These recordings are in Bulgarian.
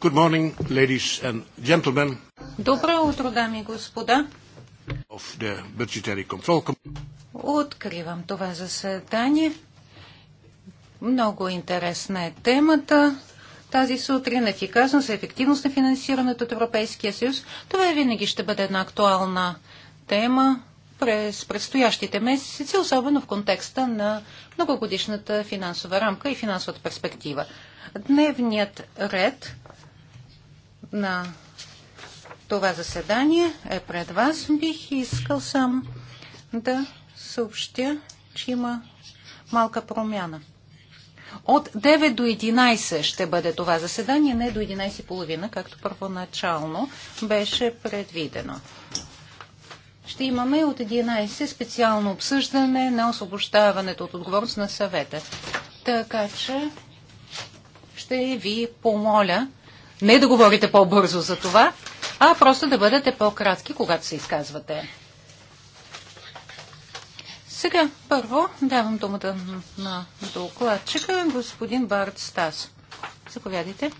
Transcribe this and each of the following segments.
Good morning, ladies and gentlemen. Добро утро, дами и господа. Of the budgetary control. Откривам това заседание. Много интересна е темата. Тази сутрин ефикасност и ефективност на финансирането от Европейския съюз. Това е винаги ще бъде една актуална тема през предстоящите месеци, особено в контекста на многогодишната финансова рамка и финансовата перспектива. Дневният ред на това заседание е пред вас. Бих искал сам да съобщя, че има малка промяна. От 9 до 11 ще бъде това заседание, не до 11.30, както първоначално беше предвидено. Ще имаме от 11 специално обсъждане на освобождаването от отговорност на съвета. Така че ще ви помоля не да говорите по-бързо за това, а просто да бъдете по-кратки, когато се изказвате. Сега първо давам думата на докладчика господин Барт Стас. Заповядайте.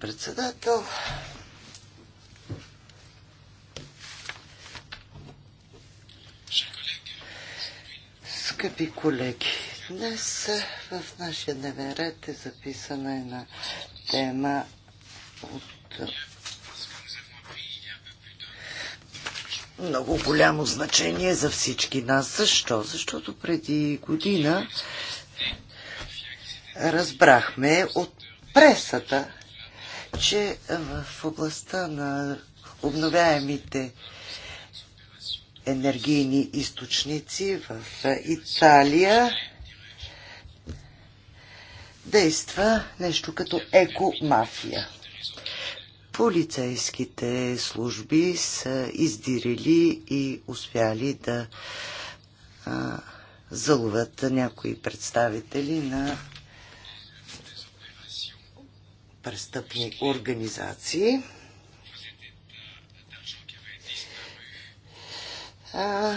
Председател, скъпи колеги, Днес е, в нашия дневен ред е записана една тема от е, много голямо значение за всички нас. Защо? Защото преди година разбрахме от пресата, че в областта на обновяемите енергийни източници в Италия действа нещо като екомафия. Полицейските служби са издирили и успяли да а, заловят някои представители на престъпни организации. А,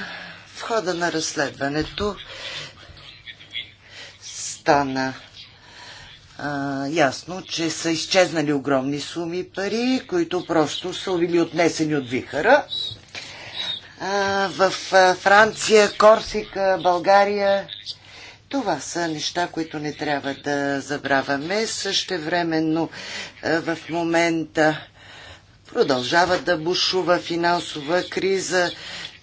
в хода на разследването стана а, ясно, че са изчезнали огромни суми пари, които просто са били отнесени от вихара. А, в а, Франция, Корсика, България. Това са неща, които не трябва да забравяме. Същевременно а, в момента продължава да бушува финансова криза.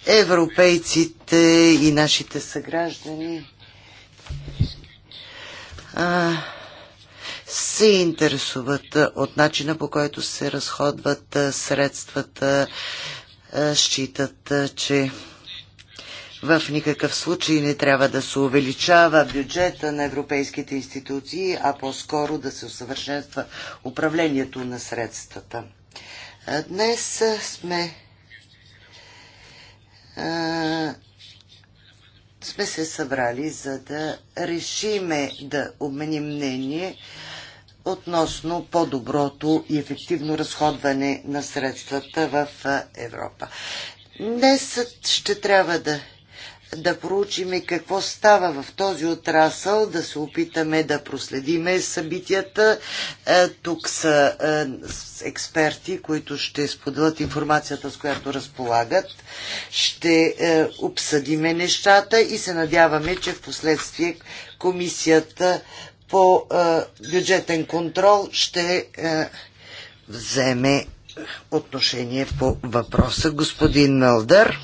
Европейците и нашите съграждани. А, се интересуват от начина по който се разходват средствата, считат, че в никакъв случай не трябва да се увеличава бюджета на европейските институции, а по-скоро да се усъвършенства управлението на средствата. Днес сме а, сме се събрали, за да решиме да обменим мнение относно по-доброто и ефективно разходване на средствата в Европа. Днес ще трябва да, да проучиме какво става в този отрасъл, да се опитаме да проследиме събитията. Е, тук са е, експерти, които ще споделят информацията, с която разполагат. Ще е, обсъдиме нещата и се надяваме, че в последствие комисията по е, бюджетен контрол ще е, вземе отношение по въпроса. Господин Мълдър.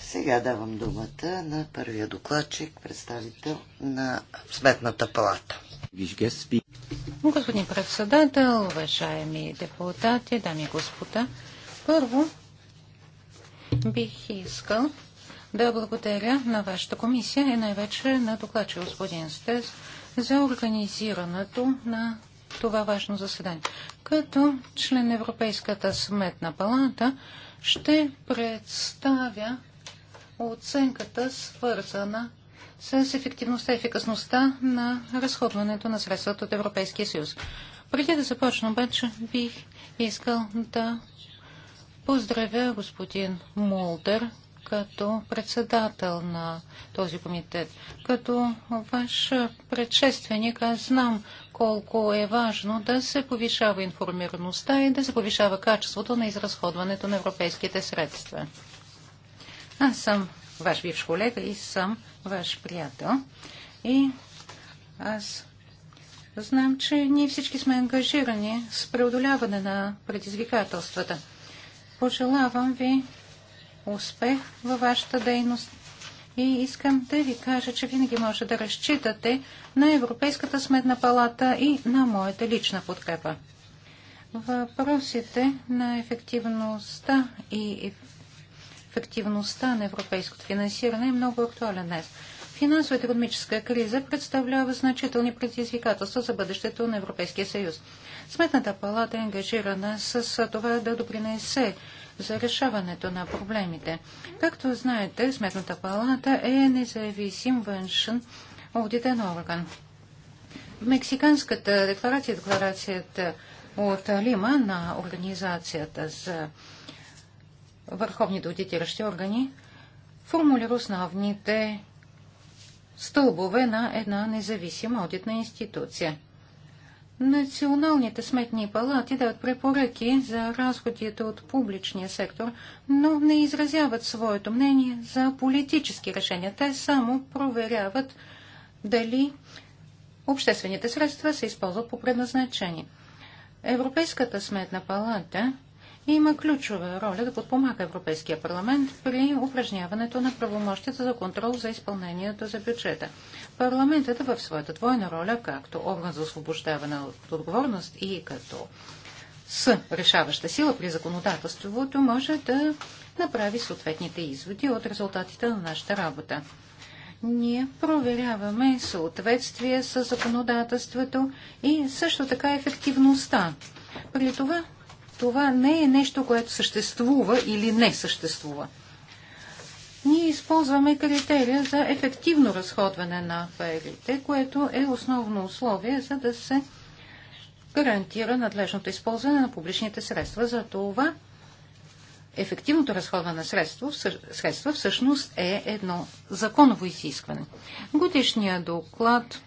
Сега давам думата на първия докладчик, представител на Сметната палата. Господин председател, уважаеми депутати, дами и господа, първо, бих искал да благодаря на вашата комисия и най-вече на докладчик господин Стес за организирането на това важно заседание. Като член на Европейската сметна палата ще представя оценката свързана с ефективността и ефикасността на разходването на средствата от Европейския съюз. Преди да започна обаче, бих искал да поздравя господин Молдер като председател на този комитет. Като ваш предшественик, аз знам колко е важно да се повишава информираността и да се повишава качеството на изразходването на европейските средства. Аз съм ваш бивш колега и съм ваш приятел. И аз знам, че ние всички сме ангажирани с преодоляване на предизвикателствата. Пожелавам ви успех във вашата дейност и искам да ви кажа, че винаги може да разчитате на Европейската сметна палата и на моята лична подкрепа. Въпросите на ефективността и ефективността на европейското финансиране е много актуален днес. Финансово-економическа криза представлява значителни предизвикателства за бъдещето на Европейския съюз. Сметната палата е ангажирана с това да допринесе за решаването на проблемите. Както знаете, Сметната палата е независим външен аудитен орган. Мексиканската декларация, декларацията от Лима на Организацията за върховните аудитиращи органи формулира основните стълбове на една независима одитна институция. Националните сметни палати дават препоръки за разходите от публичния сектор, но не изразяват своето мнение за политически решения. Те само проверяват дали обществените средства се използват по предназначение. Европейската сметна палата има ключова роля да подпомага Европейския парламент при упражняването на правомощията за контрол за изпълнението за бюджета. Парламентът в своята двойна роля, както орган за освобождаване от отговорност и като с решаваща сила при законодателството, може да направи съответните изводи от резултатите на нашата работа. Ние проверяваме съответствие с законодателството и също така ефективността. При това това не е нещо, което съществува или не съществува. Ние използваме критерия за ефективно разходване на парите, което е основно условие, за да се гарантира надлежното използване на публичните средства. За това ефективното разходване на средства, средства всъщност е едно законово изискване. Годишният доклад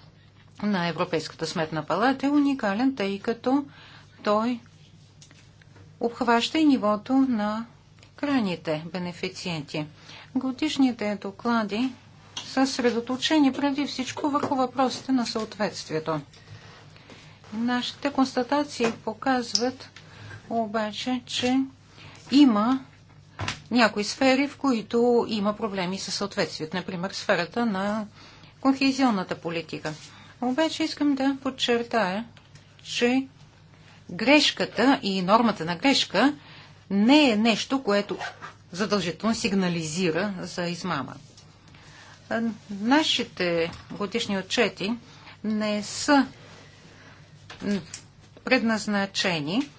на Европейската сметна палата е уникален, тъй като той обхваща и нивото на крайните бенефициенти. Годишните доклади са средоточени преди всичко върху въпросите на съответствието. Нашите констатации показват обаче, че има някои сфери, в които има проблеми със съответствието, например сферата на кохезионната политика. Обаче искам да подчертая, че грешката и нормата на грешка не е нещо, което задължително сигнализира за измама. Нашите годишни отчети не са предназначени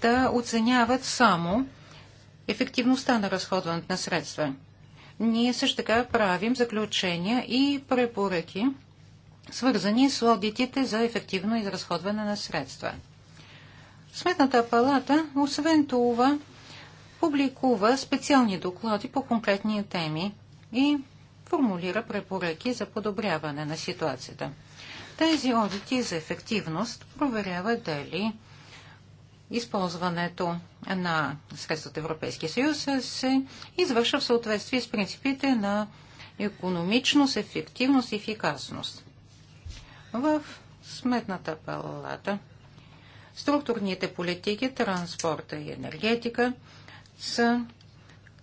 да оценяват само ефективността на разходването на средства. Ние също така правим заключения и препоръки, свързани с одитите за ефективно изразходване на средства. Сметната палата, освен това, публикува специални доклади по конкретни теми и формулира препоръки за подобряване на ситуацията. Тези одити за ефективност проверяват дали използването на средствата Европейския съюз се извършва в съответствие с принципите на економичност, ефективност и ефикасност. В Сметната палата Структурните политики, транспорта и енергетика са,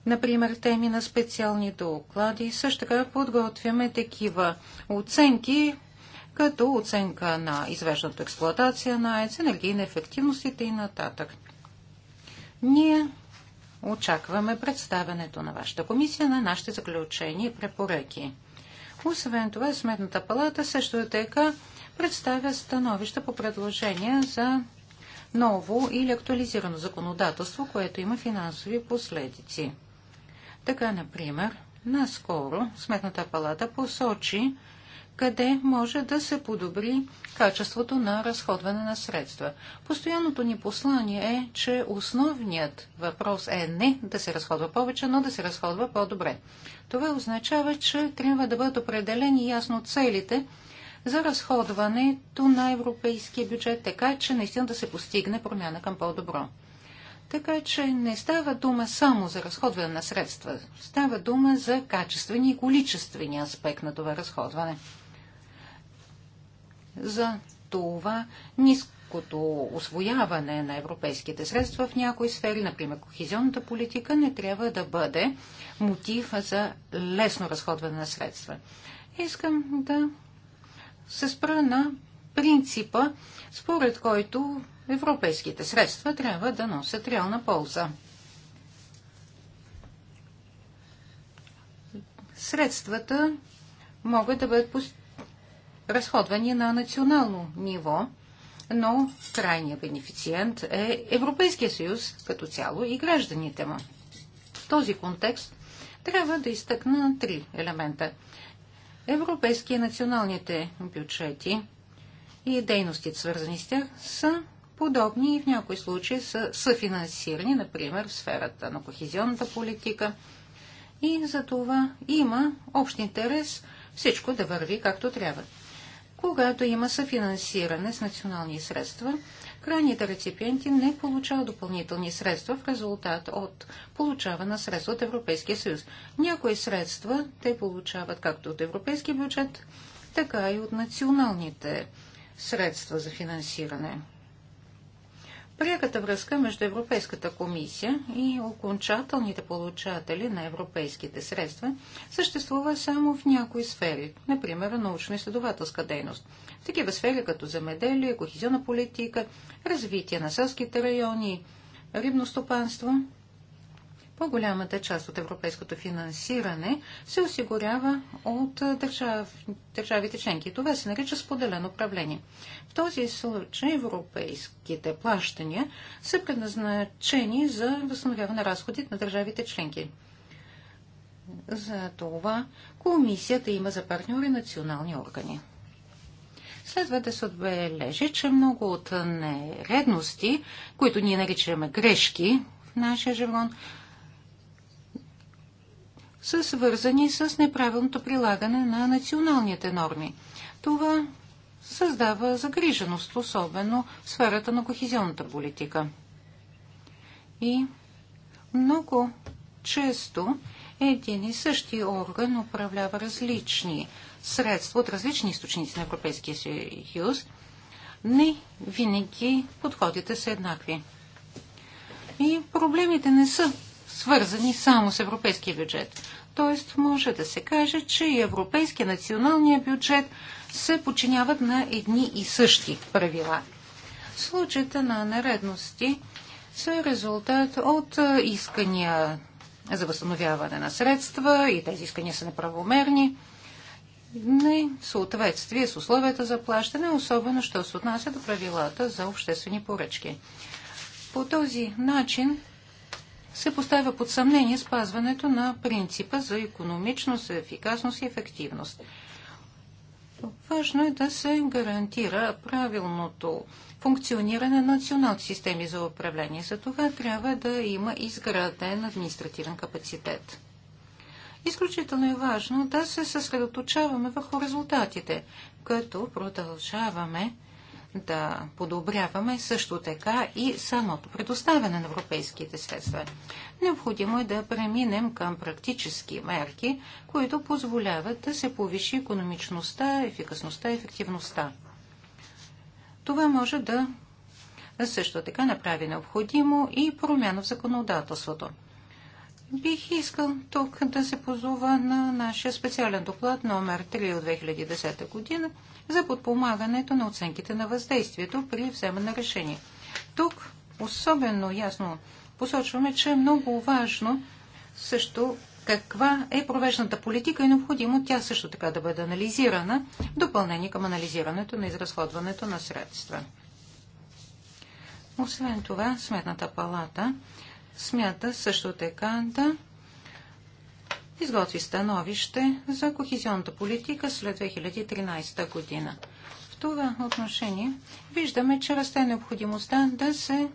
например, теми на специални доклади. Също така подготвяме такива оценки, като оценка на извеждането експлуатация на ЕЦ, енергийна ефективност и нататък. Ние очакваме представянето на вашата комисия на нашите заключения и препоръки. Освен това, Сметната палата също така представя становища по предложения за ново или актуализирано законодателство, което има финансови последици. Така, например, наскоро Сметната палата посочи, къде може да се подобри качеството на разходване на средства. Постоянното ни послание е, че основният въпрос е не да се разходва повече, но да се разходва по-добре. Това означава, че трябва да бъдат определени ясно целите за разходването на европейския бюджет, така че наистина да се постигне промяна към по-добро. Така че не става дума само за разходване на средства, става дума за качествени и количествени аспект на това разходване. За това ниското освояване на европейските средства в някои сфери, например кохизионната политика, не трябва да бъде мотив за лесно разходване на средства. Искам да се спра на принципа, според който европейските средства трябва да носят реална полза. Средствата могат да бъдат разходвани на национално ниво, но крайният бенефициент е Европейския съюз като цяло и гражданите му. В този контекст трябва да изтъкна три елемента – Европейския националните бюджети и дейностите, свързани с тях, са подобни и в някои случаи са съфинансирани, например, в сферата на кохезионната политика. И за това има общ интерес всичко да върви както трябва. Когато има съфинансиране с национални средства, крайните реципиенти не получават допълнителни средства в резултат от получаване на средства от Европейския съюз. Някои средства те получават както от европейския бюджет, така и от националните средства за финансиране пряката връзка между Европейската комисия и окончателните получатели на европейските средства съществува само в някои сфери, например научно-изследователска дейност. В такива сфери като земеделие, кохезионна политика, развитие на селските райони, рибно стопанство – по-голямата част от европейското финансиране се осигурява от държав... държавите членки. Това се нарича споделено управление. В този случай европейските плащания са предназначени за възстановяване на разходите на държавите членки. За това комисията има за партньори национални органи. Следва да се отбележи, че много от нередности, които ние наричаме грешки в нашия живот, са свързани с неправилното прилагане на националните норми. Това създава загриженост, особено в сферата на кохезионната политика. И много често един и същи орган управлява различни средства от различни източници на Европейския съюз, не винаги подходите са еднакви. И проблемите не са свързани само с европейския бюджет. Тоест, може да се каже, че и европейския националния бюджет се подчиняват на едни и същи правила. Случаите на нередности са резултат от искания за възстановяване на средства и тези искания са неправомерни, не в съответствие с условията за плащане, особено що се отнася до правилата за обществени поръчки. По този начин се поставя под съмнение спазването на принципа за економичност, ефикасност и ефективност. Важно е да се гарантира правилното функциониране на националните системи за управление. За това трябва да има изграден административен капацитет. Изключително е важно да се съсредоточаваме върху резултатите, като продължаваме да подобряваме също така и самото предоставяне на европейските средства. Необходимо е да преминем към практически мерки, които позволяват да се повиши економичността, ефикасността и ефективността. Това може да също така направи необходимо и промяна в законодателството. Бих искал тук да се позова на нашия специален доклад номер 3 от 2010 година за подпомагането на оценките на въздействието при вземане на решение. Тук особено ясно посочваме, че е много важно също каква е провежната политика и необходимо тя също така да бъде анализирана в допълнение към анализирането на изразходването на средства. Освен това, Сметната палата смята също така да изготви становище за кохезионната политика след 2013 година. В това отношение виждаме, че расте необходимостта да се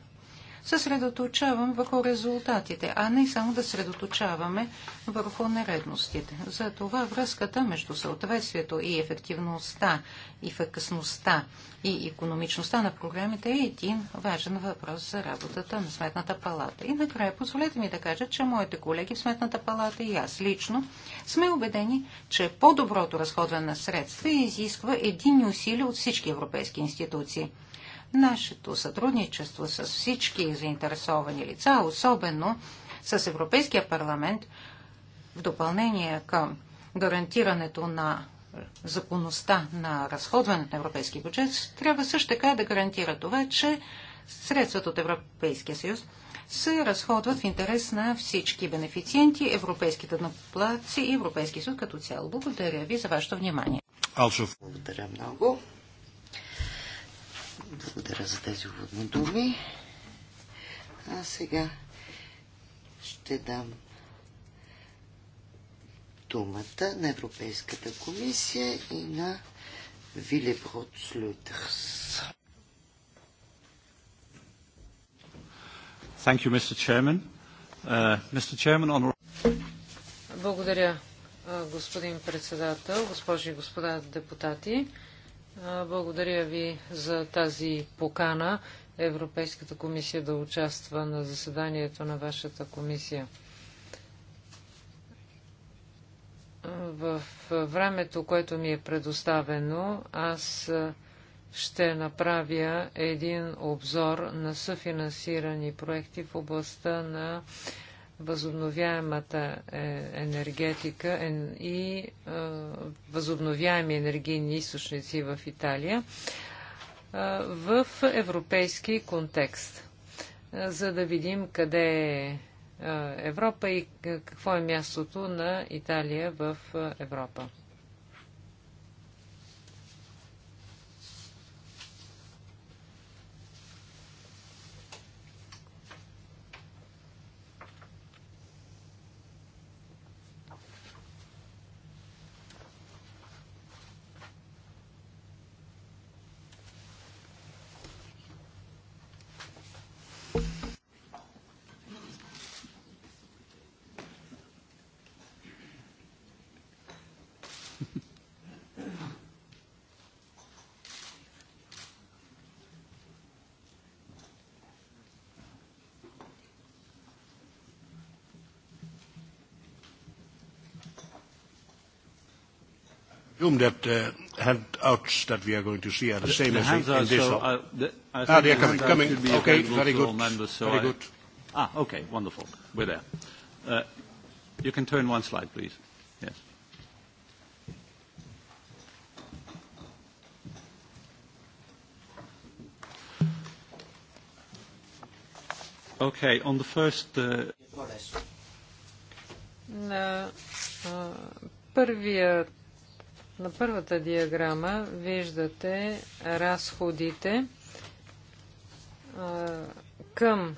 съсредоточавам върху резултатите, а не само да средоточаваме върху нередностите. Затова връзката между съответствието и ефективността, и фъкъсността, и економичността на програмите е един важен въпрос за работата на Сметната палата. И накрая позволете ми да кажа, че моите колеги в Сметната палата и аз лично сме убедени, че по-доброто разходване на средства изисква единни усилия от всички европейски институции – Нашето сътрудничество с всички заинтересовани лица, особено с Европейския парламент, в допълнение към гарантирането на законността на разходването на европейски бюджет, трябва също така да гарантира това, че средствата от Европейския съюз се разходват в интерес на всички бенефициенти, европейските наплаци и Европейски съюз като цяло. Благодаря ви за вашето внимание. Благодаря много. Благодаря за тези уводни думи. А сега ще дам думата на Европейската комисия и на Вилеброд Слютърс. Thank you, Mr. Chairman. Uh, Mr. Chairman, on... Благодаря, господин председател, госпожи и господа депутати. Благодаря ви за тази покана Европейската комисия да участва на заседанието на вашата комисия. В времето, което ми е предоставено, аз ще направя един обзор на съфинансирани проекти в областта на възобновяемата е, енергетика и възобновяеми енергийни източници в Италия в европейски контекст, за да видим къде е Европа и какво е мястото на Италия в Европа. assume that the handouts that we are going to see are the, same as in, in this so, hall. the, handouts I ah, they are coming. coming. Okay, very good. very good. ah, okay, wonderful. We're there. you can turn one slide, please. Yes. Okay, on the first... На uh, първият на първата диаграма виждате разходите към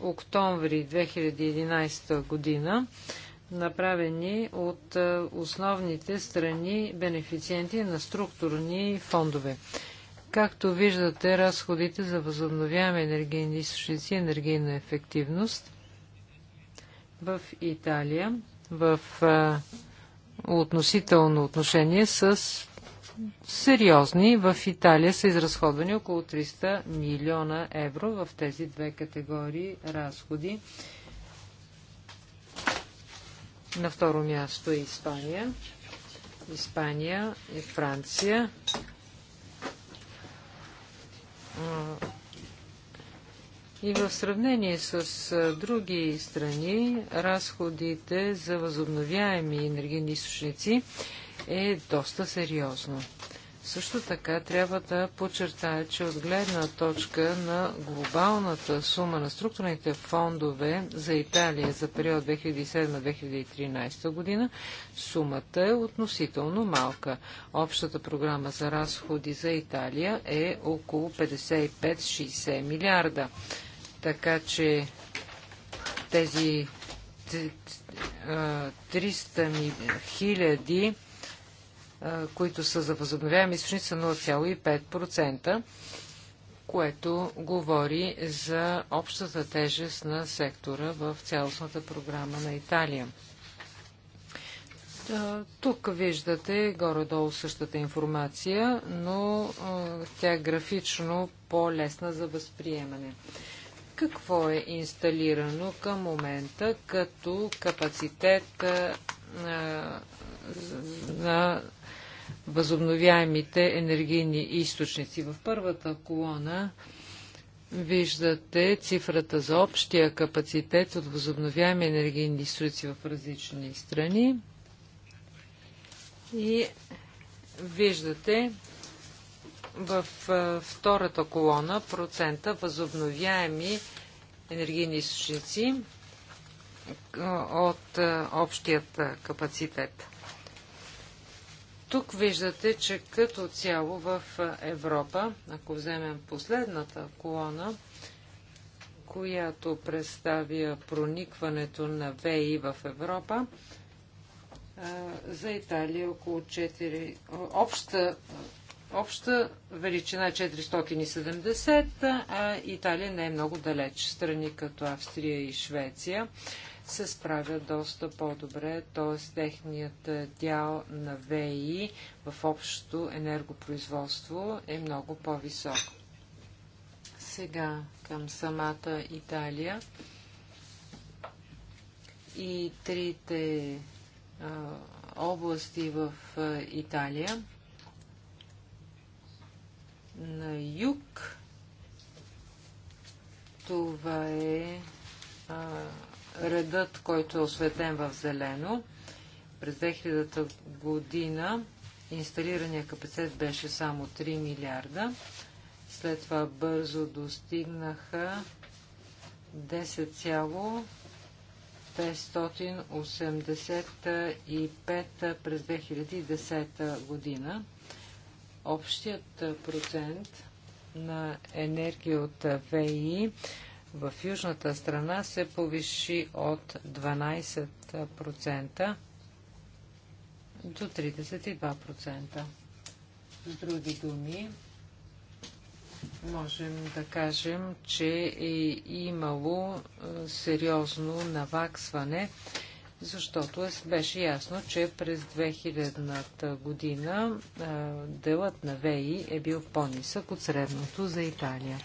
октомври 2011 година, направени от основните страни бенефициенти на структурни фондове. Както виждате, разходите за възобновяеми енергийни източници и енергийна ефективност в Италия, в относително отношение с сериозни. В Италия са изразходвани около 300 милиона евро в тези две категории разходи. На второ място е Испания. Испания и Франция и в сравнение с други страни, разходите за възобновяеми енергийни източници е доста сериозно. Също така трябва да подчертая, че от гледна точка на глобалната сума на структурните фондове за Италия за период 2007-2013 година, сумата е относително малка. Общата програма за разходи за Италия е около 55-60 милиарда. Така че тези 300 хиляди, които са за възобновяеми източници, са 0,5%, което говори за общата тежест на сектора в цялостната програма на Италия. Тук виждате горе-долу същата информация, но тя е графично по-лесна за възприемане какво е инсталирано към момента като капацитет на възобновяемите енергийни източници. В първата колона виждате цифрата за общия капацитет от възобновяеми енергийни източници в различни страни и виждате в втората колона процента възобновяеми енергийни източници от общият капацитет. Тук виждате, че като цяло в Европа, ако вземем последната колона, която представя проникването на ВИ в Европа, за Италия около 4, обща Обща величина е 470, а Италия не е много далеч. Страни като Австрия и Швеция се справят доста по-добре, т.е. техният дял на ВИ в общото енергопроизводство е много по-висок. Сега към самата Италия и трите а, области в а, Италия на юг. Това е а, редът, който е осветен в зелено. През 2000 година инсталирания капацитет беше само 3 милиарда. След това бързо достигнаха 10,585 през 2010 година. Общият процент на енергия от ВИ в южната страна се повиши от 12% до 32%. С други думи, можем да кажем, че е имало сериозно наваксване защото беше ясно, че през 2000-та година делът на ВЕИ е бил по-нисък от средното за Италия.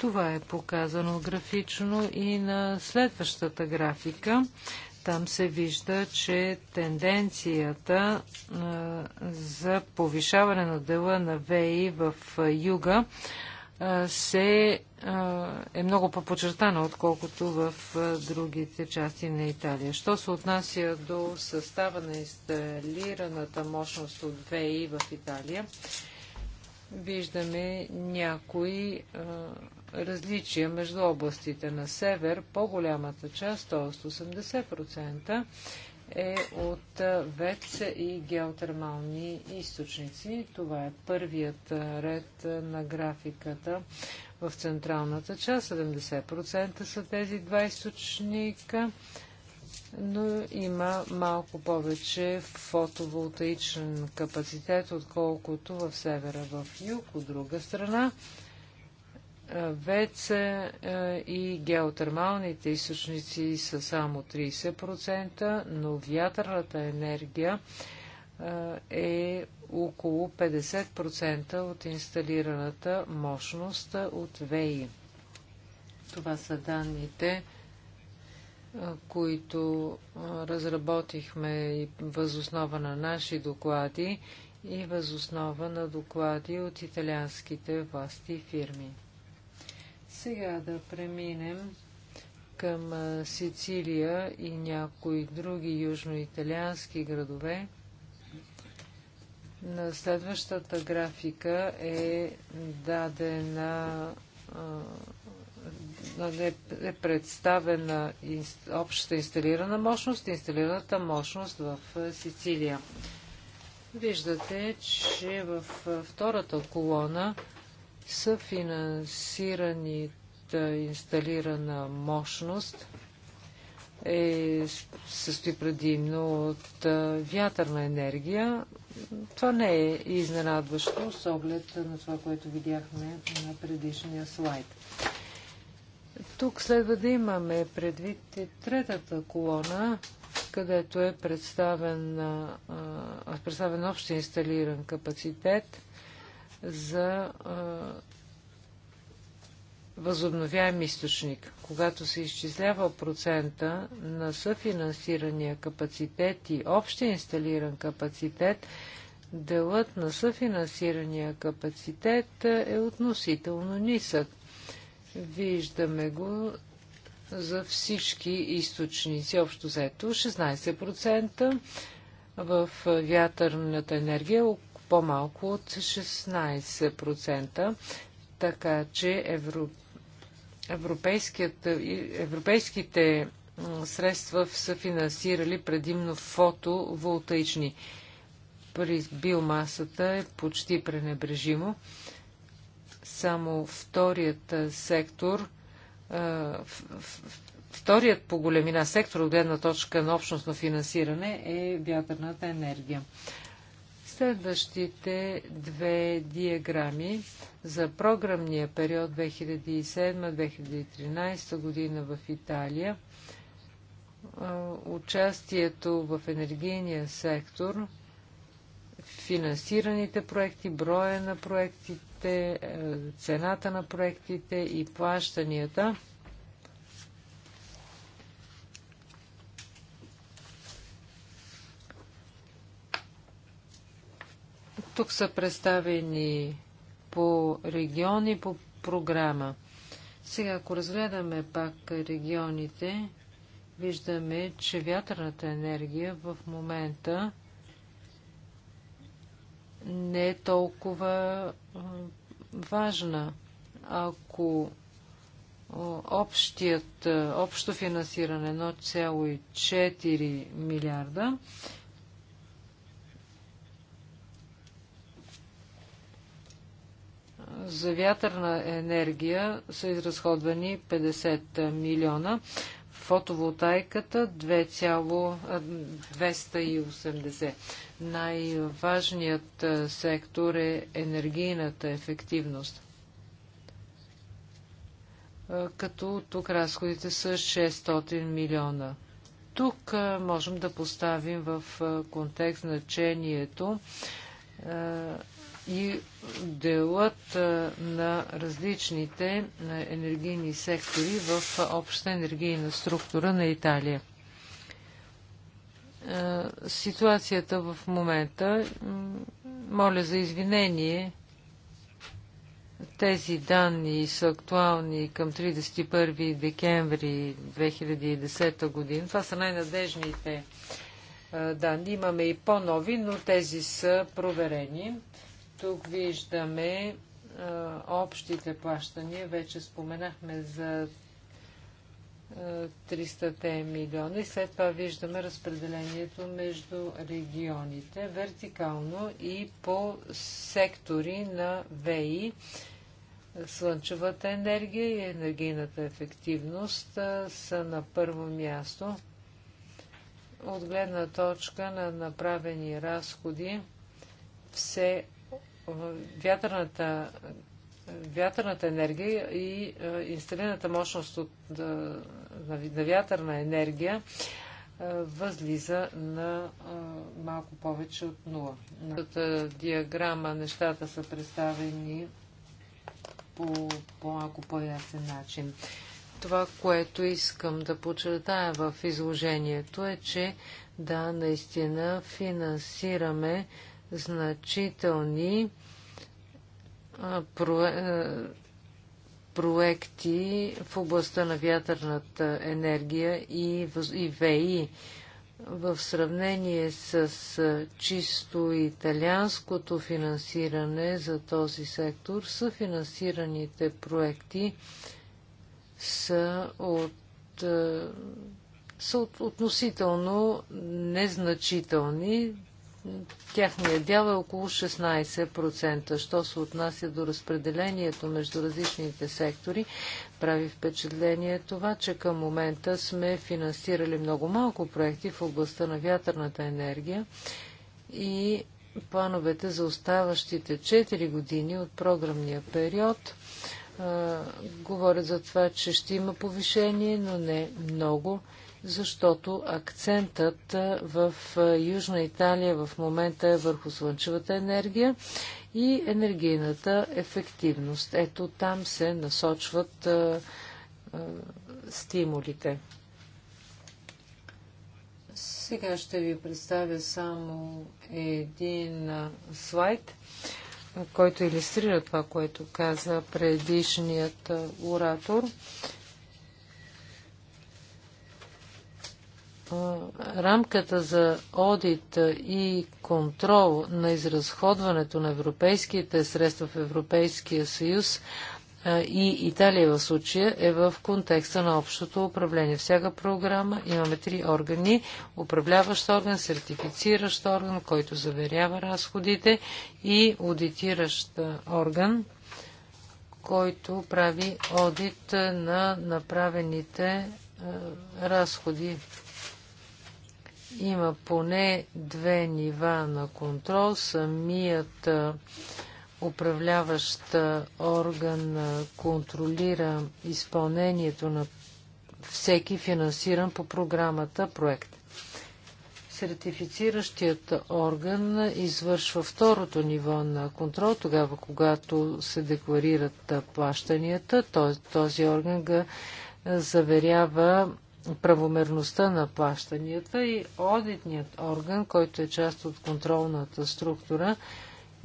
Това е показано графично и на следващата графика. Там се вижда, че тенденцията за повишаване на дела на ВЕИ в юга се, е много по-почертана, отколкото в другите части на Италия. Що се отнася до състава на инсталираната мощност от ВИ в Италия, виждаме някои различия между областите на север. По-голямата част, т.е. 80%, е от ВЕЦ и геотермални източници. Това е първият ред на графиката в централната част. 70% са тези два източника, но има малко повече фотоволтаичен капацитет, отколкото в севера в юг, от друга страна. Веца и геотермалните източници са само 30%, но вятърната енергия е, е около 50% от инсталираната мощност от ВЕИ. Това са данните, е, които е, разработихме и възоснова на наши доклади и възоснова на доклади от италианските власти и фирми. Сега да преминем към Сицилия и някои други южно-италиански градове. На следващата графика е дадена е, е представена общата инсталирана мощност, инсталираната мощност в Сицилия. Виждате, че в втората колона съфинансираната инсталирана мощност е, състои предимно от вятърна енергия. Това не е изненадващо с оглед на това, което видяхме на предишния слайд. Тук следва да имаме предвид третата колона, където е представен, представен общ инсталиран капацитет – за възобновяем източник. Когато се изчислява процента на съфинансирания капацитет и общия инсталиран капацитет, делът на съфинансирания капацитет е относително нисък. Виждаме го за всички източници, общо заето 16% в вятърната енергия, по-малко от 16%, така че евро... европейските средства са финансирали предимно фотоволтаични. При биомасата е почти пренебрежимо. Само вторият сектор, вторият по големина сектор от гледна точка на общностно финансиране е вятърната енергия. Следващите две диаграми за програмния период 2007-2013 година в Италия участието в енергийния сектор, финансираните проекти, броя на проектите, е, цената на проектите и плащанията – Тук са представени по региони, по програма. Сега, ако разгледаме пак регионите, виждаме, че вятърната енергия в момента не е толкова важна. Ако общият, общо финансиране 1,4 е милиарда за вятърна енергия са изразходвани 50 милиона, фотоволтайката 2,280. Най-важният сектор е енергийната ефективност. Като тук разходите са 600 милиона. Тук можем да поставим в контекст значението и делът на различните енергийни сектори в обща енергийна структура на Италия. Ситуацията в момента, моля за извинение, тези данни са актуални към 31 декември 2010 година. Това са най-надежните данни. Имаме и по-нови, но тези са проверени. Тук виждаме а, общите плащания. Вече споменахме за 300 милиона и след това виждаме разпределението между регионите вертикално и по сектори на ВИ слънчевата енергия и енергийната ефективност са на първо място. От гледна точка на направени разходи все вятърната, вятърната енергия и е, инсталираната мощност от, е, на, на вятърна енергия е, възлиза на малко повече от 0. На диаграма нещата са представени по по-малко по-ясен начин. Това, което искам да подчертая в изложението е, че да, наистина финансираме значителни проекти в областта на вятърната енергия и, ВЕИ В сравнение с чисто италианското финансиране за този сектор, съфинансираните проекти са от са от, относително незначителни, Тяхния дял е около 16%. Що се отнася до разпределението между различните сектори, прави впечатление това, че към момента сме финансирали много малко проекти в областта на вятърната енергия и плановете за оставащите 4 години от програмния период а, говорят за това, че ще има повишение, но не много защото акцентът в Южна Италия в момента е върху слънчевата енергия и енергийната ефективност. Ето там се насочват а, а, стимулите. Сега ще ви представя само един слайд, който иллюстрира това, което каза предишният оратор. рамката за одит и контрол на изразходването на европейските средства в Европейския съюз и Италия в случая е в контекста на общото управление. Всяка програма имаме три органи. Управляващ орган, сертифициращ орган, който заверява разходите и аудитиращ орган, който прави одит на направените разходи. Има поне две нива на контрол. Самият управляващ орган контролира изпълнението на всеки финансиран по програмата проект. Сертифициращият орган извършва второто ниво на контрол, тогава когато се декларират плащанията. Този, орган га заверява правомерността на плащанията и одитният орган, който е част от контролната структура,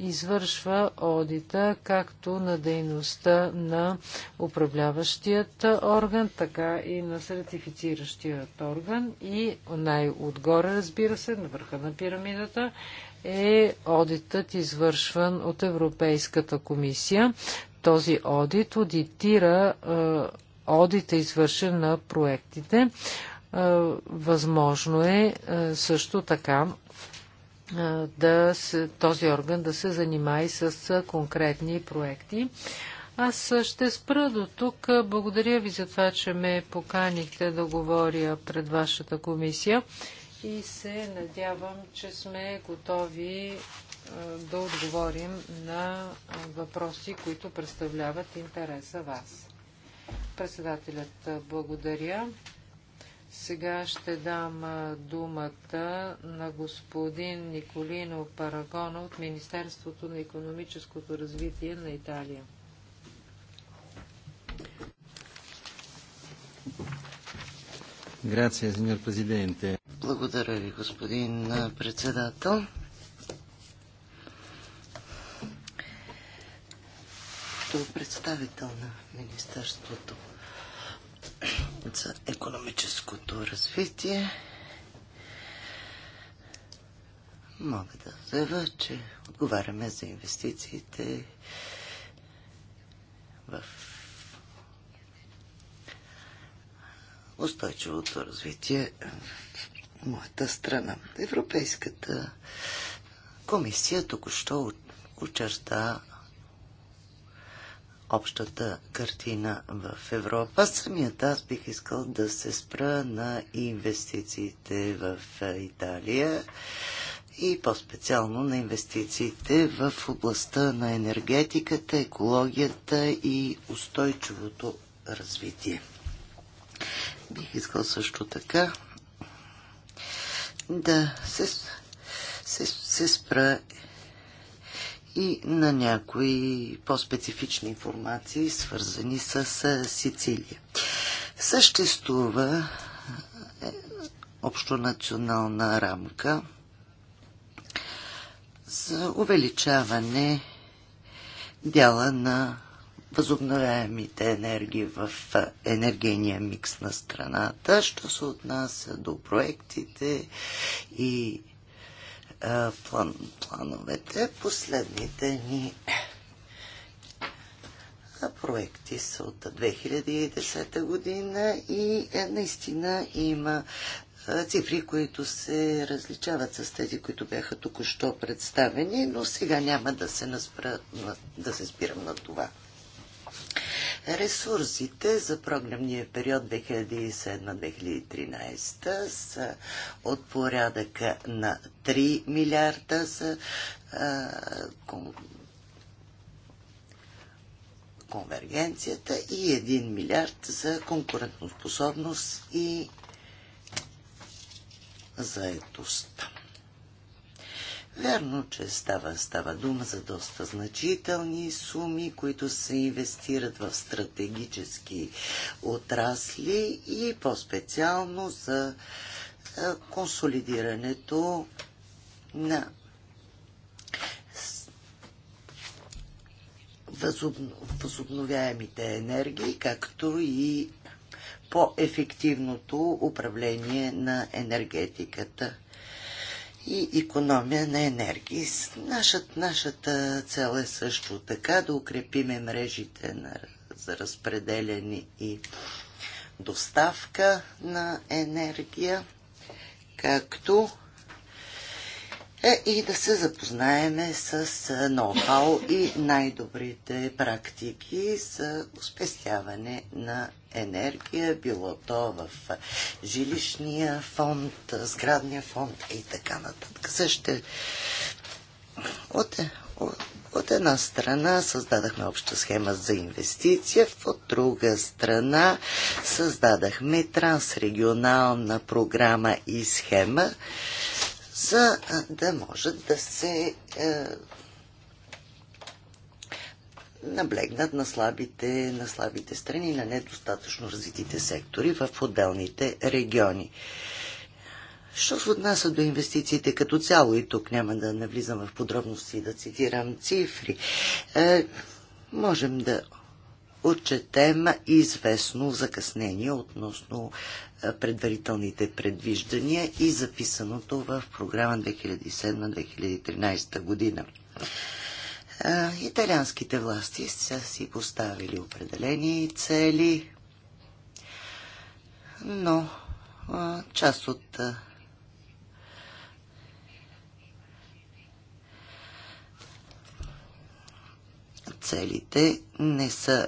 извършва одита както на дейността на управляващият орган, така и на сертифициращият орган и най-отгоре, разбира се, на върха на пирамидата е одитът извършван от Европейската комисия. Този одит одитира одита извършен на проектите. Възможно е също така да се, този орган да се занимае и с конкретни проекти. Аз ще спра до тук. Благодаря ви за това, че ме поканихте да говоря пред вашата комисия и се надявам, че сме готови да отговорим на въпроси, които представляват интереса вас. Председателят, благодаря. Сега ще дам думата на господин Николино Парагона от Министерството на економическото развитие на Италия. Грация, президенте. Благодаря ви, господин председател. като представител на Министерството за економическото развитие мога да заявя, че отговаряме за инвестициите в устойчивото развитие в моята страна. Европейската комисия току-що очерта общата картина в Европа. Самият аз бих искал да се спра на инвестициите в е, Италия и по-специално на инвестициите в областта на енергетиката, екологията и устойчивото развитие. Бих искал също така да се, се, се спра и на някои по-специфични информации, свързани с е, Сицилия. Съществува е, общонационална рамка за увеличаване дяла на възобновяемите енергии в е, енергийния микс на страната, що се отнася до проектите и а, план, плановете. Последните ни проекти са от 2010 година и е, наистина има цифри, които се различават с тези, които бяха току-що представени, но сега няма да се, наспра, да се спирам на това. Ресурсите за програмния период 2007-2013 са от порядъка на 3 милиарда за конвергенцията и 1 милиард за конкурентоспособност и заетост. Вярно, че става, става дума за доста значителни суми, които се инвестират в стратегически отрасли и по-специално за консолидирането на възобновяемите енергии, както и по-ефективното управление на енергетиката и економия на енергии. Нашата, нашата цел е също така да укрепиме мрежите на, за разпределяне и доставка на енергия, както е и да се запознаеме с ноу-хау и най-добрите практики за успестяване на енергия, било то в жилищния фонд, сградния фонд и така нататък. Също от, от, от една страна създадахме обща схема за инвестиция, от друга страна създадахме трансрегионална програма и схема, за да може да се е, наблегнат на слабите, на слабите страни, на недостатъчно развитите сектори в отделните региони. Що се отнася до инвестициите като цяло, и тук няма да навлизам в подробности да цитирам цифри, е, можем да отчетем известно закъснение относно предварителните предвиждания и записаното в програма 2007-2013 година. Италианските власти са си поставили определени цели, но част от целите не са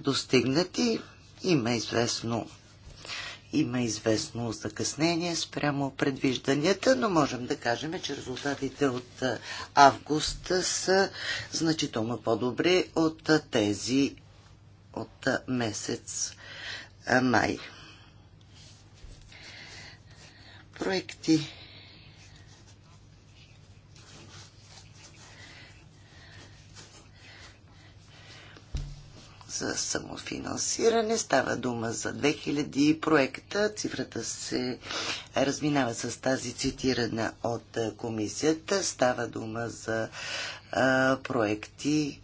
достигнати. Има известно има известно закъснение спрямо предвижданията, но можем да кажем, че резултатите от август са значително по-добри от тези от месец май. Проекти за самофинансиране. Става дума за 2000 проекта. Цифрата се разминава с тази цитирана от комисията. Става дума за а, проекти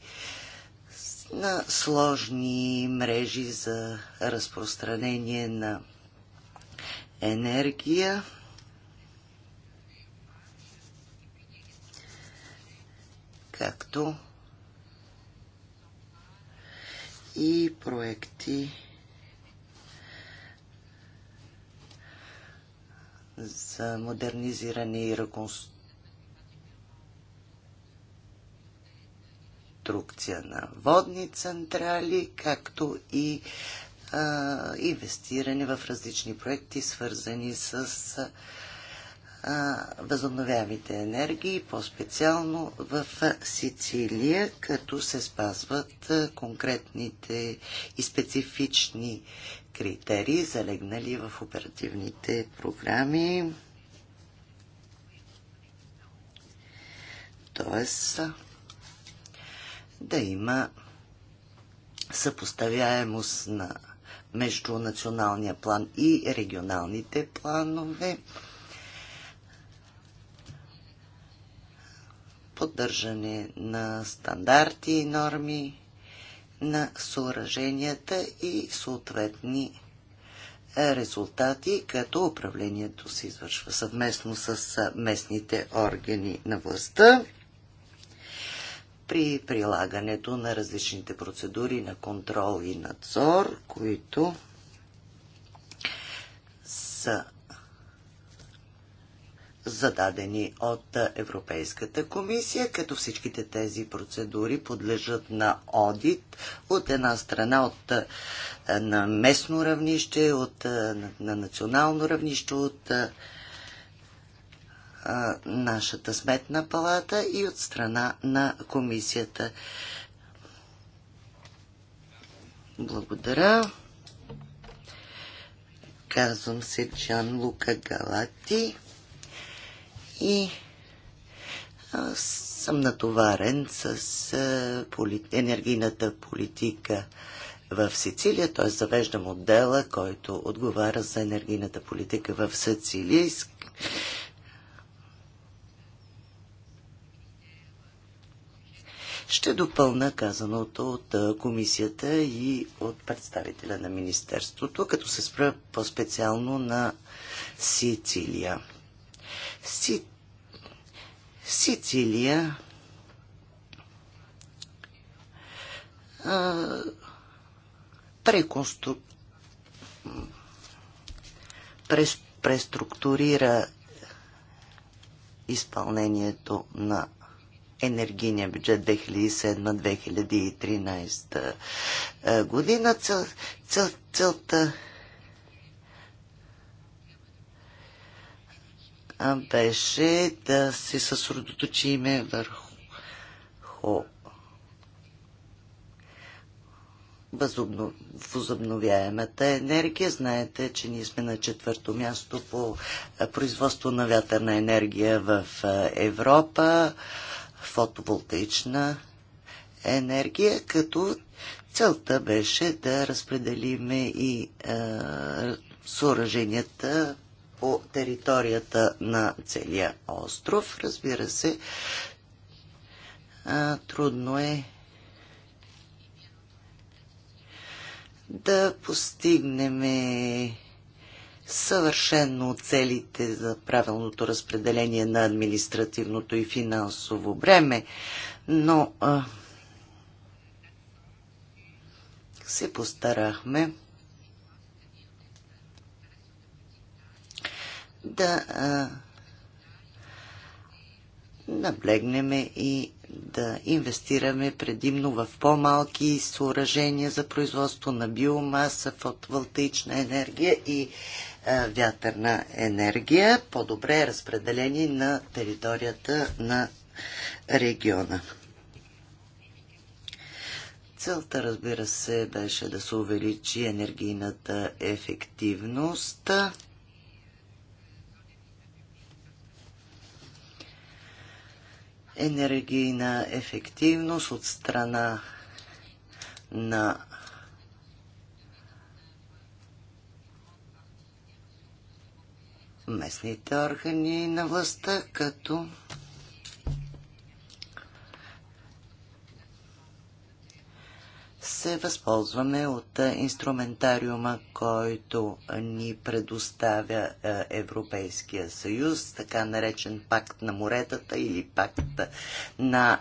на сложни мрежи за разпространение на енергия. Както и проекти за модернизиране и реконструкция на водни централи, както и а, инвестиране в различни проекти, свързани с възобновявите енергии, по-специално в Сицилия, като се спазват конкретните и специфични критерии, залегнали в оперативните програми. Тоест, да има съпоставяемост на между националния план и регионалните планове поддържане на стандарти и норми на съоръженията и съответни е, резултати, като управлението се извършва съвместно с е, местните органи на властта при прилагането на различните процедури на контрол и надзор, които са зададени от Европейската комисия, като всичките тези процедури подлежат на одит от една страна от, е, на местно равнище, от, е, на, на национално равнище, от а, е, нашата сметна палата и от страна на комисията. Благодаря. Казвам се Джан Лука Галати и съм натоварен с енергийната политика в Сицилия, т.е. завеждам отдела, който отговаря за енергийната политика в Сицилия. Ще допълна казаното от комисията и от представителя на Министерството, като се спра по-специално на Сицилия. Си... Сицилия а, преконстру... прес... преструктурира изпълнението на енергийния бюджет 2007-2013 година. Цел, цел, целта беше да се съсредоточиме върху възобновяемата енергия. Знаете, че ние сме на четвърто място по производство на вятърна енергия в Европа, фотоволтаична енергия, като целта беше да разпределиме и съоръженията по територията на целия остров. Разбира се, трудно е да постигнем съвършенно целите за правилното разпределение на административното и финансово бреме, но а, се постарахме да а, наблегнеме и да инвестираме предимно в по-малки съоръжения за производство на биомаса, фотоволтаична енергия и а, вятърна енергия, по-добре е разпределени на територията на региона. Целта, разбира се, беше да се увеличи енергийната ефективност енергийна ефективност от страна на местните органи на властта, като се възползваме от инструментариума, който ни предоставя Европейския съюз, така наречен пакт на моретата или пакт на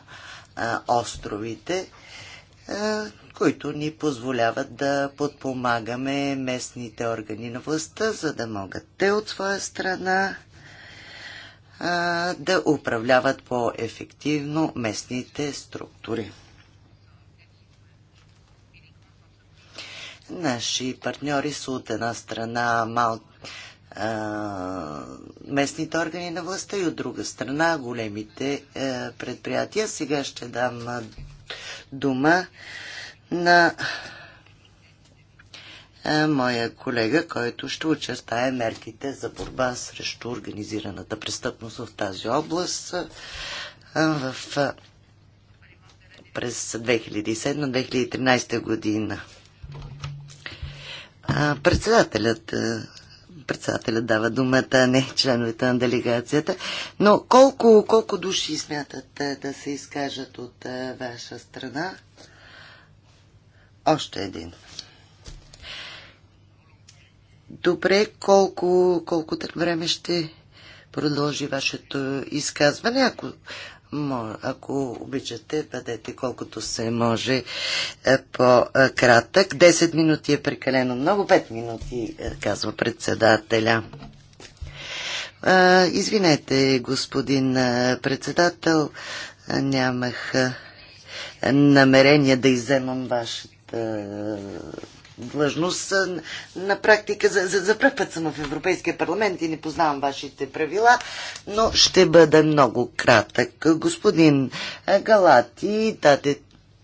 островите, които ни позволяват да подпомагаме местните органи на властта, за да могат те от своя страна да управляват по-ефективно местните структури. Наши партньори са от една страна мал, а, местните органи на властта и от друга страна големите а, е, предприятия. Сега ще дам а, дума на а, моя колега, който ще очертае мерките за борба срещу организираната престъпност в тази област а, в, а, през 2007-2013 година председателят е, председателят дава думата, не членовете на делегацията. Но колко, колко души смятате да се изкажат от е, ваша страна? Още един. Добре, колко, колко време ще продължи вашето изказване? Ако, ако обичате, бъдете колкото се може е, по-кратък. 10 минути е прекалено много, 5 минути, е, казва председателя. Е, извинете, господин председател, нямах намерение да иземам вашата длъжност. Е, на практика, за, за, за първ път съм в Европейския парламент и не познавам вашите правила, но ще бъда много кратък. Господин е, Галати даде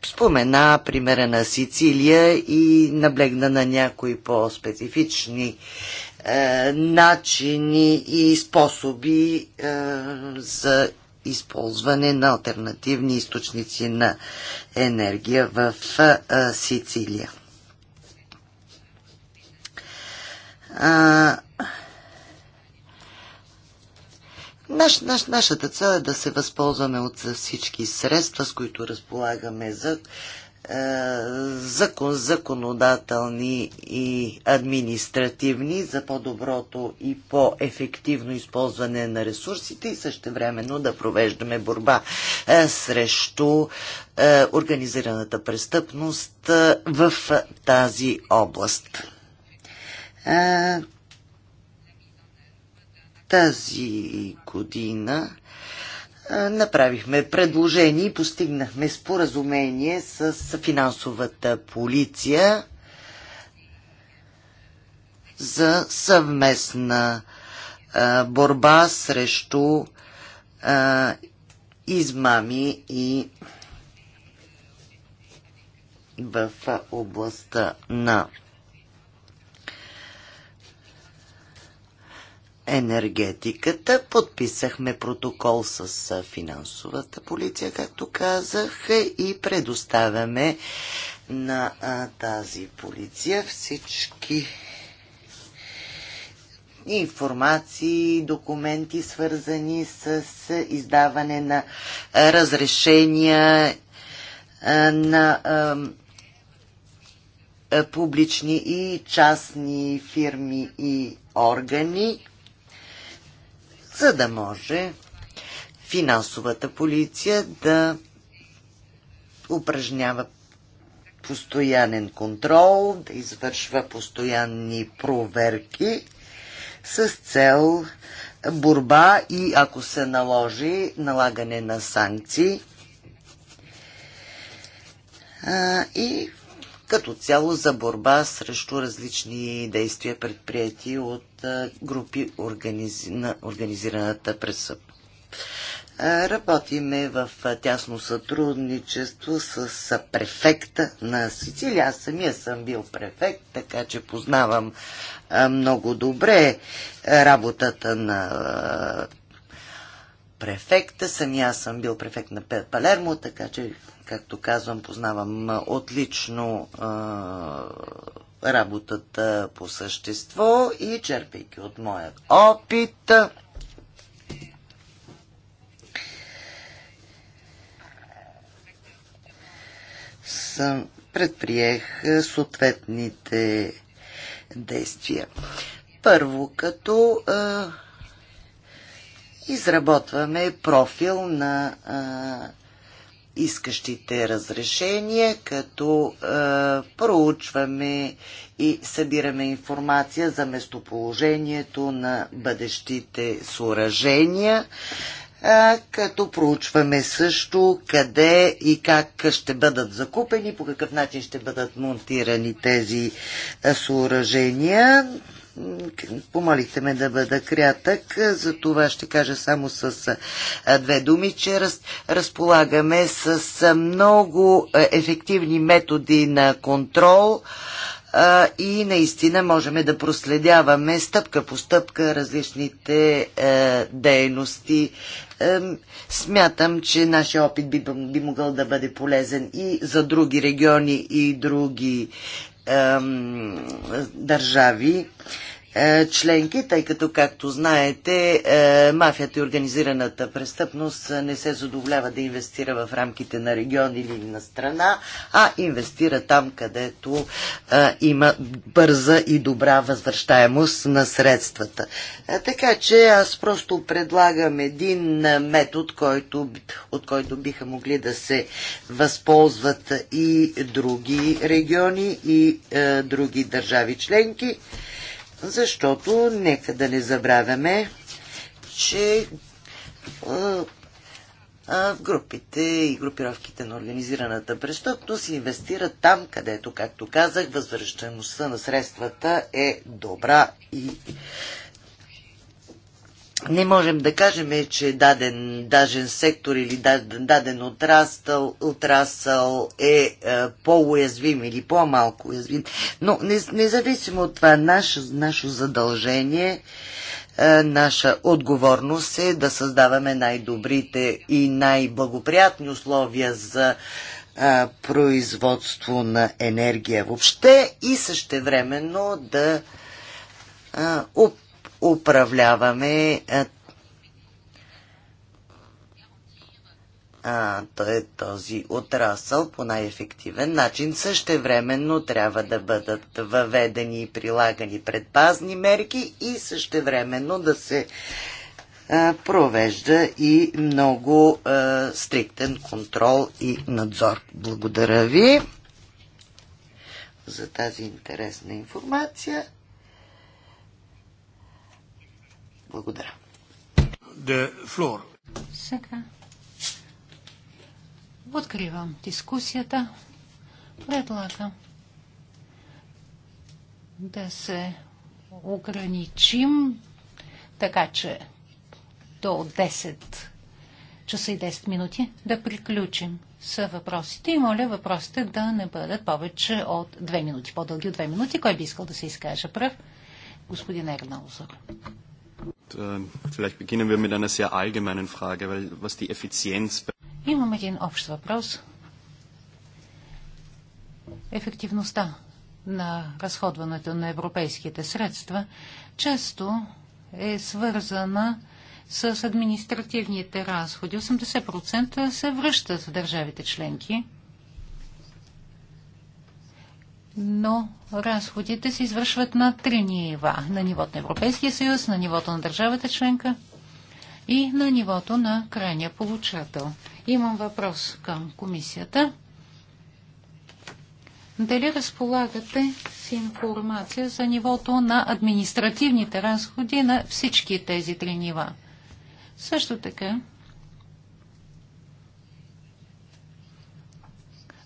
спомена примера на Сицилия и наблегна на някои по-специфични е, начини и способи е, за използване на альтернативни източници на енергия в е, Сицилия. Наш, наш, нашата цел е да се възползваме от всички средства, с които разполагаме за закон, законодателни и административни за по-доброто и по-ефективно използване на ресурсите и също времено да провеждаме борба срещу организираната престъпност в тази област. Е, тази година е, направихме предложение и постигнахме споразумение с финансовата полиция за съвместна е, борба срещу измами и в областта на енергетиката. Подписахме протокол с финансовата полиция, както казах, е, и предоставяме на а, тази полиция всички информации, документи, свързани с издаване на разрешения на публични и частни фирми и органи за да може финансовата полиция да упражнява постоянен контрол, да извършва постоянни проверки с цел борба и, ако се наложи, налагане на санкции. и като цяло за борба срещу различни действия предприяти от групи организ... на организираната престъпност. Работиме в тясно сътрудничество с префекта на Сицилия. Аз самия съм бил префект, така че познавам много добре работата на префекта. Самия съм бил префект на Палермо, така че както казвам, познавам отлично а, работата по същество и черпейки от моят опит. Съм предприех съответните действия. Първо, като а, изработваме профил на а, искащите разрешения, като е, проучваме и събираме информация за местоположението на бъдещите съоръжения, е, като проучваме също къде и как ще бъдат закупени, по какъв начин ще бъдат монтирани тези е, съоръжения. Помолихте ме да бъда крятък, за това ще кажа само с две думи, че раз, разполагаме с много ефективни методи на контрол а, и наистина можем да проследяваме стъпка по стъпка различните а, дейности. смятам, че нашия опит би, би могъл да бъде полезен и за други региони и други държави. Е, членки, тъй като, както знаете, е, мафията и организираната престъпност не се задоволява да инвестира в рамките на регион или на страна, а инвестира там, където е, има бърза и добра възвръщаемост на средствата. Така че аз просто предлагам един метод, който, от който биха могли да се възползват и други региони и други държави членки. Защото, нека да не забравяме, че в групите и групировките на организираната престъпност инвестират там, където, както казах, възвръщаемостта на средствата е добра и не можем да кажем, е, че даден, даден сектор или даден, даден отрасъл, отрасъл е, е по-уязвим или по-малко уязвим. Но независимо от това, наше, наше задължение, е, наша отговорност е да създаваме най-добрите и най-благоприятни условия за е, производство на енергия въобще и същевременно да е, управляваме а, е този отрасъл по най-ефективен начин. Същевременно трябва да бъдат въведени и прилагани предпазни мерки и същевременно да се а, провежда и много а, стриктен контрол и надзор. Благодаря ви за тази интересна информация. Благодаря. The floor. Сега. Откривам дискусията. Предлагам да се ограничим, така че до 10 часа и 10 минути да приключим с въпросите и моля въпросите да не бъдат повече от 2 минути, по-дълги от 2 минути. Кой би искал да се изкаже пръв? Господин Ернаузор. Ähm, vielleicht beginnen wir mit einer sehr allgemeinen Frage, weil was die Effizienz. Имам един общ въпрос. Ефективността на разходването на европейските средства често е свързана с административните разходи. 80% се връщат в държавите членки но разходите се извършват на три нива. На нивото на Европейския съюз, на нивото на държавата членка и на нивото на крайния получател. Имам въпрос към комисията. Дали разполагате с информация за нивото на административните разходи на всички тези три нива? Също така,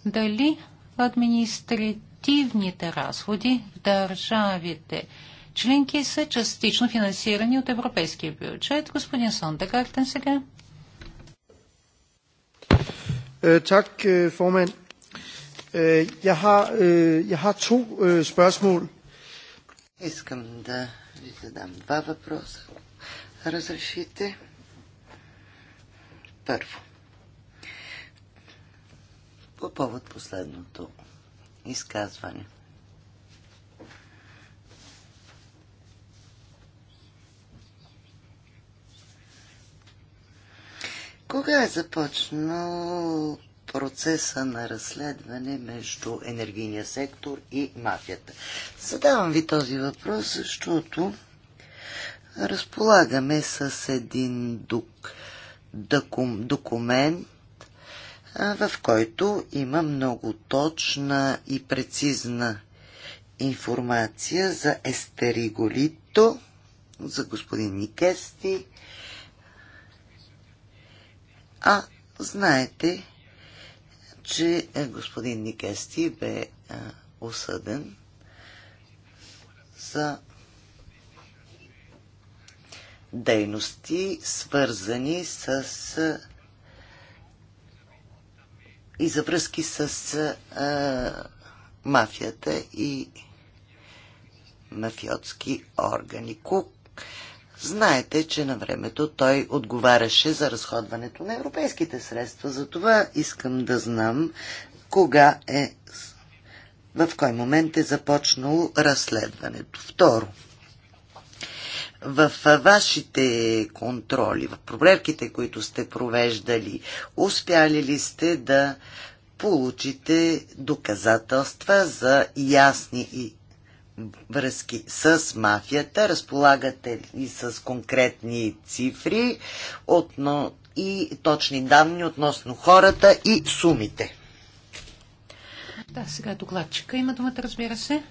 дали администрите административните разходи в държавите членки са частично финансирани от европейския бюджет. Господин Сондагартен сега. Tak, е, е, сега. Jeg har, е, jeg har to spørgsmål. Искам да ви задам два въпроса. Разрешите? Първо. По повод последното изказване. Кога е започнал процеса на разследване между енергийния сектор и мафията? Задавам ви този въпрос, защото разполагаме с един док, докум, документ, в който има много точна и прецизна информация за естериголито, за господин Никести. А знаете, че господин Никести бе осъден за дейности, свързани с и за връзки с а, мафията и мафиотски органи. Кук. Знаете, че на времето той отговаряше за разходването на европейските средства. Затова искам да знам кога е, в кой момент е започнало разследването. Второ в вашите контроли, в проверките, които сте провеждали, успяли ли сте да получите доказателства за ясни и връзки с мафията, разполагате ли с конкретни цифри отно, и точни данни относно хората и сумите. Да, сега докладчика има думата, разбира се.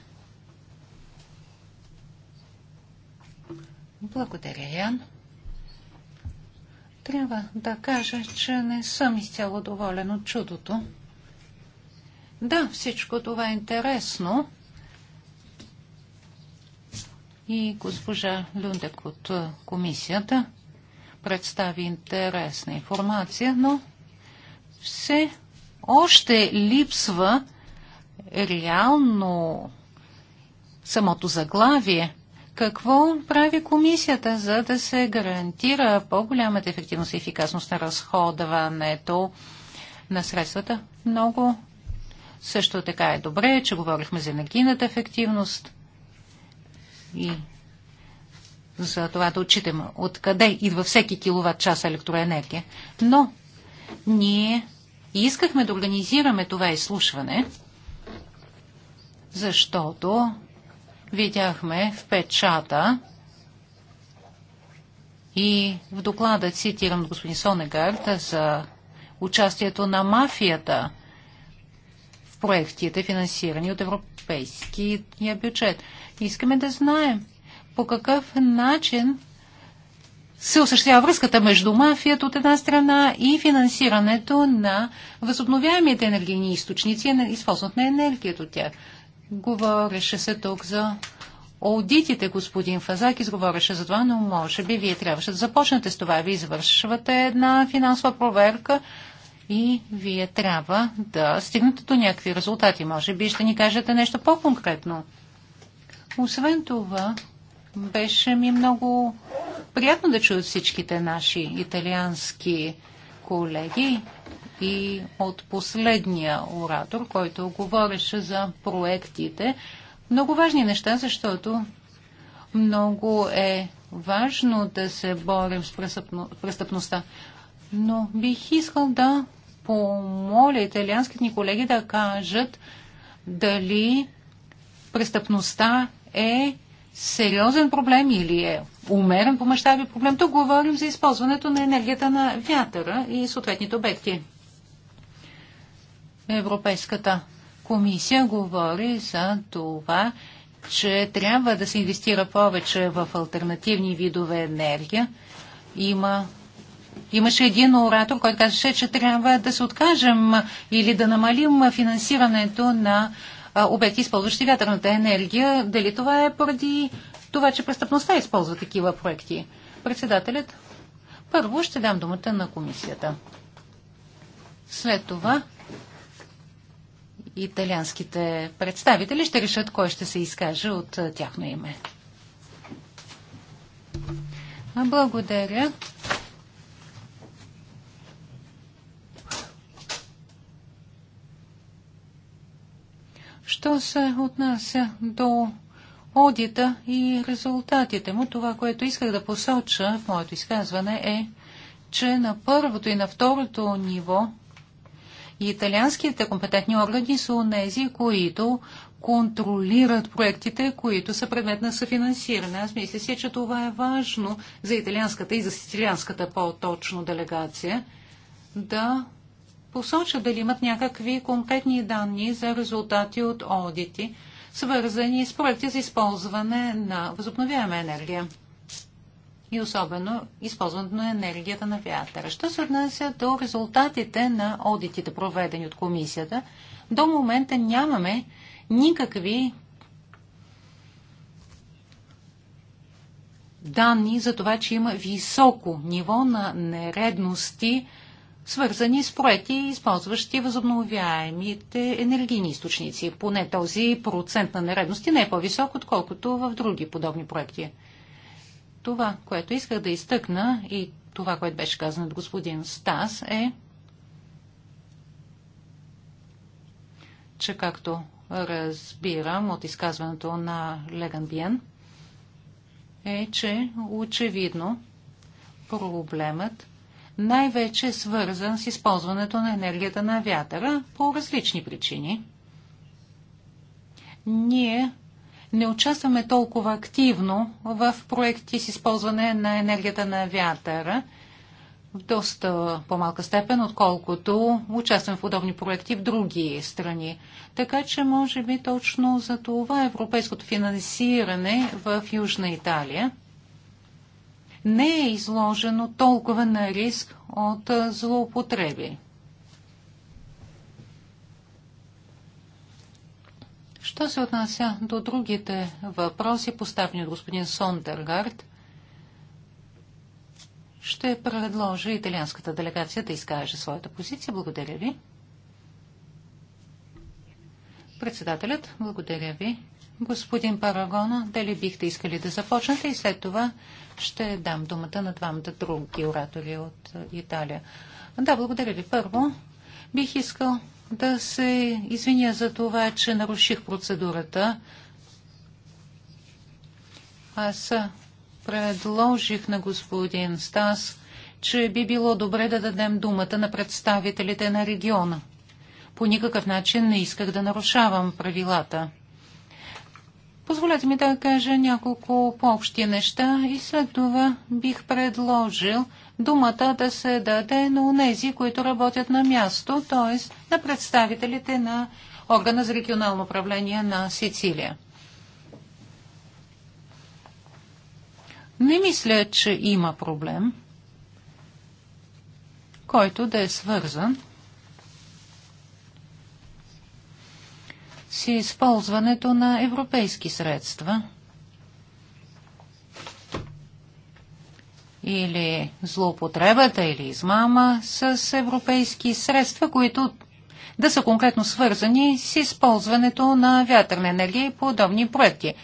Благодаря, Ян. Трябва да кажа, че не съм изцяло доволен от чудото. Да, всичко това е интересно. И госпожа Люндек от комисията представи интересна информация, но все още липсва реално самото заглавие. Какво прави комисията, за да се гарантира по-голямата ефективност и ефикасност на разходването на средствата? Много също така е добре, че говорихме за енергийната ефективност и за това да отчитаме откъде идва всеки киловатт час електроенергия. Но ние искахме да организираме това изслушване, защото видяхме в печата и в доклада цитирам господин Сонегард за участието на мафията в проектите, финансирани от европейския бюджет. Искаме да знаем по какъв начин се осъществява връзката между мафията от една страна и финансирането на възобновяемите енергийни източници и използването на енергията от тях. Говореше се тук за аудитите, господин Фазак изговореше за това, но може би вие трябваше да започнете с това. Вие извършвате една финансова проверка и вие трябва да стигнете до някакви резултати. Може би ще ни кажете нещо по-конкретно. Освен това, беше ми много приятно да чуя всичките наши италиански колеги и от последния оратор, който говореше за проектите. Много важни неща, защото много е важно да се борим с престъпно, престъпността. Но бих искал да помоля италианските ни колеги да кажат дали престъпността е сериозен проблем или е умерен по мащаби проблем. Тук говорим за използването на енергията на вятъра и съответните обекти. Европейската комисия говори за това, че трябва да се инвестира повече в альтернативни видове енергия. Има Имаше един оратор, който казаше, че трябва да се откажем или да намалим финансирането на обекти, използващи вятърната енергия. Дали това е поради това, че престъпността използва такива проекти? Председателят, първо ще дам думата на комисията. След това италианските представители ще решат кой ще се изкаже от е, тяхно име. Благодаря. Що се отнася до одита и резултатите му, това, което исках да посоча в моето изказване е, че на първото и на второто ниво и италианските компетентни органи са онези, които контролират проектите, които са предмет на съфинансиране. Аз мисля си, че това е важно за италианската и за сицилианската по-точно делегация да посочат дали имат някакви конкретни данни за резултати от одити, свързани с проекти за използване на възобновяема енергия и особено използването на енергията на вятъра. Що се отнася до резултатите на одитите, проведени от комисията, до момента нямаме никакви данни за това, че има високо ниво на нередности, свързани с проекти, използващи възобновяемите енергийни източници. Поне този процент на нередности не е по-висок, отколкото в други подобни проекти. Това, което исках да изтъкна и това, което беше казано от господин Стас е, че както разбирам от изказването на Леган Биен, е, че очевидно проблемът най-вече е свързан с използването на енергията на вятъра по различни причини. Ние не участваме толкова активно в проекти с използване на енергията на вятъра в доста по-малка степен, отколкото участвам в подобни проекти в други страни. Така че, може би, точно за това европейското финансиране в Южна Италия не е изложено толкова на риск от злоупотреби. Що се отнася до другите въпроси, поставени от господин Сондергард, ще предложа италианската делегация да изкаже своята позиция. Благодаря ви. Председателят, благодаря ви. Господин Парагона, дали бихте искали да започнете и след това ще дам думата на двамата други оратори от Италия. Да, благодаря ви. Първо, бих искал да се извиня за това, че наруших процедурата. Аз предложих на господин Стас, че би било добре да дадем думата на представителите на региона. По никакъв начин не исках да нарушавам правилата. Позволете ми да кажа няколко по-общи неща и след това бих предложил думата да се даде на унези, които работят на място, т.е. на представителите на органа за регионално управление на Сицилия. Не мисля, че има проблем, който да е свързан с използването на европейски средства – или злоупотребата или измама с европейски средства, които да са конкретно свързани с използването на вятърна енергия и подобни проекти.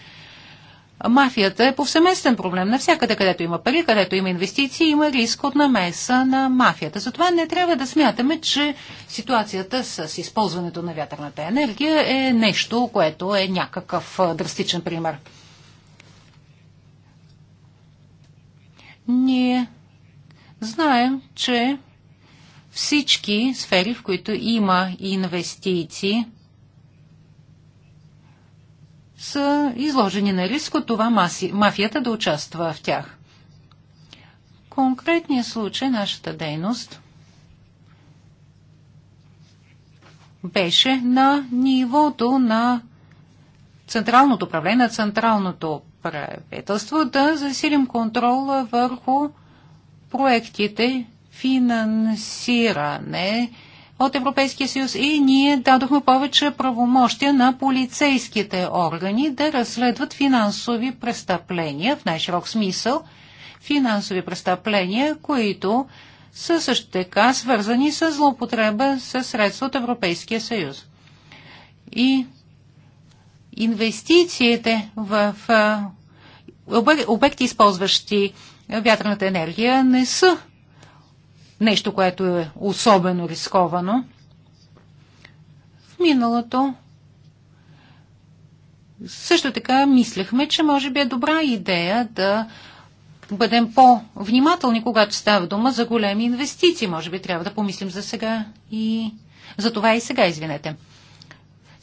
Мафията е повсеместен проблем. Навсякъде, където има пари, където има инвестиции, има риск от намеса на мафията. Затова не трябва да смятаме, че ситуацията с използването на вятърната енергия е нещо, което е някакъв драстичен пример. Ние знаем, че всички сфери, в които има инвестиции, са изложени на риск от това маси, мафията да участва в тях. конкретния случай нашата дейност беше на нивото на Централното управление, на Централното правителство да засилим контрола върху проектите, финансиране от Европейския съюз и ние дадохме повече правомощия на полицейските органи да разследват финансови престъпления, в най-широк смисъл, финансови престъпления, които са също така свързани с злоупотреба със средства от Европейския съюз. И инвестициите в обекти, използващи вятърната енергия, не са нещо, което е особено рисковано. В миналото също така мислехме, че може би е добра идея да бъдем по-внимателни, когато става дума за големи инвестиции. Може би трябва да помислим за сега и за това и сега, извинете.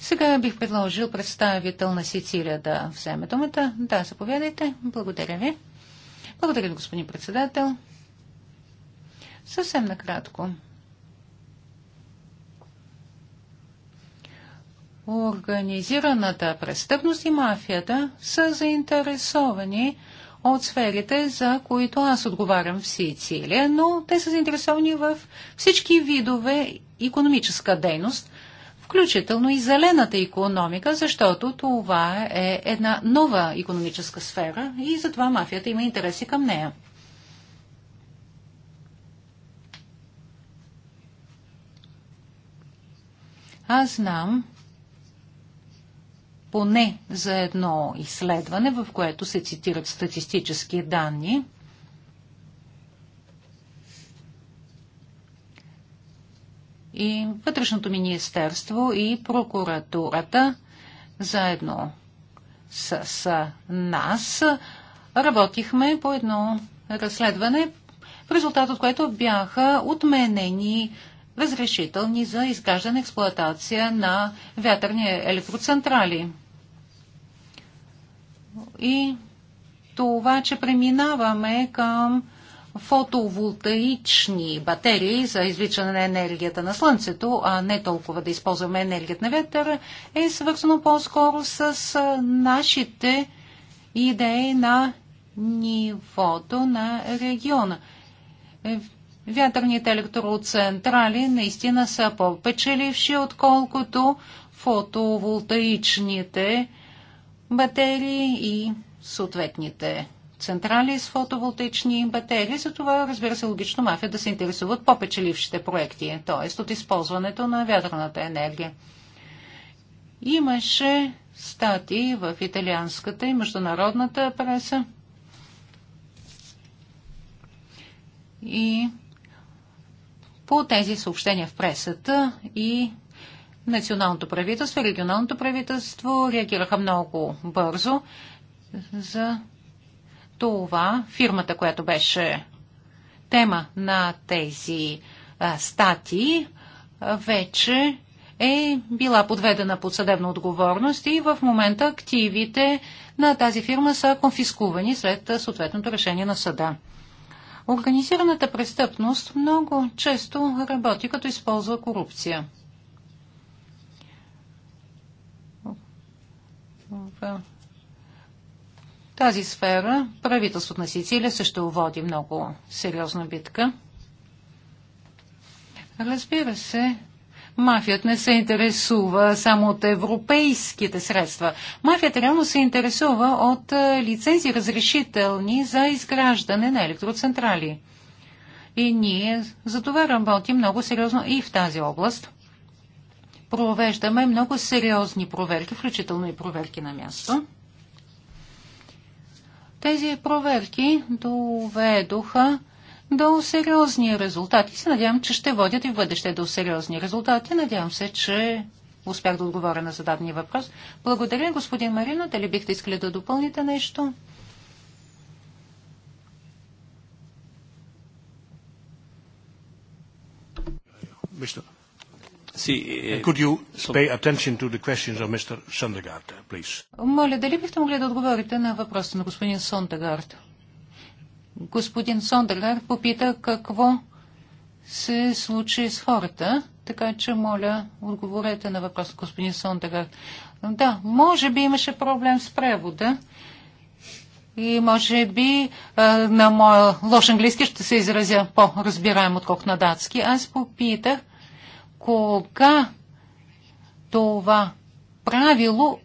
Сега бих предложил представител на Сицилия да вземе думата. Да, заповядайте. Благодаря ви. Благодаря ви, господин председател. Съвсем накратко. Организираната престъпност и мафията са заинтересовани от сферите, за които аз отговарям в Сицилия, но те са заинтересовани в всички видове економическа дейност, включително и зелената економика, защото това е една нова економическа сфера и затова мафията има интереси към нея. Аз знам поне за едно изследване, в което се цитират статистически данни – и Вътрешното министерство и прокуратурата заедно с, с нас работихме по едно разследване, в резултат от което бяха отменени разрешителни за изграждане експлоатация на вятърни електроцентрали. И това, че преминаваме към фотоволтаични батерии за извличане на енергията на Слънцето, а не толкова да използваме енергията на вятъра, е свързано по-скоро с нашите идеи на нивото на региона. Вятърните електроцентрали наистина са по-печеливши, отколкото фотоволтаичните батерии и съответните централи с фотоволтечни батерии. Затова, разбира се, логично мафия да се интересуват по-печелившите проекти, т.е. от използването на вятърната енергия. Имаше статии в италианската и международната преса. И по тези съобщения в пресата и националното правителство, регионалното правителство реагираха много бързо, за това фирмата, която беше тема на тези а, статии, вече е била подведена под съдебна отговорност и в момента активите на тази фирма са конфискувани след съответното решение на съда. Организираната престъпност много често работи като използва корупция. В тази сфера правителството на Сицилия също води много сериозна битка. Разбира се, мафият не се интересува само от европейските средства. Мафията реално се интересува от е, лицензи разрешителни за изграждане на електроцентрали. И ние за това работим много сериозно и в тази област. Провеждаме много сериозни проверки, включително и проверки на място. Тези проверки доведоха до сериозни резултати. Се надявам, че ще водят и в бъдеще до сериозни резултати. Надявам се, че успях да отговоря на зададения въпрос. Благодаря, господин Марино. Дали бихте искали да допълните нещо? Мишто. Uh, uh, моля, дали бихте могли да отговорите на въпроса на господин Сондегард? Господин Сондегард попита какво се случи с хората, така че моля, отговорете на въпроса господин Сондегард. Да, може би имаше проблем с превода. И може би на моя лош английски ще се изразя по-разбираем, отколкото на датски. Аз попитах кога това правило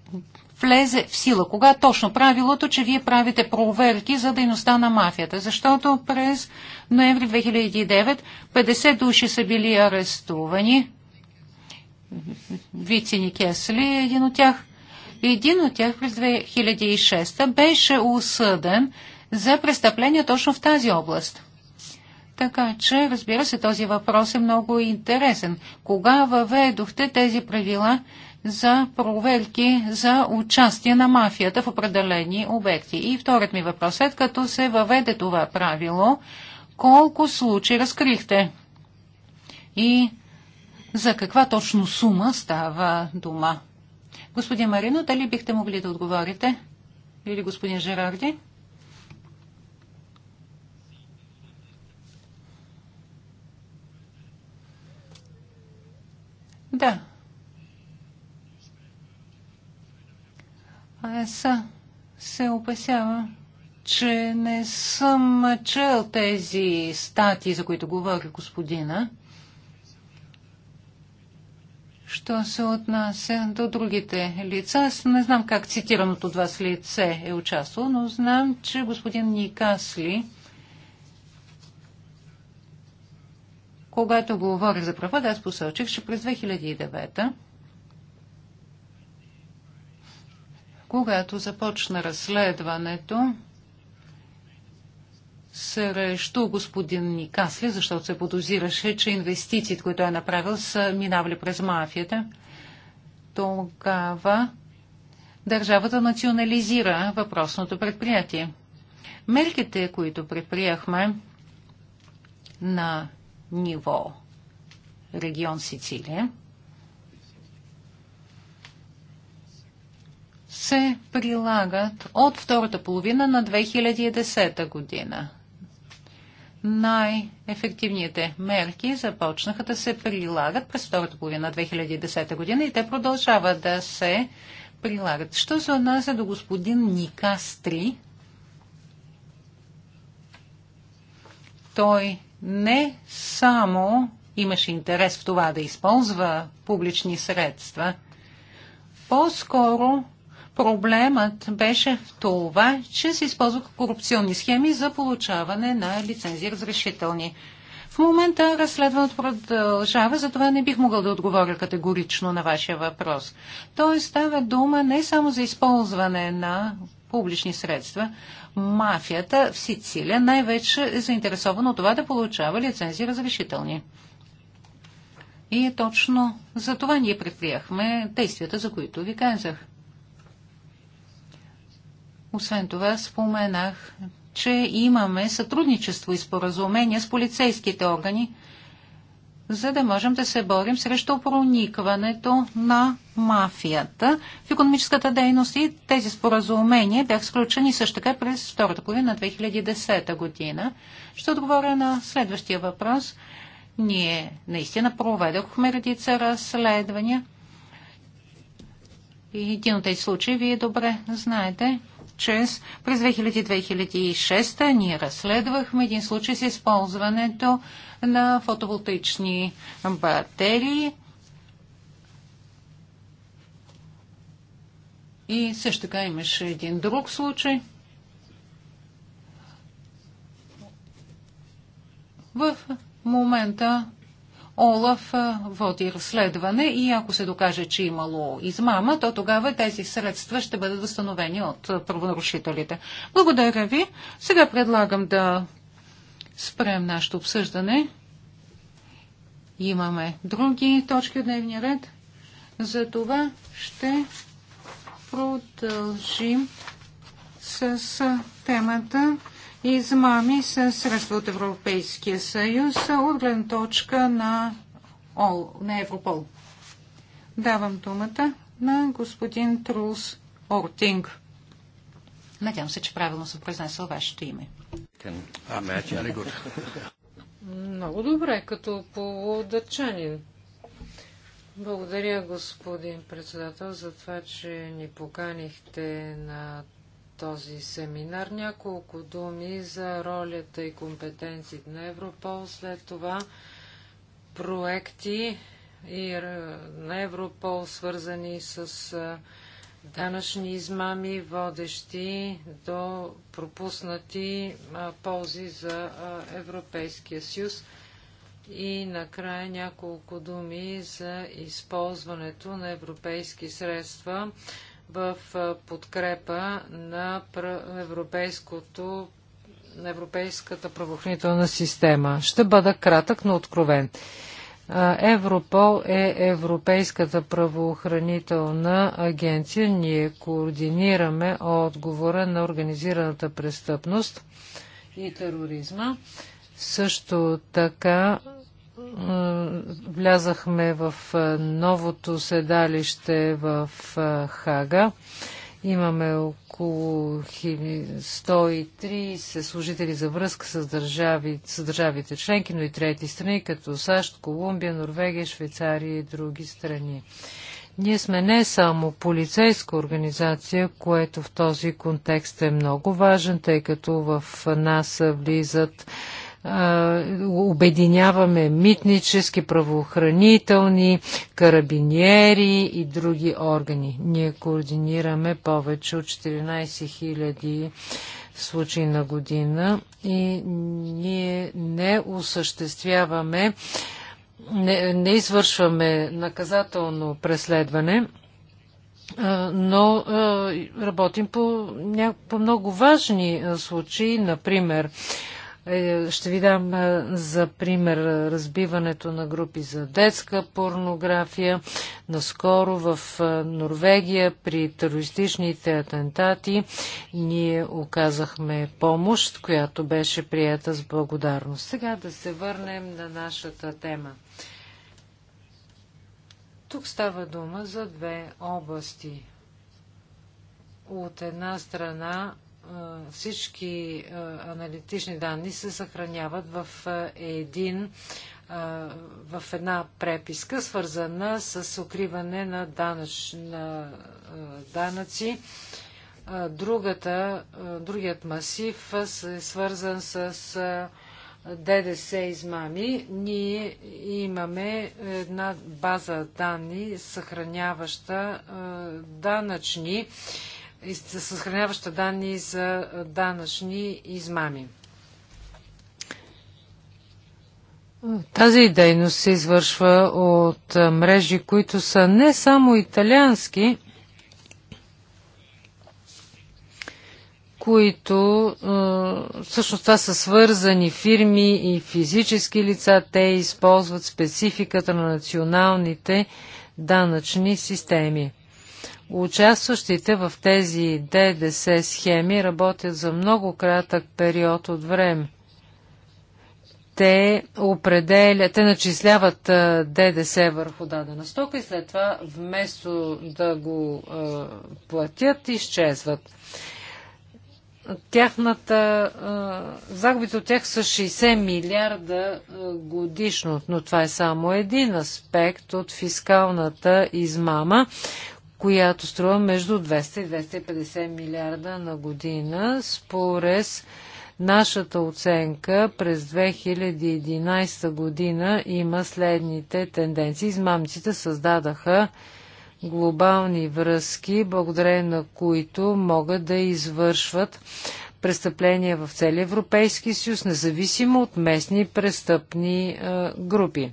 влезе в сила? Кога точно правилото, че вие правите проверки за дейността на мафията? Защото през ноември 2009 50 души са били арестувани. Вицини Кесли е един от тях. Един от тях през 2006 беше осъден за престъпление точно в тази област. Така че, разбира се, този въпрос е много интересен. Кога въведохте тези правила за проверки за участие на мафията в определени обекти? И вторият ми въпрос, след като се въведе това правило, колко случаи разкрихте? И за каква точно сума става дума? Господин Марино, дали бихте могли да отговорите? Или господин Жерарди? Да. Аз се опасявам, че не съм чел тези статии, за които говори господина. Що се отнася до другите лица, аз не знам как цитираното от вас лице е участвало, но знам, че господин Никасли Когато говорих за права, да аз посочих, че през 2009 когато започна разследването срещу господин Никасли, защото се подозираше, че инвестициите, които е направил, са минавали през мафията, тогава държавата национализира въпросното предприятие. Мерките, които предприехме на ниво регион Сицилия се прилагат от втората половина на 2010 година. Най-ефективните мерки започнаха да се прилагат през втората половина на 2010 година и те продължават да се прилагат. Що се отнася до господин Никастри, той не само имаше интерес в това да използва публични средства, по-скоро проблемът беше в това, че се използваха корупционни схеми за получаване на лицензии разрешителни. В момента разследването продължава, затова не бих могъл да отговоря категорично на вашия въпрос. Той става дума не само за използване на публични средства, мафията в Сицилия най-вече е заинтересована от това да получава лицензии разрешителни. И е точно за това ние предприяхме действията, за които ви казах. Освен това споменах, че имаме сътрудничество и споразумение с полицейските органи, за да можем да се борим срещу проникването на мафията в економическата дейност и тези споразумения бяха сключени също така през втората половина на 2010 година. Ще отговоря на следващия въпрос. Ние наистина проведохме редица разследвания. И един от тези случаи вие добре знаете чрез през 2000-2006 ние разследвахме един случай с използването на фотоволтаични батерии. И също така имаше един друг случай. В момента Олаф води разследване и ако се докаже, че имало измама, то тогава тези средства ще бъдат възстановени от правонарушителите. Благодаря ви. Сега предлагам да спрем нашето обсъждане. Имаме други точки от дневния ред. За това ще продължим с темата измами с средства от Европейския съюз от гледна точка на, Ол, на Европол. Давам думата на господин Трулс Ортинг. Надявам се, че правилно съм произнесъл вашето име. Много добре, като полудачанин. Благодаря, господин председател, за това, че ни поканихте на този семинар. Няколко думи за ролята и компетенциите на Европол, след това проекти и е, на Европол, свързани с е, данъчни измами, водещи до пропуснати е, ползи за Европейския съюз. И накрая няколко думи за използването на европейски средства в подкрепа на европейското на европейската правоохранителна система. Ще бъда кратък, но откровен. Европол е Европейската правоохранителна агенция. Ние координираме отговора на организираната престъпност и тероризма. Също така е, влязахме в е, новото седалище в е, Хага. Имаме около 130 служители за връзка с, държави, с държавите членки, но и трети страни, като САЩ, Колумбия, Норвегия, Швейцария и други страни. Ние сме не само полицейска организация, което в този контекст е много важен, тъй като в нас влизат обединяваме митнически, правоохранителни, карабиниери и други органи. Ние координираме повече от 14 000 случаи на година и ние не осъществяваме, не, не извършваме наказателно преследване, но работим по, по много важни случаи, например е, ще ви дам е, за пример е, разбиването на групи за детска порнография. Наскоро в Норвегия при терористичните атентати ние оказахме помощ, която беше прията с благодарност. Сега да се върнем на нашата тема. Тук става дума за две области. От една страна всички аналитични данни се съхраняват в един в една преписка, свързана с укриване на, данъч, на данъци. Другата, другият масив е свързан с ДДС измами. Ние имаме една база данни, съхраняваща данъчни съхраняваща данни за данъчни измами. Тази дейност се извършва от мрежи, които са не само италиански, които всъщност това са свързани фирми и физически лица. Те използват спецификата на националните данъчни системи. Участващите в тези ДДС схеми работят за много кратък период от време. Те определят, те начисляват ДДС върху дадена стока и след това вместо да го е, платят, изчезват. Тяхната, е, загубите от тях са 60 милиарда годишно, но това е само един аспект от фискалната измама, която струва между 200 и 250 милиарда на година. Според нашата оценка през 2011 година има следните тенденции. Измамците създадаха глобални връзки, благодарение на които могат да извършват престъпления в целия Европейски съюз, независимо от местни престъпни групи.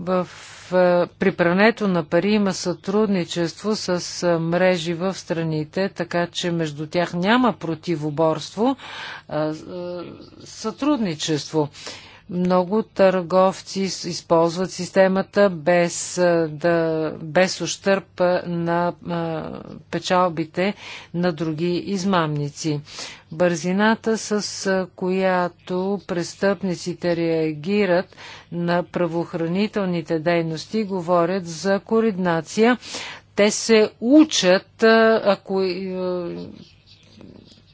В е, при прането на пари има сътрудничество с е, мрежи в страните, така че между тях няма противоборство, е, сътрудничество. Много търговци използват системата без, да, без ощърп на печалбите на други измамници. Бързината, с която престъпниците реагират на правоохранителните дейности, говорят за координация те се учат, ако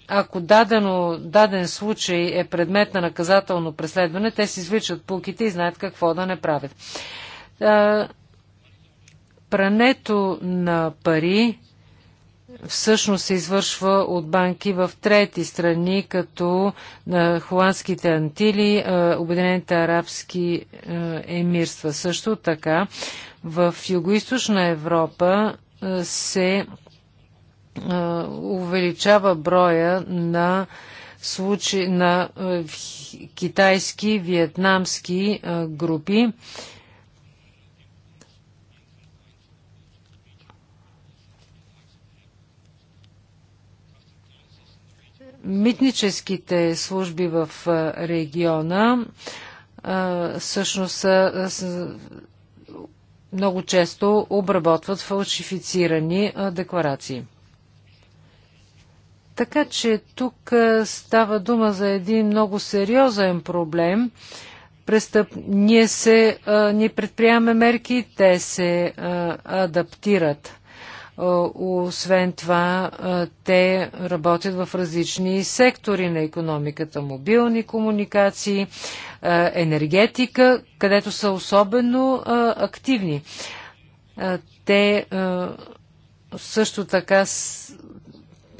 ако дадено, даден случай е предмет на наказателно преследване, те си извличат пулките и знаят какво да не правят. Прането на пари всъщност се извършва от банки в трети страни, като Холандските Антили, Обединените арабски емирства. Също така в Югоизточна Европа се увеличава броя на случаи на китайски, виетнамски групи. Митническите служби в региона всъщност са много често обработват фалшифицирани декларации. Така че тук става дума за един много сериозен проблем. Престъп... Ние, се, а, ние предприемаме мерки, те се а, адаптират. Освен това, те работят в различни сектори на економиката, мобилни комуникации, енергетика, където са особено активни. Те също така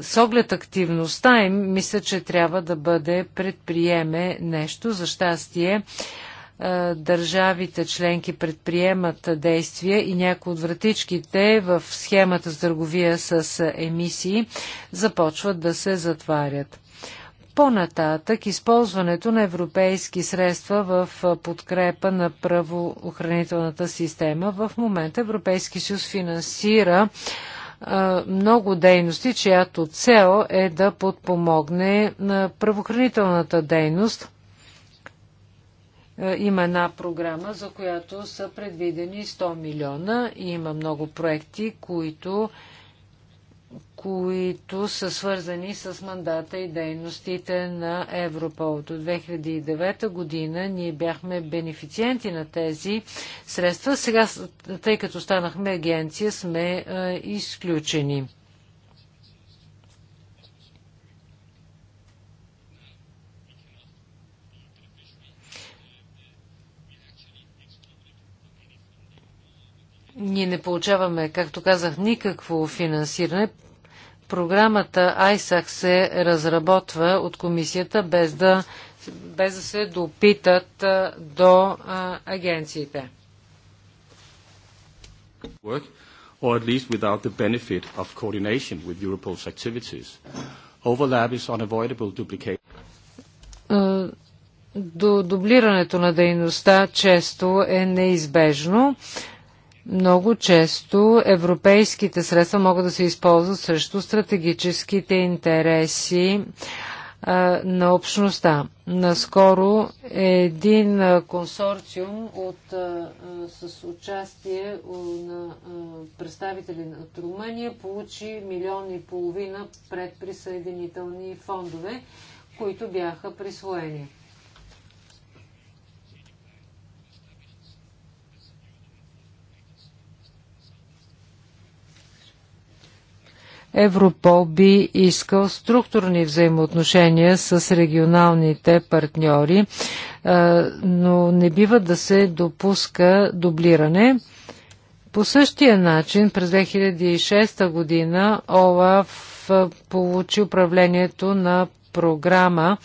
с оглед активността им, мисля, че трябва да бъде предприеме нещо. За щастие, е, държавите членки предприемат действия и някои от вратичките в схемата с търговия с е, емисии започват да се затварят. По-нататък използването на европейски средства в е, подкрепа на правоохранителната система. В момента Европейски съюз финансира много дейности, чиято цел е да подпомогне на правоохранителната дейност. Има една програма, за която са предвидени 100 милиона и има много проекти, които които са свързани с мандата и дейностите на Европол. До 2009 година ние бяхме бенефициенти на тези средства. Сега, тъй като станахме агенция, сме а, е, изключени. Ние не получаваме, както казах, никакво финансиране. Програмата ISAC се разработва от комисията без да, без да се допитат до а, агенциите. Work, or at least without the benefit of coordination with Europol's activities. Overlap is unavoidable До дублирането на дейността често е неизбежно много често европейските средства могат да се използват срещу стратегическите интереси на общността. Наскоро един консорциум от, с участие на представители от Румъния получи милион и половина предприсъединителни фондове, които бяха присвоени. Европол би искал структурни взаимоотношения с регионалните партньори, но не бива да се допуска дублиране. По същия начин през 2006 година ОЛАФ получи управлението на програма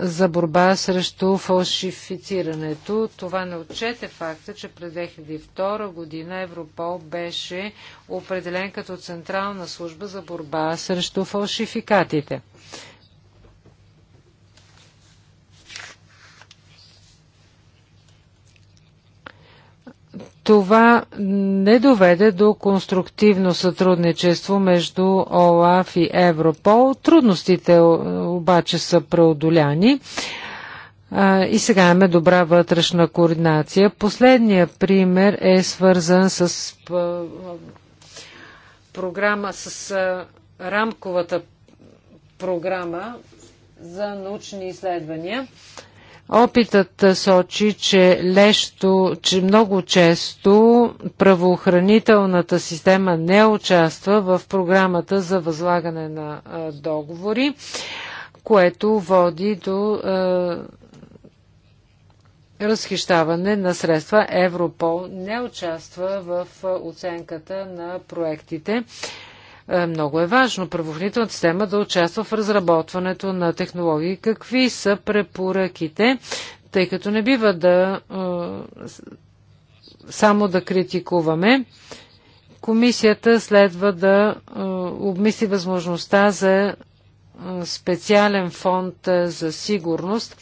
за борба срещу фалшифицирането. Това не отчете факта, че през 2002 година Европол беше определен като Централна служба за борба срещу фалшификатите. Това не доведе до конструктивно сътрудничество между ОЛАФ и Европол. Трудностите обаче са преодоляни. И сега имаме добра вътрешна координация. Последния пример е свързан с програма, с рамковата програма за научни изследвания. Опитът сочи, че, лещо, че много често правоохранителната система не участва в програмата за възлагане на договори, което води до разхищаване на средства. Европол не участва в оценката на проектите. Е, много е важно правоохранителната система да участва в разработването на технологии. Какви са препоръките, тъй като не бива да е, само да критикуваме. Комисията следва да е, обмисли възможността за специален фонд за сигурност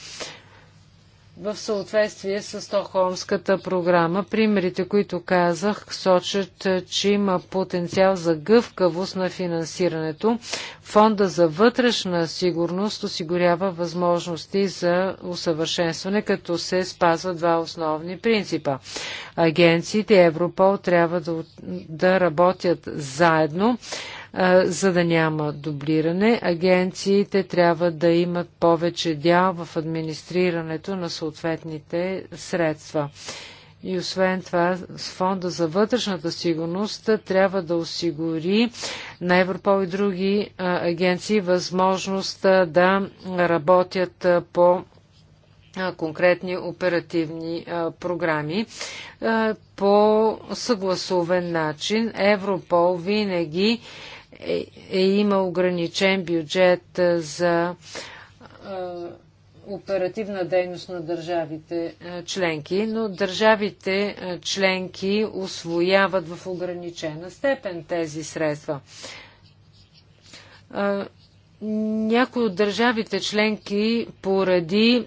в съответствие с Стокхолмската програма. Примерите, които казах, сочат, е, че има потенциал за гъвкавост на финансирането. Фонда за вътрешна сигурност осигурява възможности за усъвършенстване, като се спазва два основни принципа. Агенциите Европол трябва да, да работят заедно за да няма дублиране. Агенциите трябва да имат повече дял в администрирането на съответните средства. И освен това, с фонда за вътрешната сигурност трябва да осигури на Европол и други агенции възможност да работят по конкретни оперативни програми по съгласовен начин. Европол винаги е, е има ограничен бюджет за оперативна дейност на държавите членки, но държавите членки освояват в ограничена степен тези средства. Някои от държавите членки поради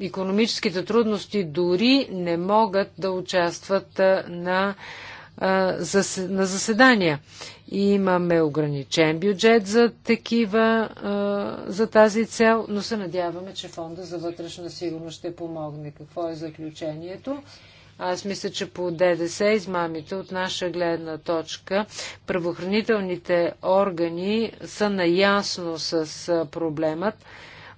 економическите трудности дори не могат да участват на на заседания. И имаме ограничен бюджет за такива, за тази цел, но се надяваме, че фонда за вътрешна сигурност ще помогне. Какво е заключението? Аз мисля, че по ДДС измамите от наша гледна точка правоохранителните органи са наясно с проблемът.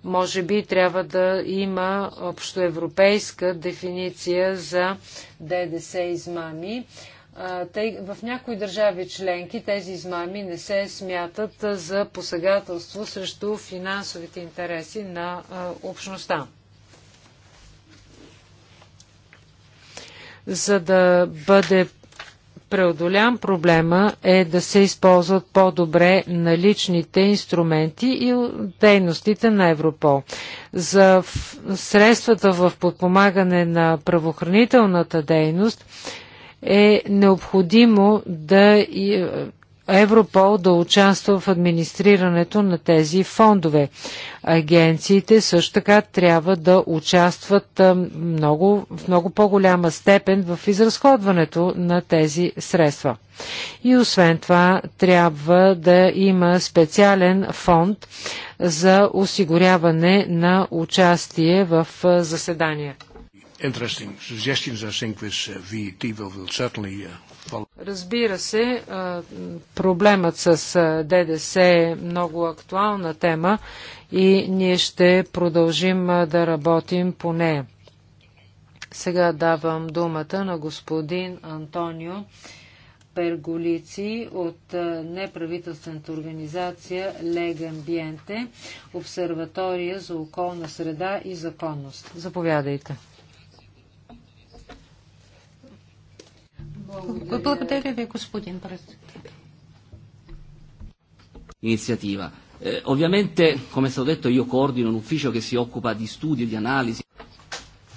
Може би трябва да има общоевропейска дефиниция за ДДС измами. Тъй, в някои държави членки тези измами не се смятат за посегателство срещу финансовите интереси на общността. За да бъде преодолян проблема е да се използват по-добре наличните инструменти и дейностите на Европол. За средствата в подпомагане на правоохранителната дейност е необходимо да е, Европол да участва в администрирането на тези фондове. Агенциите също така трябва да участват е, много, в много по-голяма степен в изразходването на тези средства. И освен това трябва да има специален фонд за осигуряване на участие в е, заседания interesting suggestions. I think this uh, VAT will, will certainly uh, follow. Разбира се, проблемът с ДДС е много актуална тема и ние ще продължим да работим по нея. Сега давам думата на господин Антонио перголици от неправителствената организация Лега Амбиенте, обсерватория за околна среда и законност. Заповядайте. Благодаря, Благодаря ви, господин председател. Инициатива. Eh, ovviamente, come è stato detto, io coordino un ufficio che si occupa di studi e di analisi.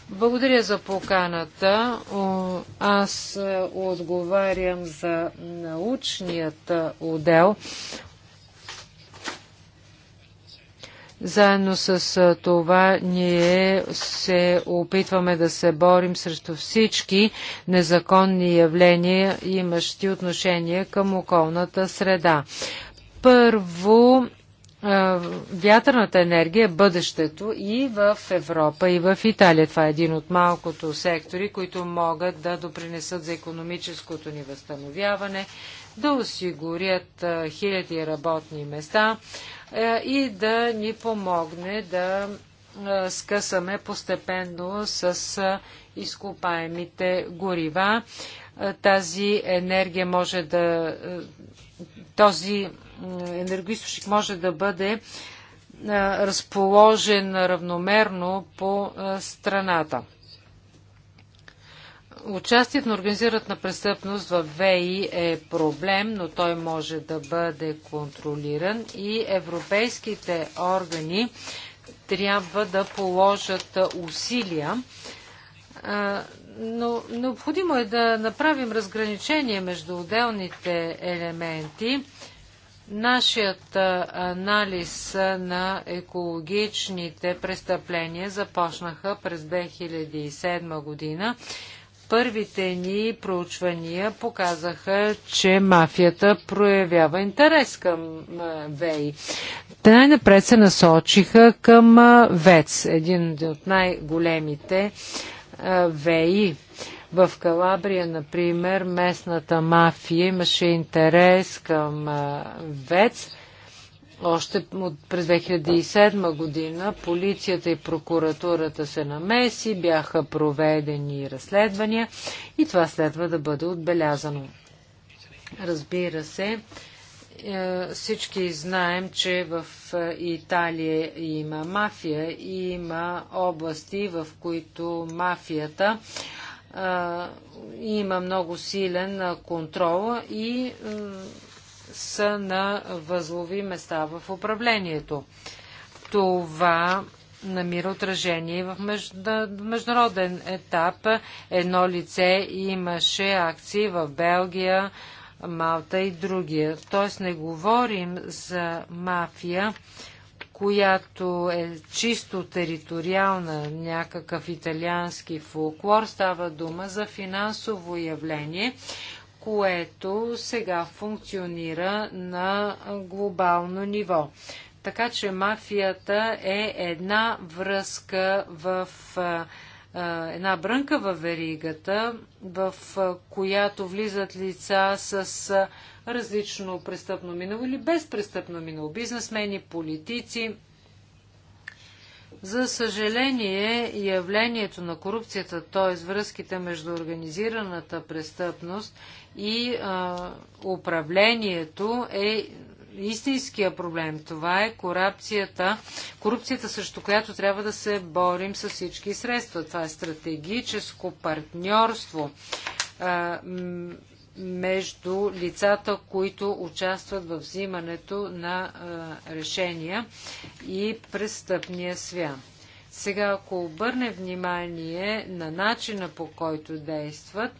Благодаря за поканата. Аз е, отговарям за научният е, отдел Заедно с това ние се опитваме да се борим срещу всички незаконни явления, имащи отношение към околната среда. Първо, вятърната енергия е бъдещето и в Европа, и в Италия. Това е един от малкото сектори, които могат да допринесат за економическото ни възстановяване, да осигурят хиляди работни места, е, и да ни помогне да е, скъсаме постепенно с е, изкопаемите горива. Тази енергия може да. Този енергоисточник може да бъде разположен равномерно по страната. Участието на на престъпност в ВИ е проблем, но той може да бъде контролиран и европейските органи трябва да положат усилия. Но необходимо е да направим разграничение между отделните елементи. Нашият анализ на екологичните престъпления започнаха през 2007 година първите ни проучвания показаха, че мафията проявява интерес към ВЕИ. Те най-напред се насочиха към ВЕЦ, един от най-големите ВЕИ. В Калабрия, например, местната мафия имаше интерес към ВЕЦ още през 2007 година полицията и прокуратурата се намеси, бяха проведени разследвания и това следва да бъде отбелязано. Разбира се, е, всички знаем, че в е, Италия има мафия и има области, в които мафията е, има много силен контрол и са на възлови места в управлението. Това намира отражение в международен етап. Едно лице имаше акции в Белгия, Малта и другия. Тоест не говорим за мафия, която е чисто териториална, някакъв италиански фолклор. Става дума за финансово явление, което сега функционира на глобално ниво. Така че мафията е една връзка в една брънка в веригата, в която влизат лица с различно престъпно минало или безпрестъпно минало. Бизнесмени, политици, за съжаление, явлението на корупцията, т.е. връзките между организираната престъпност и а, управлението е истинския проблем. Това е корупцията, корупцията срещу която трябва да се борим с всички средства. Това е стратегическо партньорство между лицата, които участват в взимането на а, решения и престъпния свят. Сега, ако обърнем внимание на начина по който действат,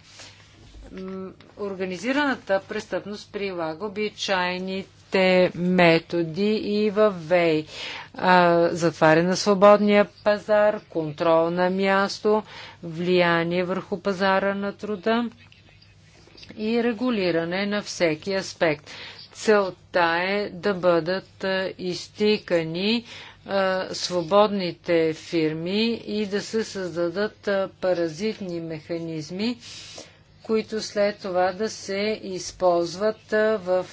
организираната престъпност прилага обичайните методи и в ВЕЙ. Затваря на свободния пазар, контрол на място, влияние върху пазара на труда и регулиране на всеки аспект. Целта е да бъдат изтикани свободните фирми и да се създадат паразитни механизми, които след това да се използват в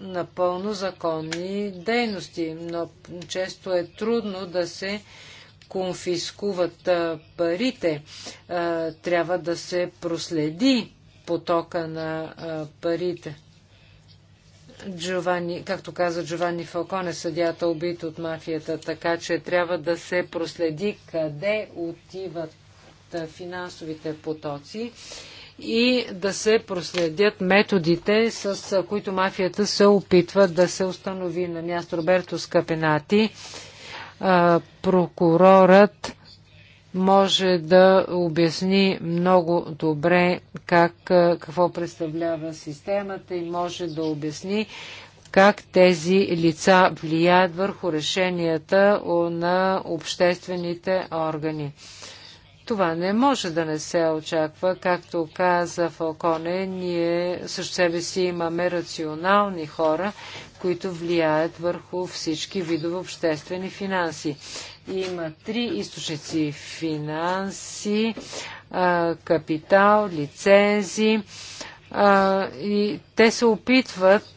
напълно законни дейности. Но често е трудно да се конфискуват парите. Трябва да се проследи потока на парите. Джовани, както каза Джованни Фалконе, съдята убит от мафията, така че трябва да се проследи къде отиват финансовите потоци и да се проследят методите, с които мафията се опитва да се установи на място. Роберто Скапенати, прокурорът може да обясни много добре как, какво представлява системата и може да обясни как тези лица влияят върху решенията на обществените органи. Това не може да не се очаква. Както каза Фалконе, ние също себе си имаме рационални хора, които влияят върху всички видове обществени финанси. Има три източници финанси, капитал, лицензи. И те се опитват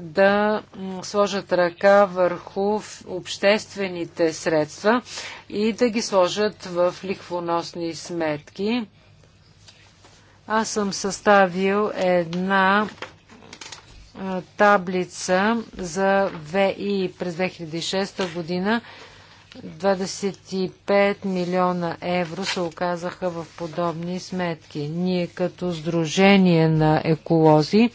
да сложат ръка върху обществените средства и да ги сложат в лихвоносни сметки. Аз съм съставил една таблица за ВИ през 2006 година 25 милиона евро се оказаха в подобни сметки. Ние като Сдружение на еколози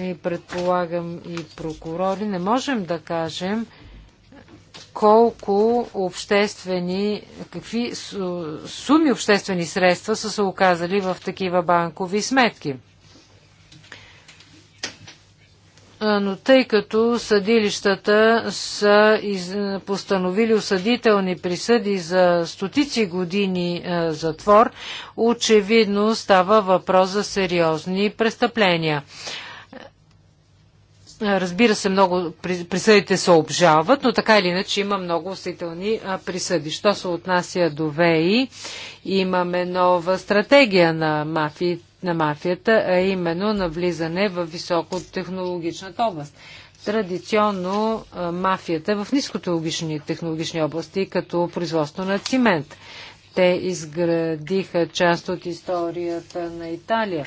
и предполагам и прокурори не можем да кажем колко обществени, какви суми обществени средства са се оказали в такива банкови сметки. но тъй като съдилищата са постановили осъдителни присъди за стотици години затвор, очевидно става въпрос за сериозни престъпления. Разбира се, много присъдите се обжалват, но така или иначе има много осъдителни присъди. Що се отнася до ВЕИ, имаме нова стратегия на мафиите на мафията, а именно на влизане в високотехнологичната област. Традиционно мафията е в нискотехнологични технологични области, като производство на цимент. Те изградиха част от историята на Италия.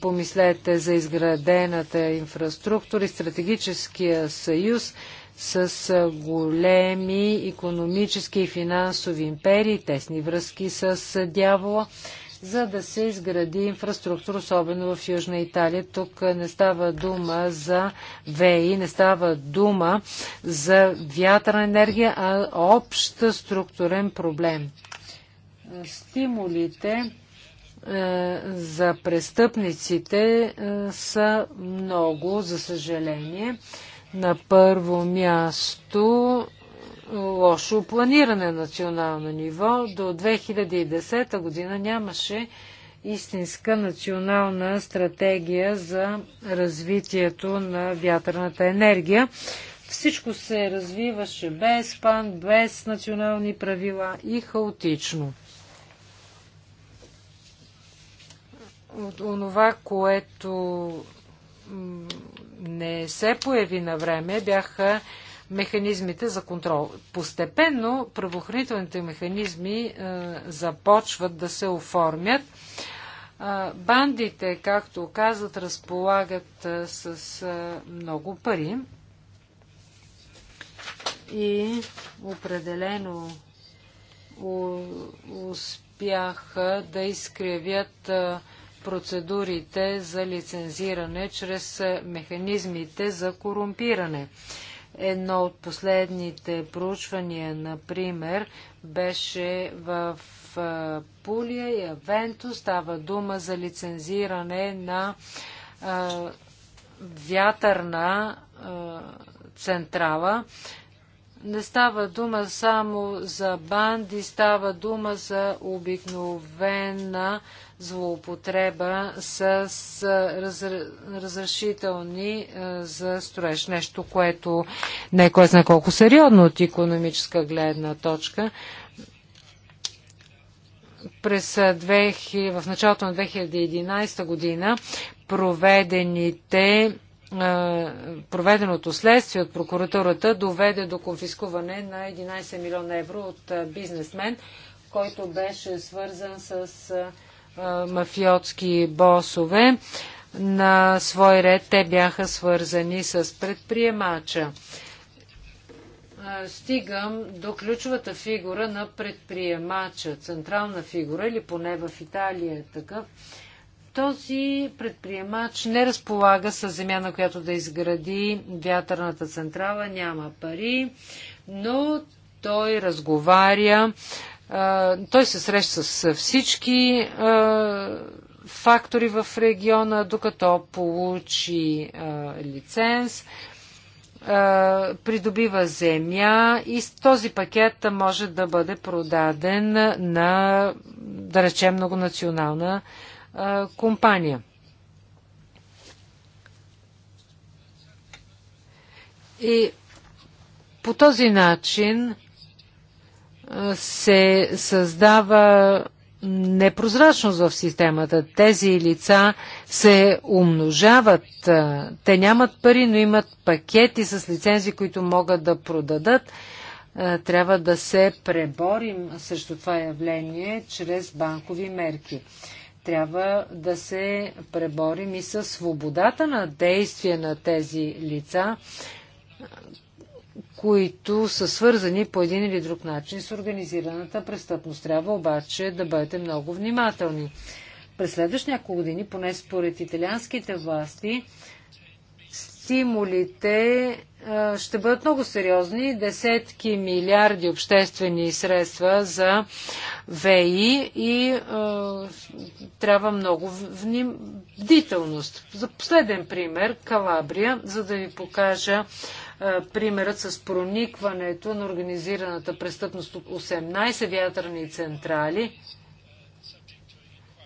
Помислете за изградената инфраструктура и стратегическия съюз с големи економически и финансови империи, тесни връзки с дявола за да се изгради инфраструктура, особено в Южна Италия. Тук не става дума за ВЕИ, не става дума за вятърна енергия, а общ структурен проблем. Стимулите е, за престъпниците е, са много, за съжаление. На първо място лошо планиране на национално ниво. До 2010 година нямаше истинска национална стратегия за развитието на вятърната енергия. Всичко се развиваше без план, без национални правила и хаотично. От онова, което не се появи на време, бяха механизмите за контрол. Постепенно правоохранителните механизми е, започват да се оформят. Е, бандите, както казват, разполагат е, с много пари и определено успяха да изкривят процедурите за лицензиране чрез механизмите за корумпиране. Едно от последните проучвания, например, беше в Пулия и Авенто. Става дума за лицензиране на вятърна централа. Не става дума само за банди, става дума за обикновена злоупотреба с разрешителни е, за строеж. Нещо, което не е кой знае колко сериозно от економическа гледна точка. През 2000, е, в началото на 2011 година проведените е, проведеното следствие от прокуратурата доведе до конфискуване на 11 милиона евро от е, бизнесмен, който беше свързан с е, мафиотски босове. На свой ред те бяха свързани с предприемача. Стигам до ключовата фигура на предприемача, централна фигура или поне в Италия такъв този предприемач не разполага с земя, на която да изгради вятърната централа, няма пари, но той разговаря, той се среща с всички фактори в региона, докато получи лиценз придобива земя и този пакет може да бъде продаден на, да речем, многонационална компания. И по този начин се създава непрозрачност в системата. Тези лица се умножават. Те нямат пари, но имат пакети с лицензи, които могат да продадат. Трябва да се преборим срещу това явление чрез банкови мерки трябва да се преборим и със свободата на действие на тези лица, които са свързани по един или друг начин с организираната престъпност. Трябва обаче да бъдете много внимателни. През следващи няколко години, поне според италианските власти, стимулите е, ще бъдат много сериозни. Десетки милиарди обществени средства за ВИ и е, трябва много внимателност. За последен пример, Калабрия, за да ви покажа е, примерът с проникването на организираната престъпност от 18 вятърни централи.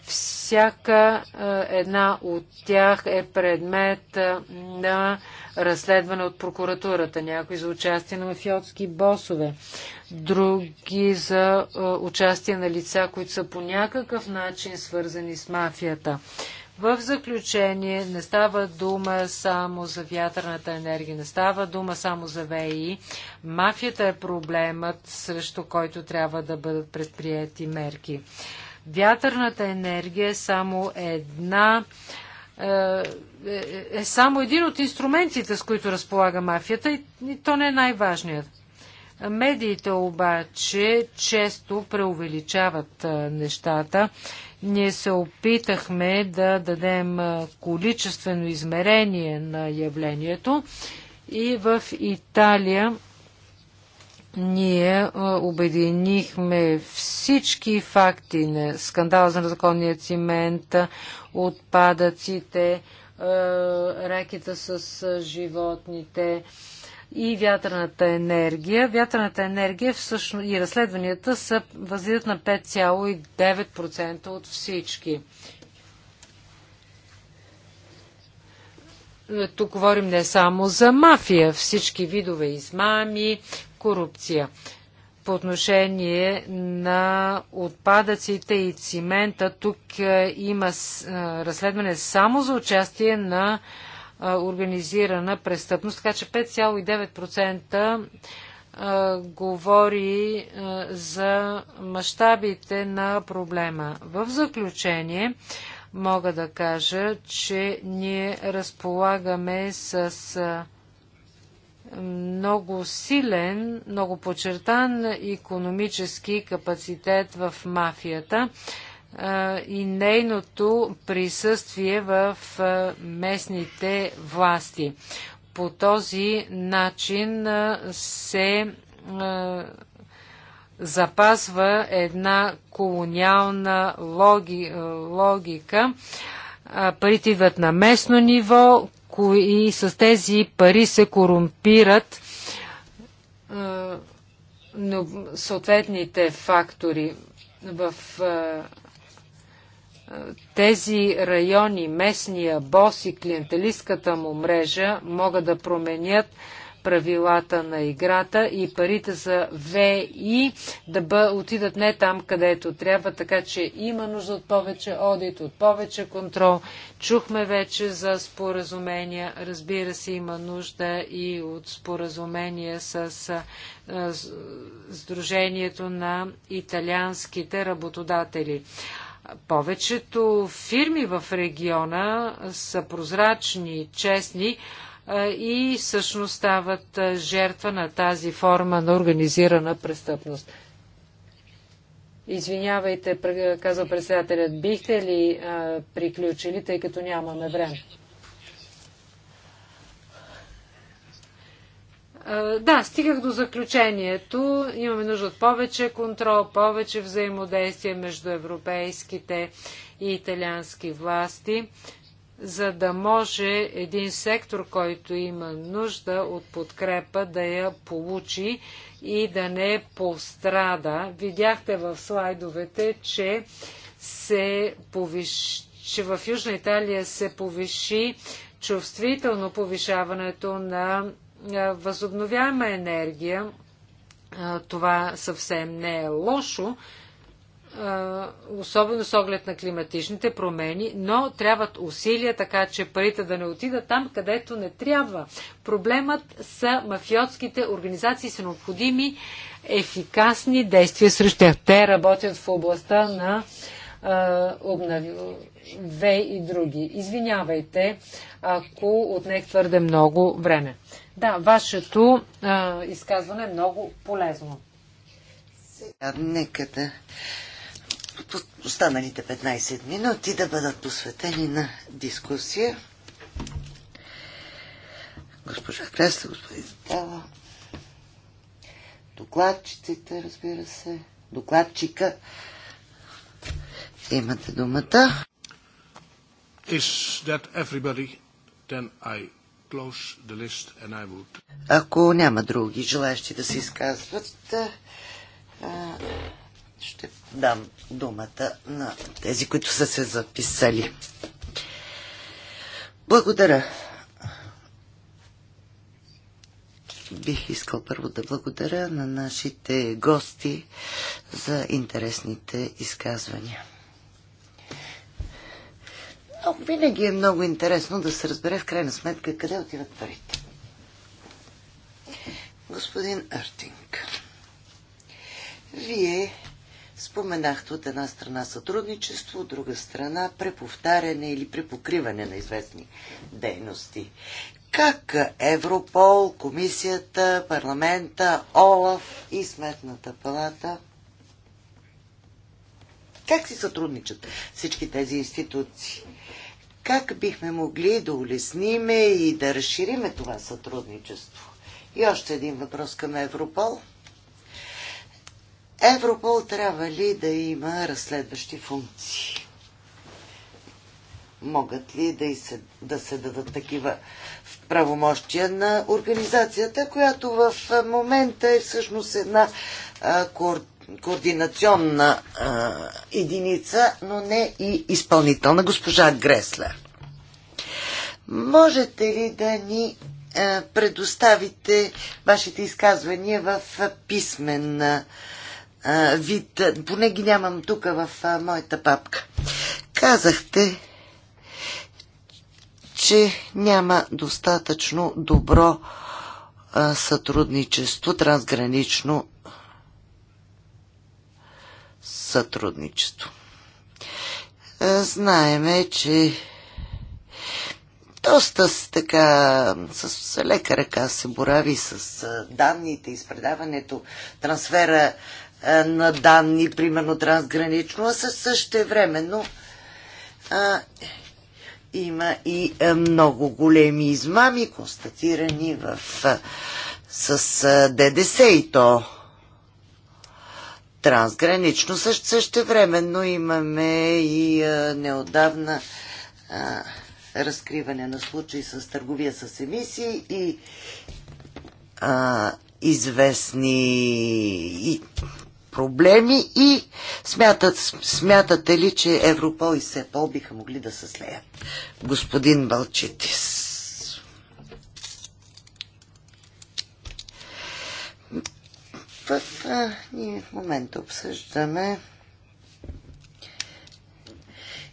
Всяка е, една от тях е предмет е, на разследване от прокуратурата, някои за участие на мафиотски босове, други за е, участие на лица, които са по някакъв начин свързани с мафията. В заключение, не става дума само за вятърната енергия, не става дума само за ВИ. Мафията е проблемът, срещу който трябва да бъдат предприяти мерки. Вятърната енергия е само една е, е, е, е само един от инструментите, с които разполага мафията и, то не е най-важният. Медиите обаче често преувеличават нещата. Ние се опитахме да дадем количествено измерение на явлението и в Италия ние обединихме всички факти на скандала за незаконния цимент, отпадъците, е, рекета с е, животните и вятърната енергия. Вятърната енергия всъщност и разследванията са възлизат на 5,9% от всички. Е, тук говорим не само за мафия, всички видове измами, корупция по отношение на отпадъците и цимента. Тук е, има е, разследване само за участие на е, организирана престъпност, така че 5,9% говори за мащабите на проблема. В заключение мога да кажа, че ние разполагаме с много силен, много почертан економически капацитет в мафията и нейното присъствие в местните власти. По този начин се запазва една колониална логика. Парите идват на местно ниво, кои с тези пари се корумпират е, но съответните фактори в е, тези райони, местния бос и клиентелистката му мрежа могат да променят правилата на играта и парите за ВИ да бъ, отидат не там, където трябва, така че има нужда от повече одит, от повече контрол. Чухме вече за споразумения. Разбира се, има нужда и от споразумения с, с, с Сдружението на италианските работодатели. Повечето фирми в региона са прозрачни, честни, и всъщност стават жертва на тази форма на организирана престъпност. Извинявайте, казва председателят, бихте ли а, приключили, тъй като нямаме време? А, да, стигах до заключението. Имаме нужда от повече контрол, повече взаимодействие между европейските и италиански власти за да може един сектор, който има нужда от подкрепа, да я получи и да не пострада. Видяхте в слайдовете, че, се повиш... че в Южна Италия се повиши чувствително повишаването на възобновяема енергия. Това съвсем не е лошо, особено с оглед на климатичните промени, но трябват усилия така, че парите да не отидат там, където не трябва. Проблемът са мафиотските организации, са необходими ефикасни действия срещу тях. Те работят в областта на обнове и други. Извинявайте, ако отнех твърде много време. Да, вашето а, изказване е много полезно. Сега нека да останалите 15 минути да бъдат посветени на дискусия. Госпожа Кресла, господин Затава, докладчиците, разбира се, докладчика. Имате думата. Is that everybody? Then I close the list and I would... Ако няма други желащи да се изказват, а, ще дам думата на тези, които са се записали. Благодаря. Бих искал първо да благодаря на нашите гости за интересните изказвания. Но винаги е много интересно да се разбере в крайна сметка къде отиват парите. Господин Артинг, вие Споменахте от една страна сътрудничество, от друга страна преповтаряне или препокриване на известни дейности. Как Европол, комисията, парламента, ОЛАФ и Сметната палата как си сътрудничат всички тези институции? Как бихме могли да улесниме и да разшириме това сътрудничество? И още един въпрос към Европол – Европол трябва ли да има разследващи функции? Могат ли да, и се, да се дадат такива правомощия на организацията, която в момента е всъщност една а, координация координационна а, единица, но не и изпълнителна. Госпожа Греслер, можете ли да ни а, предоставите вашите изказвания в писмен а, а, вид, поне ги нямам тук в а, моята папка. Казахте, че няма достатъчно добро а, сътрудничество, трансгранично сътрудничество. А, знаеме, че доста с така, с лека ръка се борави с данните, изпредаването, трансфера на данни, примерно трансгранично, а времено а, има и много големи измами, констатирани в, с ДДС и то трансгранично. Също, времено имаме и а, неодавна а, разкриване на случаи с търговия с емисии и а, известни и проблеми и смятат, смятате ли, че Европол и СЕПОЛ биха могли да се слеят? Господин Балчитис. В, а, ние в момента обсъждаме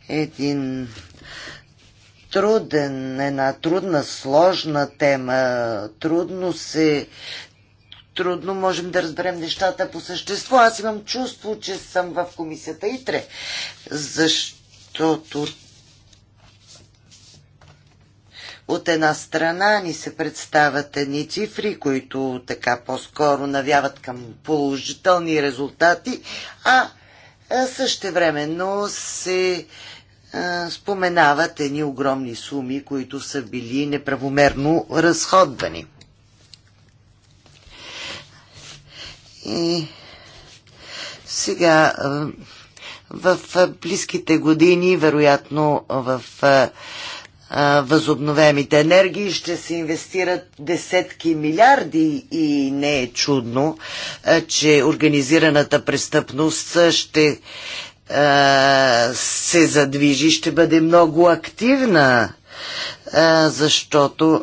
един труден, една трудна, сложна тема. Трудно се трудно можем да разберем нещата по същество. Аз имам чувство, че съм в комисията ИТРЕ, защото от една страна ни се представят едни цифри, които така по-скоро навяват към положителни резултати, а същевременно се споменават едни огромни суми, които са били неправомерно разходвани. И сега в близките години, вероятно в възобновемите енергии ще се инвестират десетки милиарди и не е чудно, че организираната престъпност ще се задвижи, ще бъде много активна, защото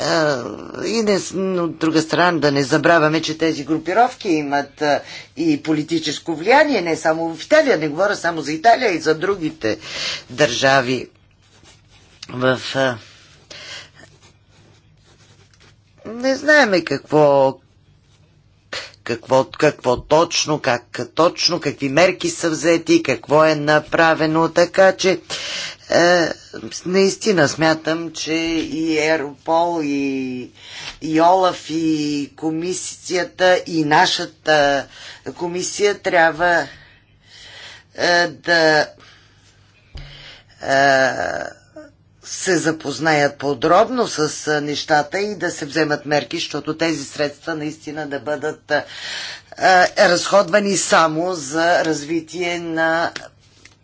е, и не, от друга страна да не забравяме, че тези групировки имат е, и политическо влияние, не само в Италия, не говоря само за Италия и за другите държави в е, не знаеме какво, какво, какво точно, как точно, какви мерки са взети, какво е направено, така че е, наистина смятам, че и Еропол, и, и Олаф, и комисията, и нашата комисия трябва е, да е, се запознаят подробно с е, нещата и да се вземат мерки, защото тези средства наистина да бъдат е, разходвани само за развитие на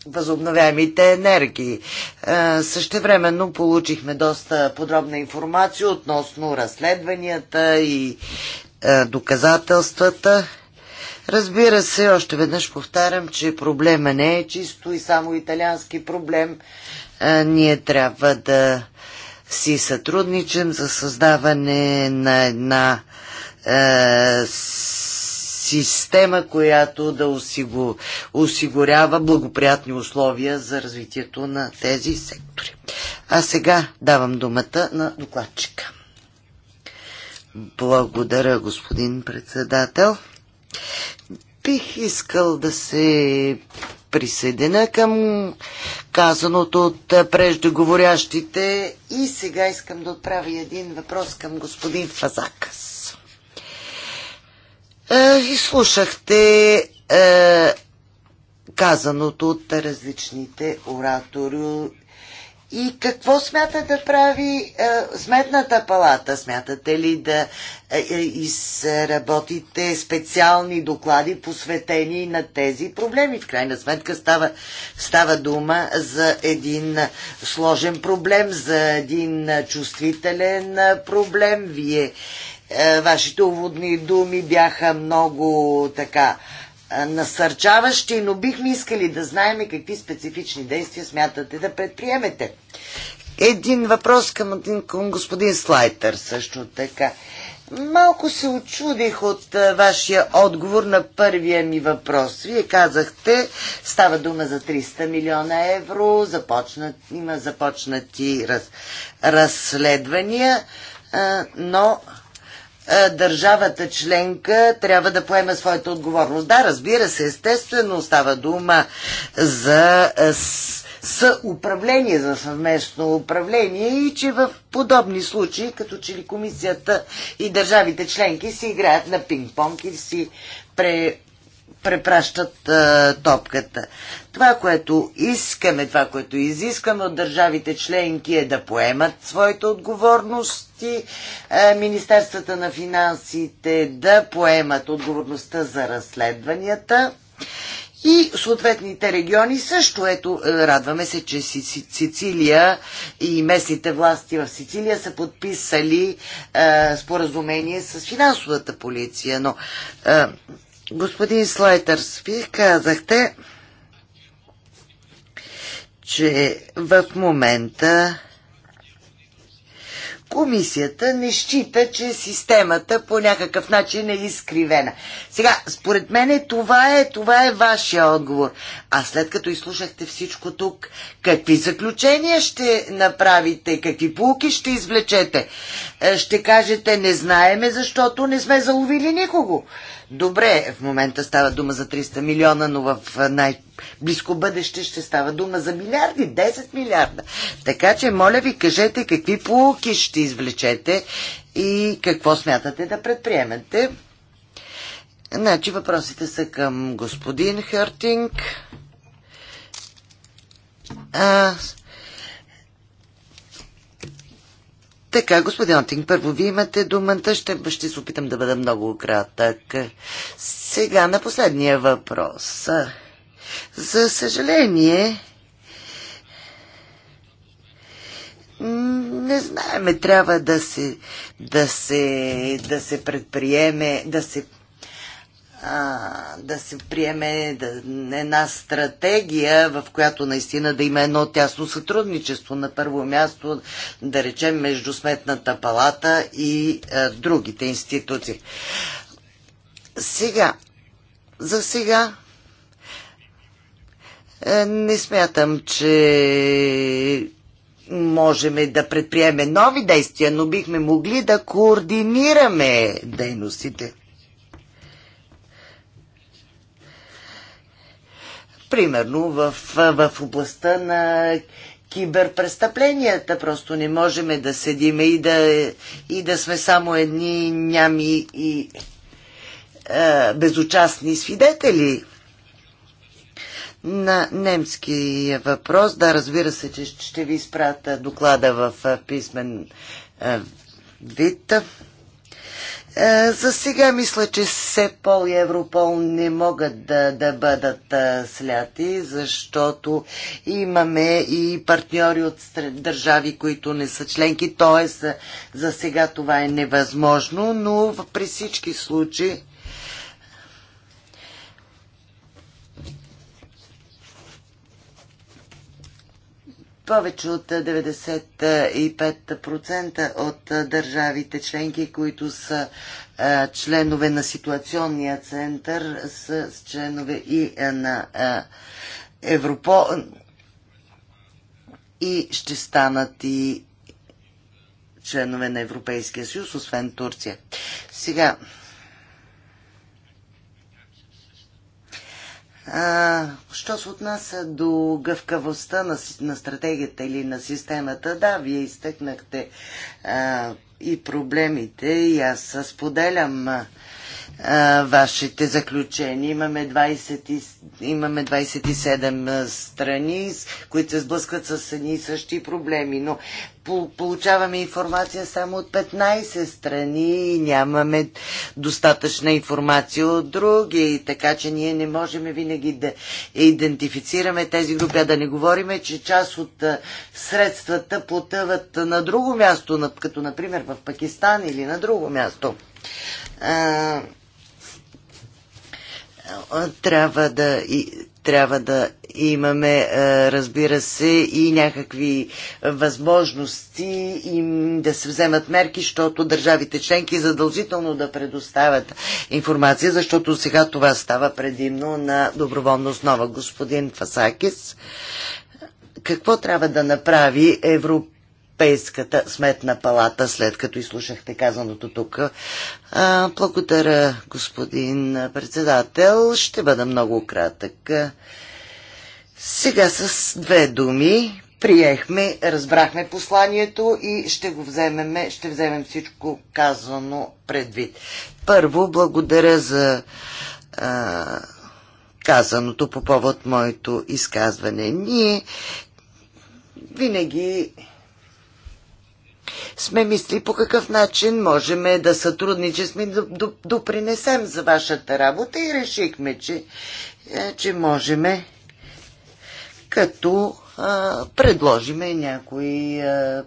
възобновяемите енергии. Е, времено получихме доста подробна информация относно разследванията и е, доказателствата. Разбира се, още веднъж повтарям, че проблема не е чисто и само италиански проблем. Е, ние трябва да си сътрудничим за създаване на една система, която да осигурява благоприятни условия за развитието на тези сектори. А сега давам думата на докладчика. Благодаря, господин председател. Бих искал да се присъединя към казаното от преждеговорящите и сега искам да отправя един въпрос към господин Фазакас е, изслушахте е, казаното от различните оратори. И какво смята да прави е, Сметната палата? Смятате ли да е, е, изработите специални доклади, посветени на тези проблеми? В крайна сметка става, става дума за един сложен проблем, за един чувствителен проблем. Вие е, вашите уводни думи бяха много така е, насърчаващи, но бихме искали да знаем какви специфични действия смятате да предприемете. Един въпрос към, към господин Слайтър също така. Малко се очудих от е, вашия отговор на първия ми въпрос. Вие казахте, става дума за 300 милиона евро, започнат, има започнати раз, разследвания, а, но е, държавата членка трябва да поеме своята отговорност. Да, разбира се, естествено става дума за е, съуправление, за съвместно управление и че в подобни случаи, като че ли комисията и държавите членки си играят на пинг-понг и си пре, препращат а, топката. Това, което искаме, това, което изискаме от държавите членки е да поемат своите отговорности, а, Министерствата на финансите да поемат отговорността за разследванията и съответните региони също. Ето, е, радваме се, че Сицилия и местните власти в Сицилия са подписали а, е, споразумение с финансовата полиция, но А, е, Господин Слайтърс, вие казахте, че в момента комисията не счита, че системата по някакъв начин е изкривена. Сега, според мен е, това е, това е вашия отговор. А след като изслушахте всичко тук, какви заключения ще направите, какви полки ще извлечете? Е, ще кажете, не знаеме, защото не сме заловили никого. Добре, в момента става дума за 300 милиона, но в най-близко бъдеще ще става дума за милиарди, 10 милиарда. Така че, моля ви, кажете какви полуки ще извлечете и какво смятате да предприемете. Значи въпросите са към господин Хъртинг. А, Така, господин Отинг, първо ви имате думата, ще, ще се опитам да бъда много кратък. Сега на последния въпрос. За съжаление, не знаеме, трябва да се, да се, да се предприеме, да се а, да се приеме да, една стратегия, в която наистина да има едно тясно сътрудничество на първо място, да речем, между Сметната палата и а, другите институции. Сега, за сега е, не смятам, че можем да предприеме нови действия, но бихме могли да координираме дейностите. примерно в, в областта на киберпрестъпленията. Просто не можем да седиме и да, и да сме само едни нями и е, безучастни свидетели. На немски въпрос, да, разбира се, че ще ви изпрата доклада в е, писмен е, вид. Е, за сега мисля, че СЕПОЛ и Европол не могат да, да бъдат е, сляти, защото имаме и партньори от държави, които не са членки, т.е. за сега това е невъзможно, но при всички случаи повече от 95% от държавите членки, които са членове на ситуационния център, са членове и на Европол и ще станат и членове на Европейския съюз, освен Турция. Сега, А, що се отнася до гъвкавостта на, на стратегията или на системата, да, вие изтъкнахте а, и проблемите и аз споделям вашите заключения. Имаме, 20, имаме 27 страни, които се сблъскват с едни и същи проблеми, но получаваме информация само от 15 страни и нямаме достатъчна информация от други, така че ние не можем винаги да идентифицираме тези групи, а да не говориме, че част от средствата потъват на друго място, като например в Пакистан или на друго място. Е, трябва да, и, трябва да имаме, е, разбира се, и някакви възможности им да се вземат мерки, защото държавите членки задължително да предоставят информация, защото сега това става предимно на доброволна основа. Господин Фасакис, какво трябва да направи Европа? Европейската сметна палата, след като изслушахте казаното тук. А, благодаря, господин председател. Ще бъда много кратък. Сега с две думи приехме, разбрахме посланието и ще го вземем, ще вземем всичко казано предвид. Първо, благодаря за а, казаното по повод моето изказване. Ние винаги сме мисли по какъв начин можем да сътрудничим и да допринесем за вашата работа и решихме, че, е, че можем като предложиме някои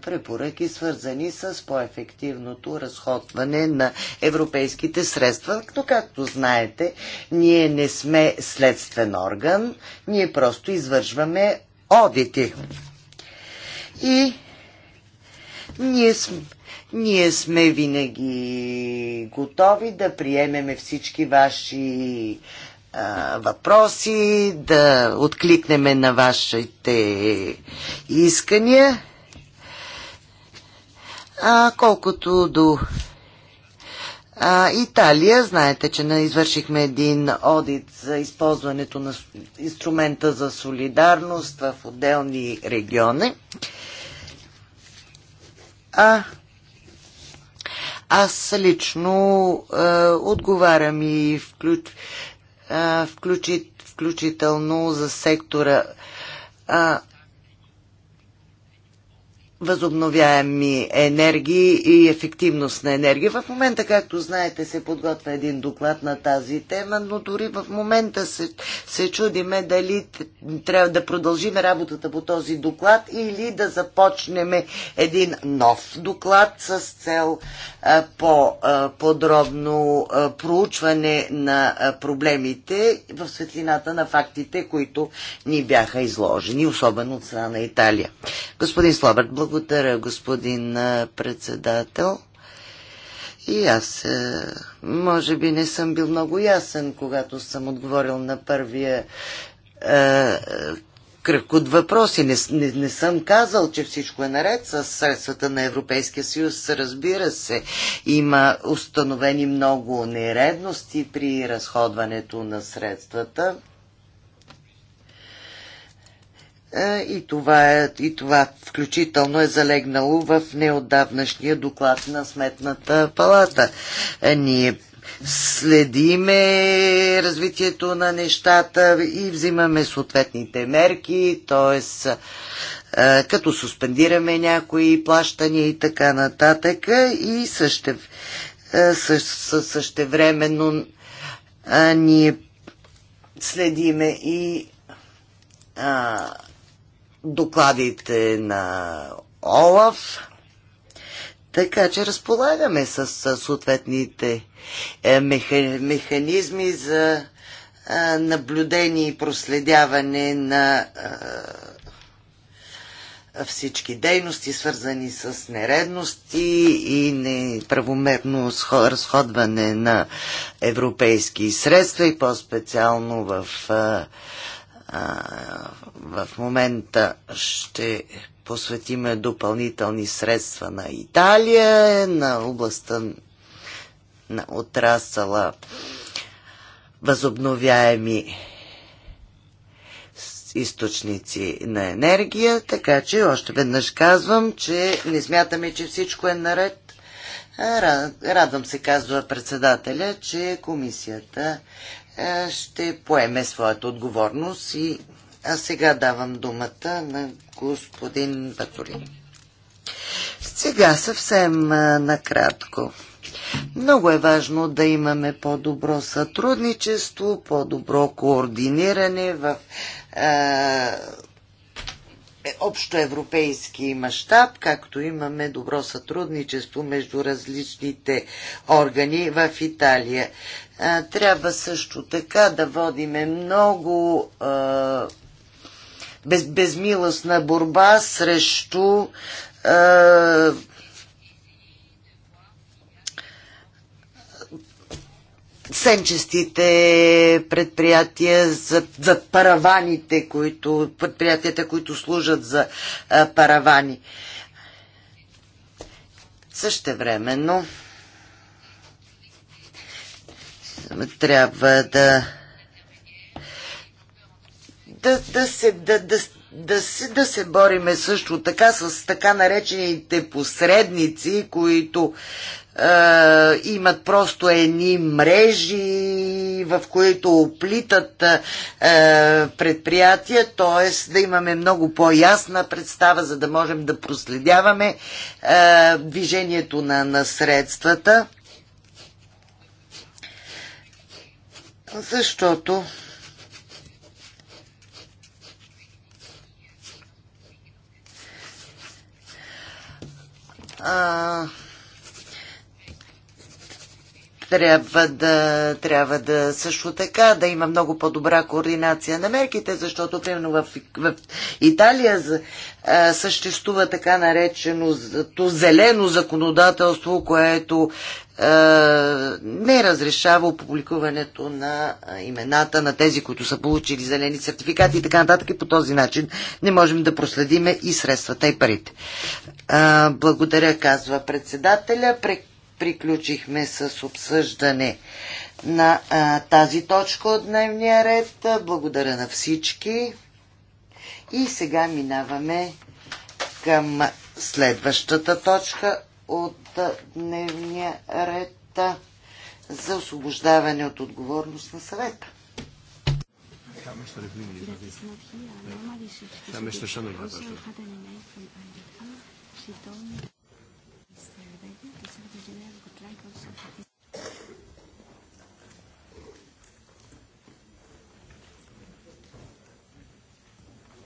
препоръки, свързани с по-ефективното разходване на европейските средства. Но, както знаете, ние не сме следствен орган, ние просто извършваме одити. И ние сме, ние сме винаги готови да приемеме всички ваши а, въпроси, да откликнеме на вашите искания. А колкото до а, Италия, знаете, че извършихме един одит за използването на инструмента за солидарност в отделни региони. А аз лично а, е, отговарям и включ, а, е, включи, включително за сектора А, е, възобновяеми енергии и ефективност на енергия. В момента, както знаете, се подготвя един доклад на тази тема, но дори в момента се, се чудиме дали трябва да продължим работата по този доклад или да започнем един нов доклад с цел по-подробно проучване на проблемите в светлината на фактите, които ни бяха изложени, особено от страна на Италия. Господин Слобърт, благодаря благодаря, господин председател. И аз, може би, не съм бил много ясен, когато съм отговорил на първия е, кръг от въпроси. Не, не, не съм казал, че всичко е наред с средствата на Европейския съюз. Разбира се, има установени много нередности при разходването на средствата. Е, и това, е, и това включително е залегнало в неотдавнашния доклад на Сметната палата. Е, ние следиме развитието на нещата и взимаме съответните мерки, т.е. като суспендираме някои плащания и така нататък и също, е, също, времено ние следиме и а, докладите на ОЛАФ. Така че разполагаме с съответните е, механизми за е, наблюдение и проследяване на е, всички дейности, свързани с нередности и неправомерно разходване на европейски средства и по-специално в в момента ще посветиме допълнителни средства на Италия, на областта на отрасъла възобновяеми източници на енергия, така че още веднъж казвам, че не смятаме, че всичко е наред. Радвам се, казва председателя, че комисията е, ще поеме своята отговорност и а сега давам думата на господин Батурин. Сега съвсем накратко. Много е важно да имаме по-добро сътрудничество, по-добро координиране в а, е общоевропейски мащаб, както имаме добро сътрудничество между различните органи в Италия. Трябва също така да водиме много без, безмилостна борба срещу сенчестите предприятия, за, за параваните, които, предприятията, които служат за а, паравани. но трябва да да, да, се, да, да, да, се, да се бориме също така с така наречените посредници, които е, имат просто едни мрежи, в които оплитат е, предприятия, т.е. да имаме много по-ясна представа, за да можем да проследяваме е, движението на, на средствата. Защото а, трябва да, трябва да също така да има много по-добра координация на мерките, защото примерно в, в Италия а, съществува така то зелено законодателство, което а, не разрешава опубликуването на имената на тези, които са получили зелени сертификати и така нататък. И по този начин не можем да проследиме и средствата и парите. А, благодаря, казва председателя приключихме с обсъждане на а, тази точка от дневния ред. Благодаря на всички. И сега минаваме към следващата точка от дневния ред за освобождаване от отговорност на съвета. Там ще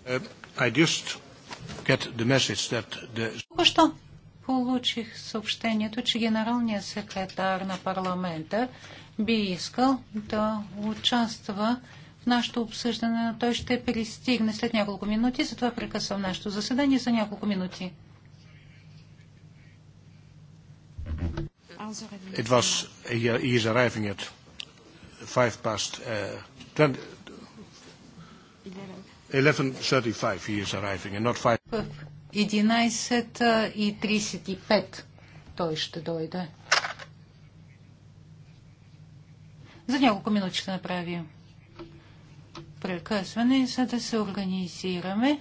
Uh, Току-що the... получих съобщението, че генералният секретар на парламента би искал да участва в нашето обсъждане, но той ще пристигне след няколко минути, затова прекъсвам нашето заседание за няколко минути. It was, uh, he is arriving at five past uh, 20, 11.35 he is arriving and not 5. В 11.35 той ще дойде. За няколко минути ще направим прекъсване, за да се организираме.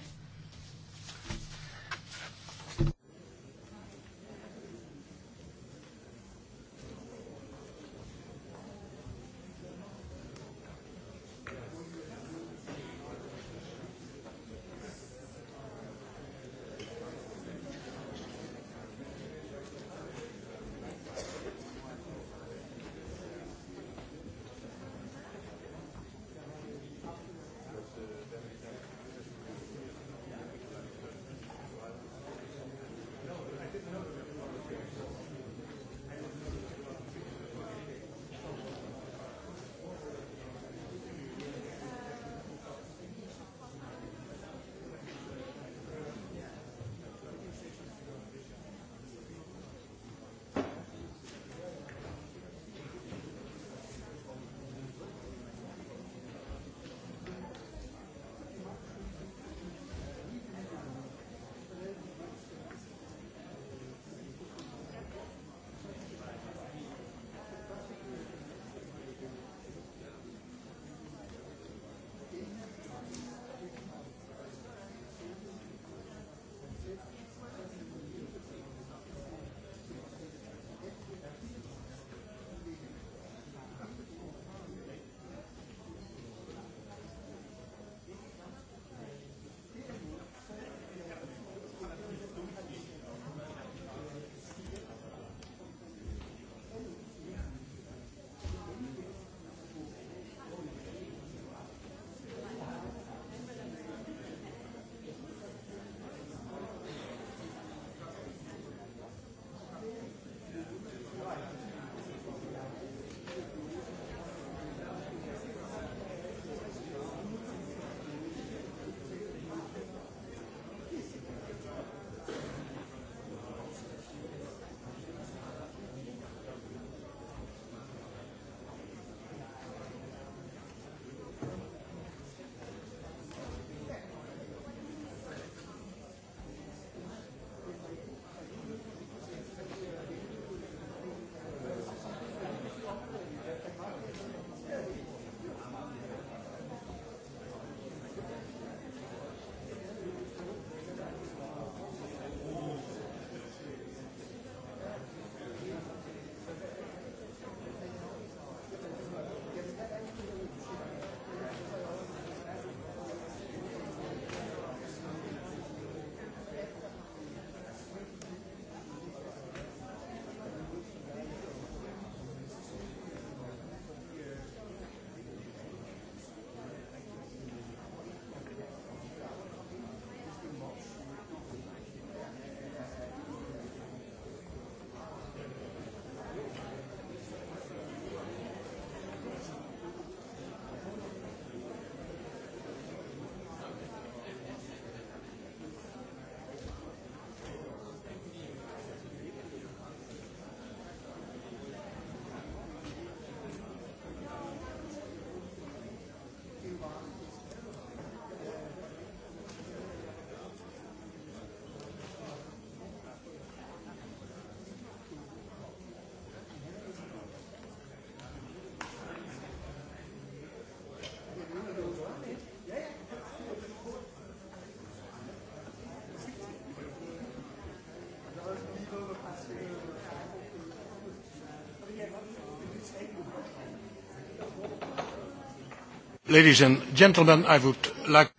Ladies and gentlemen, I would like...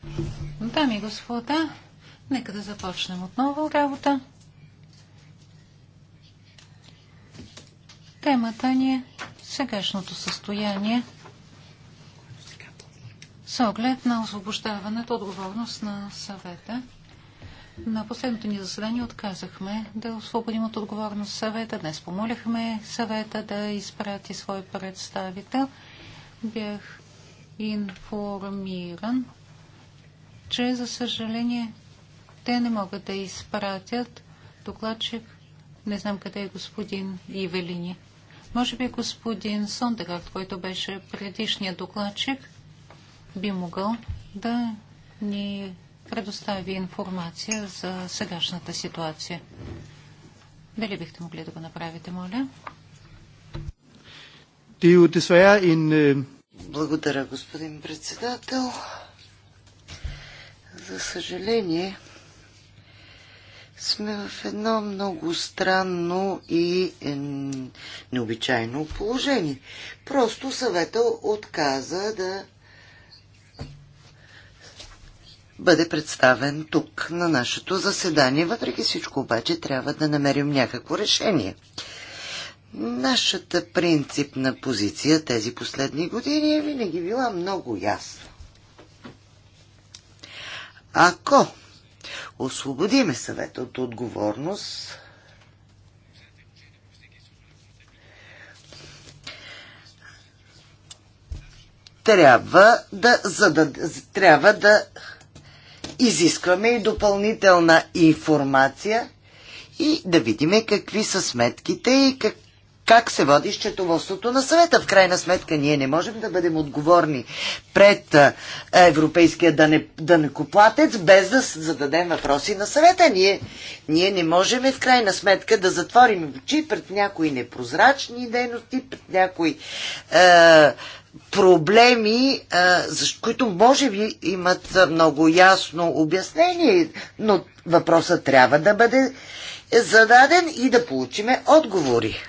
Дами и господа, нека да започнем отново работа. Темата ни е сегашното състояние с оглед на освобождаването отговорност на съвета. На последното ни заседание отказахме да освободим от отговорност съвета. Днес помоляхме съвета да изпрати свой представител. Бях информиран, че за съжаление те не могат да изпратят докладчик. Не знам къде е господин Ивелини. Може би господин Сондегард, който беше предишния докладчик, би могъл да ни предостави информация за сегашната ситуация. Дали бихте могли да го направите, моля? Det er jo desværre en, øh, благодаря, господин председател. За съжаление, сме в едно много странно и е, необичайно положение. Просто съвета отказа да бъде представен тук на нашето заседание. Въпреки всичко обаче трябва да намерим някакво решение. Нашата принципна позиция тези последни години е винаги била много ясна. Ако освободиме съвета от отговорност, трябва да, задад... трябва да изискваме и допълнителна информация и да видим какви са сметките и как, как се води счетоводството на съвета. В крайна сметка ние не можем да бъдем отговорни пред европейския данекоплатец, без да зададем въпроси на съвета. Ние, ние не можем в крайна сметка да затворим очи пред някои непрозрачни дейности, пред някои е, проблеми, е, които може би имат много ясно обяснение, но въпросът трябва да бъде зададен и да получиме отговори.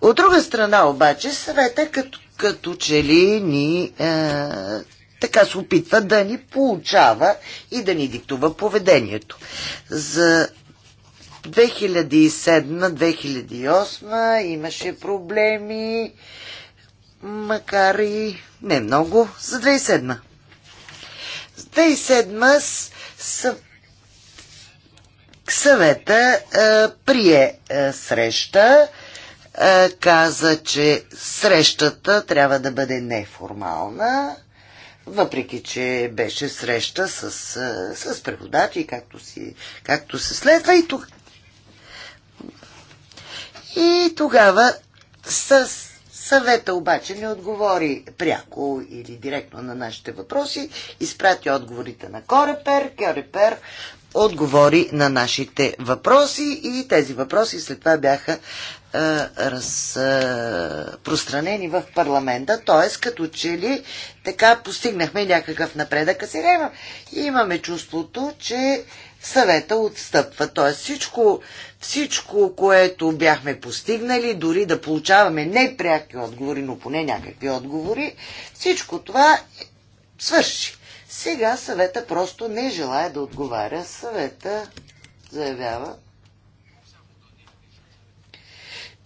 От друга страна обаче съвета като, като че ли ни е, така се опитва да ни получава и да ни диктува поведението. За 2007-2008 имаше проблеми, макар и не много, за 2007. С 2007 съвета е, прие е, среща е, каза, че срещата трябва да бъде неформална, въпреки, че беше среща с, е, с преводачи, както, си, както се следва и тук. И тогава с съвета обаче не отговори пряко или директно на нашите въпроси, изпрати отговорите на Корепер, Корепер отговори на нашите въпроси и тези въпроси след това бяха е, разпространени е, в парламента, т.е. като че ли така постигнахме някакъв напредък. А сега имам, имаме чувството, че съвета отстъпва. Т.е. Всичко, всичко, което бяхме постигнали, дори да получаваме не пряки отговори, но поне някакви отговори, всичко това свърши. Сега съвета просто не желая да отговаря. Съвета заявява,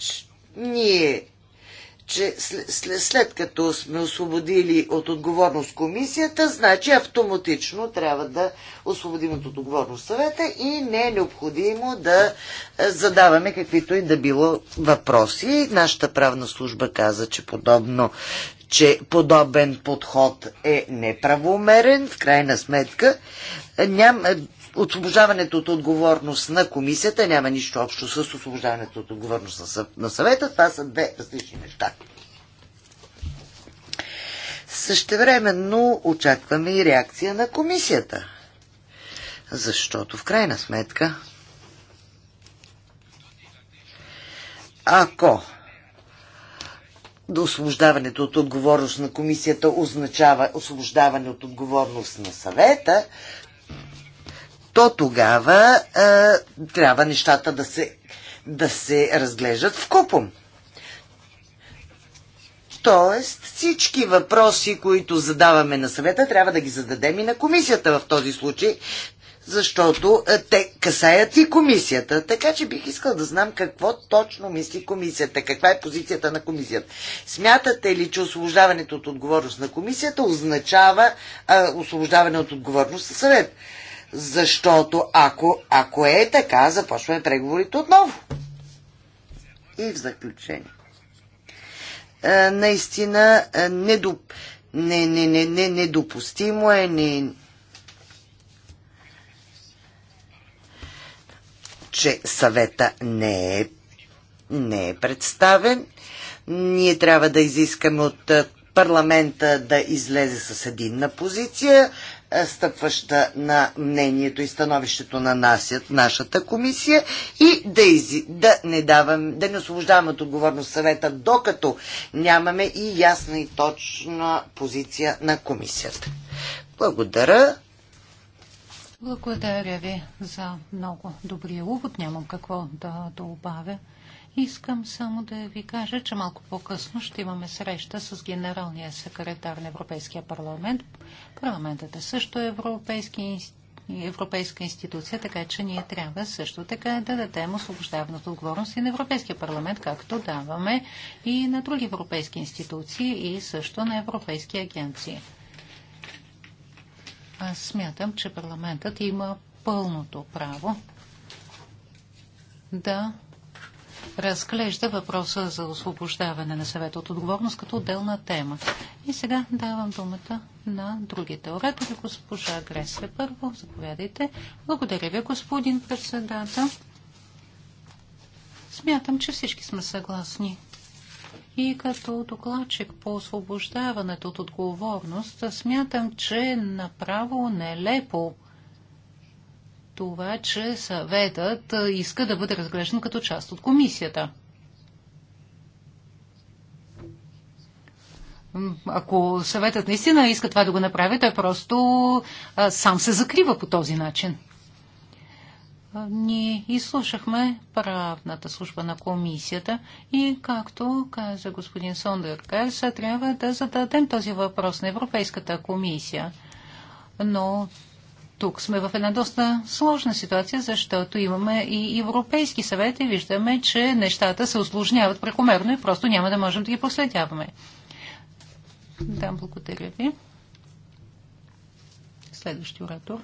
Значи, ние че след, след като сме освободили от отговорност комисията, значи автоматично трябва да освободим от отговорност съвета и не е необходимо да е, задаваме каквито и да било въпроси. Нашата правна служба каза, че подобно че подобен подход е неправомерен, в крайна сметка е, ням, освобождаването от отговорност на комисията няма нищо общо с освобождаването от отговорност на съвета. Това са две различни неща. Същевременно очакваме и реакция на комисията. Защото в крайна сметка, ако до освобождаването от отговорност на комисията означава освобождаване от отговорност на съвета, то тогава а, трябва нещата да се, да се разглеждат в купом. Тоест всички въпроси, които задаваме на съвета, трябва да ги зададем и на комисията в този случай, защото а, те касаят и комисията. Така че бих искал да знам какво точно мисли комисията, каква е позицията на комисията. Смятате ли, че освобождаването от отговорност на комисията означава а, освобождаване от отговорност на съвет? Защото ако, ако е така, започваме преговорите отново. И в заключение. А, е, наистина, а, е, недоп... не, не, не, не, недопустимо е, не, че съвета не е, не е представен. Ние трябва да изискаме от е, парламента да излезе с единна позиция стъпваща на мнението и становището на насят, нашата комисия и да, изи, да не давам, да не освобождаваме от отговорност съвета, докато нямаме и ясна и точна позиция на комисията. Благодаря. Благодаря ви за много добрия увод. Нямам какво да добавя. Искам само да ви кажа, че малко по-късно ще имаме среща с генералния секретар на Европейския парламент. Парламентът е също европейски институт европейска институция, така че ние трябва също така да дадем освобождаване отговорност и на Европейския парламент, както даваме и на други европейски институции и също на европейски агенции. Аз смятам, че парламентът има пълното право да разглежда въпроса за освобождаване на съвета от отговорност като отделна тема. И сега давам думата на другите оратори. Госпожа Гресле първо, заповядайте. Благодаря ви, господин председател. Смятам, че всички сме съгласни. И като докладчик по освобождаването от отговорност, смятам, че е направо нелепо това, че съветът иска да бъде разглеждан като част от комисията. Ако съветът наистина иска това да го направи, той просто сам се закрива по този начин. Ние изслушахме правната служба на комисията и, както каза господин Сондеркерс, трябва да зададем този въпрос на Европейската комисия. Но тук сме в една доста сложна ситуация, защото имаме и Европейски съвет и виждаме, че нещата се осложняват прекомерно и просто няма да можем да ги проследяваме. Да, благодаря ви. Следващи оратор.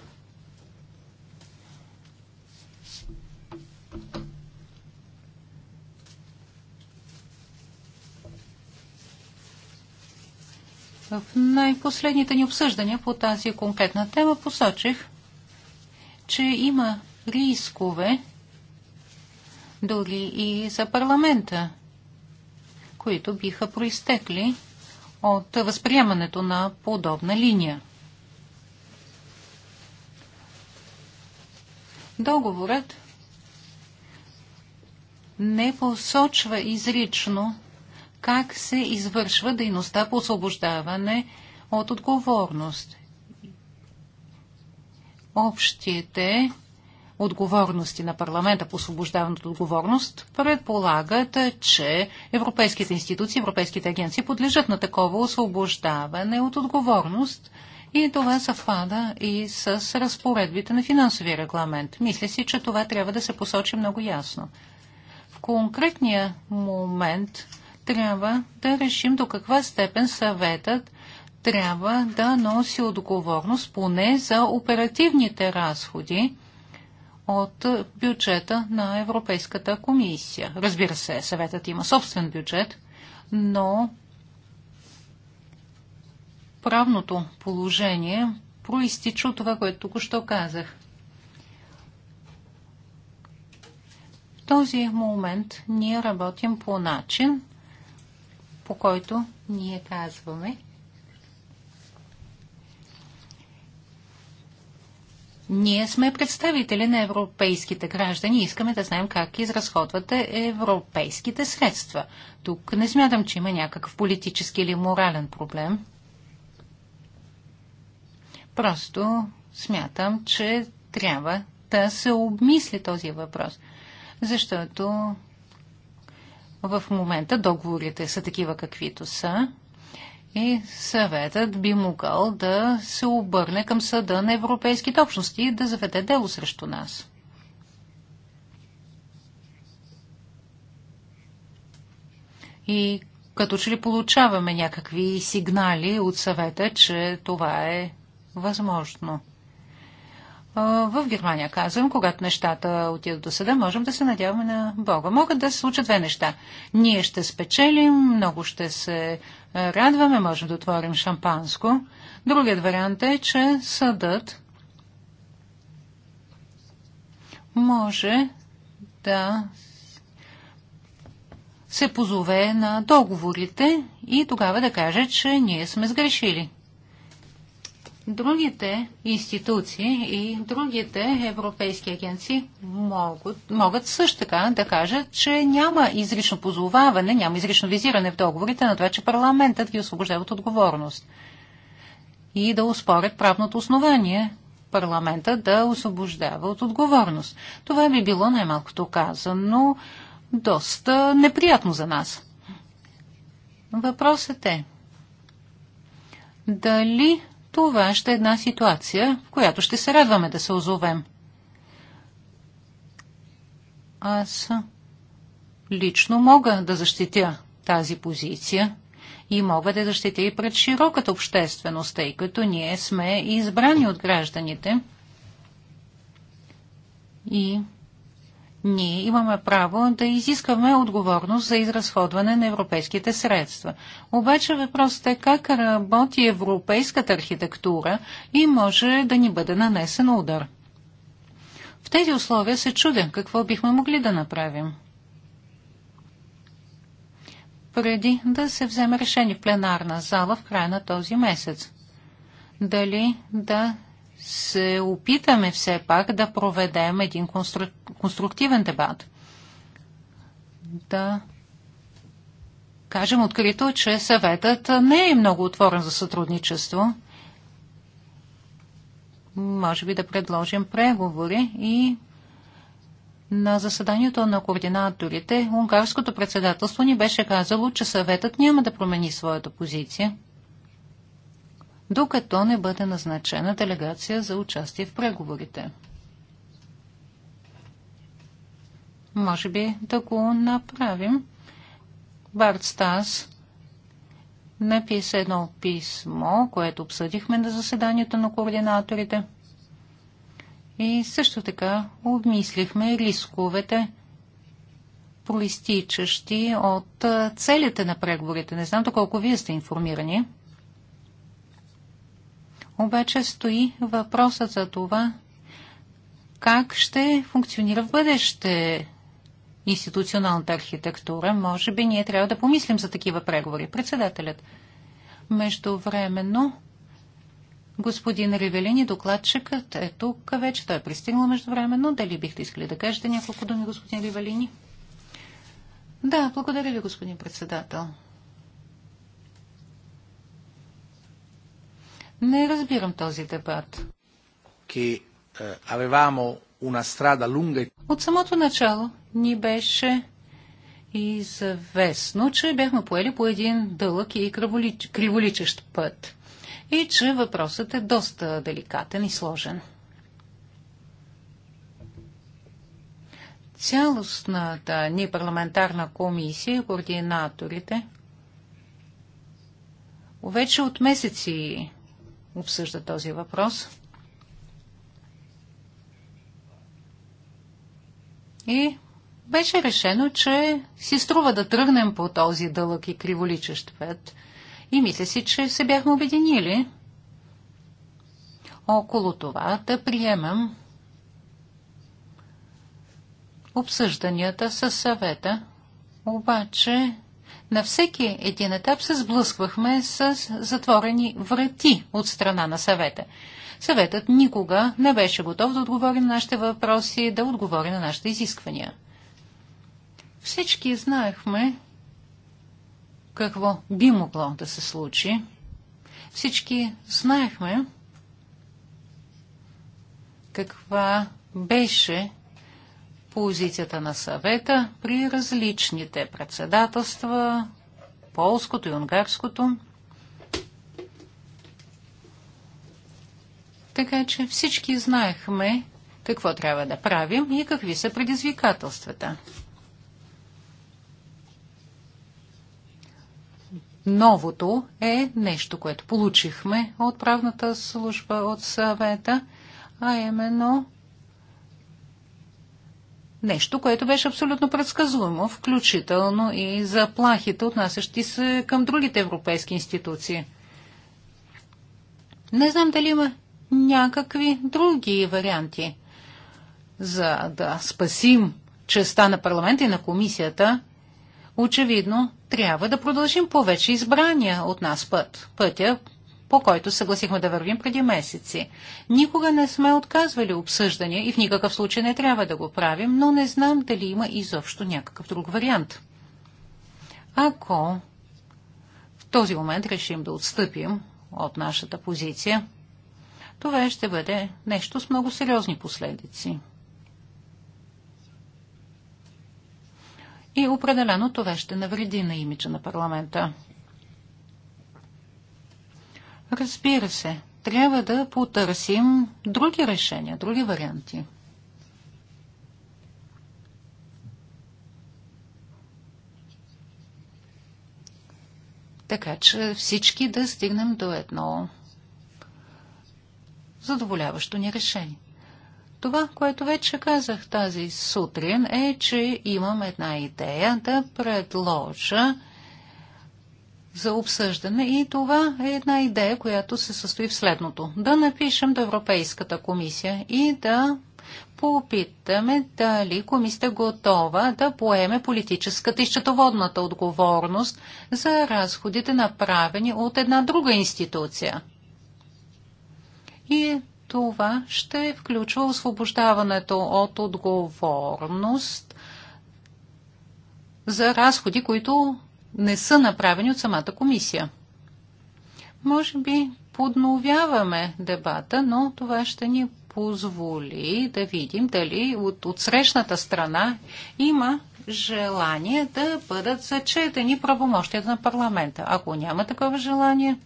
В най-последните ни обсъждания по тази конкретна тема посочих, че има рискове дори и за парламента, които биха проистекли от възприемането на подобна линия. Договорът не посочва изрично как се извършва дейността по освобождаване от отговорност. Общите отговорности на парламента по освобождаването от отговорност предполагат, че европейските институции, европейските агенции подлежат на такова освобождаване от отговорност и това съвпада и с разпоредбите на финансовия регламент. Мисля си, че това трябва да се посочи много ясно. В конкретния момент трябва да решим до каква степен съветът трябва да носи отговорност поне за оперативните разходи от бюджета на Европейската комисия. Разбира се, съветът има собствен бюджет, но правното положение проистича от това, което току-що казах. В този момент ние работим по начин, по който ние казваме, Ние сме представители на европейските граждани и искаме да знаем как изразходвате европейските средства. Тук не смятам, че има някакъв политически или морален проблем. Просто смятам, че трябва да се обмисли този въпрос. Защото в момента договорите са такива каквито са и съветът би могъл да се обърне към съда на европейските общности и да заведе дело срещу нас. И като че ли получаваме някакви сигнали от съвета, че това е възможно в Германия казвам, когато нещата отидат до съда, можем да се надяваме на Бога. Могат да се случат две неща. Ние ще спечелим, много ще се радваме, можем да отворим шампанско. Другият вариант е, че съдът може да се позове на договорите и тогава да каже, че ние сме сгрешили. Другите институции и другите европейски агенции могат, могат също така да кажат, че няма изрично позоваване, няма изрично визиране в договорите на това, че парламентът ги освобождава от отговорност и да успорят правното основание парламента да освобождава от отговорност. Това би било най-малкото казано доста неприятно за нас. Въпросът е дали това ще е една ситуация, в която ще се радваме да се озовем. Аз лично мога да защитя тази позиция и мога да защитя и пред широката общественост, тъй като ние сме избрани от гражданите. И ние имаме право да изискваме отговорност за изразходване на европейските средства. Обаче въпросът е как работи европейската архитектура и може да ни бъде нанесен удар. В тези условия се чудя какво бихме могли да направим. Преди да се вземе решение в пленарна зала в края на този месец. Дали да се опитаме все пак да проведем един конструктивен дебат. Да кажем открито, че съветът не е много отворен за сътрудничество. Може би да предложим преговори и на заседанието на координаторите унгарското председателство ни беше казало, че съветът няма да промени своята позиция докато не бъде назначена делегация за участие в преговорите. Може би да го направим. Барт Стас написа едно писмо, което обсъдихме на заседанието на координаторите. И също така обмислихме рисковете, проистичащи от целите на преговорите. Не знам доколко вие сте информирани обаче стои въпросът за това, как ще функционира в бъдеще институционалната архитектура. Може би ние трябва да помислим за такива преговори. Председателят. Междувременно господин Ревелини, докладчикът е тук вече. Той е пристигнал междувременно. Дали бихте искали да кажете няколко думи, господин Ревелини? Да, благодаря ви, господин председател. Не разбирам този дебат. Che, е, авевамо уна страда лунга. От самото начало ни беше известно, че бяхме поели по един дълъг и криволичещ път и че въпросът е доста деликатен и сложен. Цялостната ни парламентарна комисия и координаторите вече от месеци обсъжда този въпрос. И беше решено, че си струва да тръгнем по този дълъг и криволичещ път. И мисля си, че се бяхме обединили около това да приемем обсъжданията със съвета. Обаче на всеки един етап се сблъсквахме с затворени врати от страна на съвета. Съветът никога не беше готов да отговори на нашите въпроси, да отговори на нашите изисквания. Всички знаехме какво би могло да се случи. Всички знаехме каква беше позицията на съвета при различните председателства, полското и унгарското. Така че всички знаехме какво трябва да правим и какви са предизвикателствата. Новото е нещо, което получихме от правната служба от съвета, а именно Нещо, което беше абсолютно предсказуемо, включително и заплахите, отнасящи се към другите европейски институции. Не знам дали има някакви други варианти. За да спасим честа на парламента и на комисията, очевидно трябва да продължим повече избрания от нас път. Пътя, по който съгласихме да вървим преди месеци. Никога не сме отказвали обсъждания и в никакъв случай не трябва да го правим, но не знам дали има изобщо някакъв друг вариант. Ако в този момент решим да отстъпим от нашата позиция, това ще бъде нещо с много сериозни последици. И определено това ще навреди на имиджа на парламента. Разбира се, трябва да потърсим други решения, други варианти. Така че всички да стигнем до едно задоволяващо ни решение. Това, което вече казах тази сутрин, е, че имам една идея да предложа за обсъждане и това е една идея, която се състои в следното. Да напишем до Европейската комисия и да попитаме дали комисията е готова да поеме политическата и счетоводната отговорност за разходите направени от една друга институция. И това ще включва освобождаването от отговорност за разходи, които не са направени от самата комисия. Може би подновяваме дебата, но това ще ни позволи да видим дали от срещната страна има желание да бъдат зачетени правомощията на парламента. Ако няма такова желание,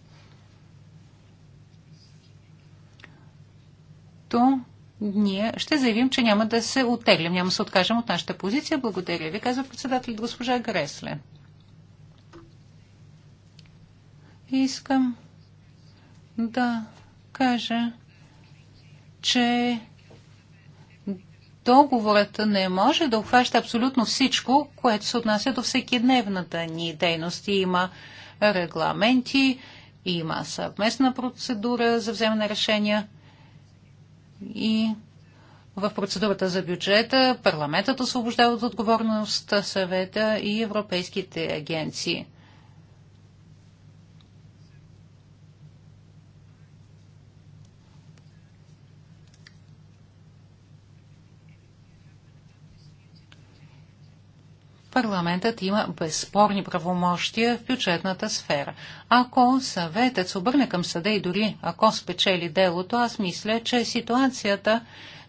то ние ще заявим, че няма да се оттеглим, няма да се откажем от нашата позиция. Благодаря ви, казва председател госпожа Гресле. Искам да кажа, че договорът не може да обхваща абсолютно всичко, което се отнася до всекидневната ни дейност. Има регламенти, има съвместна процедура за вземане решения и в процедурата за бюджета парламентът освобождава от отговорност съвета и европейските агенции. парламентът има безспорни правомощия в бюджетната сфера. Ако съветът се обърне към съда и дори ако спечели делото, аз мисля, че ситуацията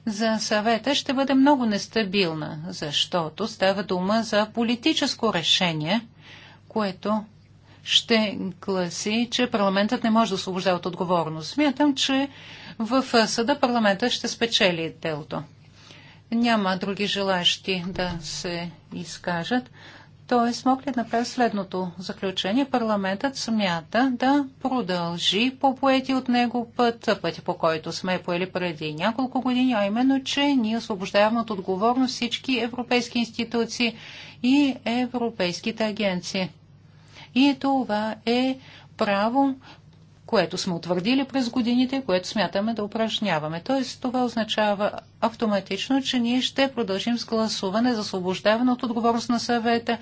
за съвета ще бъде много нестабилна, защото става дума за политическо решение, което ще гласи, че парламентът не може да освобождава от отговорност. Смятам, че в съда парламента ще спечели делото няма други желащи да се изкажат. Т.е. ли да направя следното заключение. Парламентът смята да продължи по поети от него път, пъти по който сме поели преди няколко години, а именно, че ние освобождаваме от отговорност всички европейски институции и европейските агенции. И това е право, което сме утвърдили през годините, което смятаме да упражняваме. Тоест, това означава автоматично, че ние ще продължим с гласуване за освобождаване от отговорност на съвета,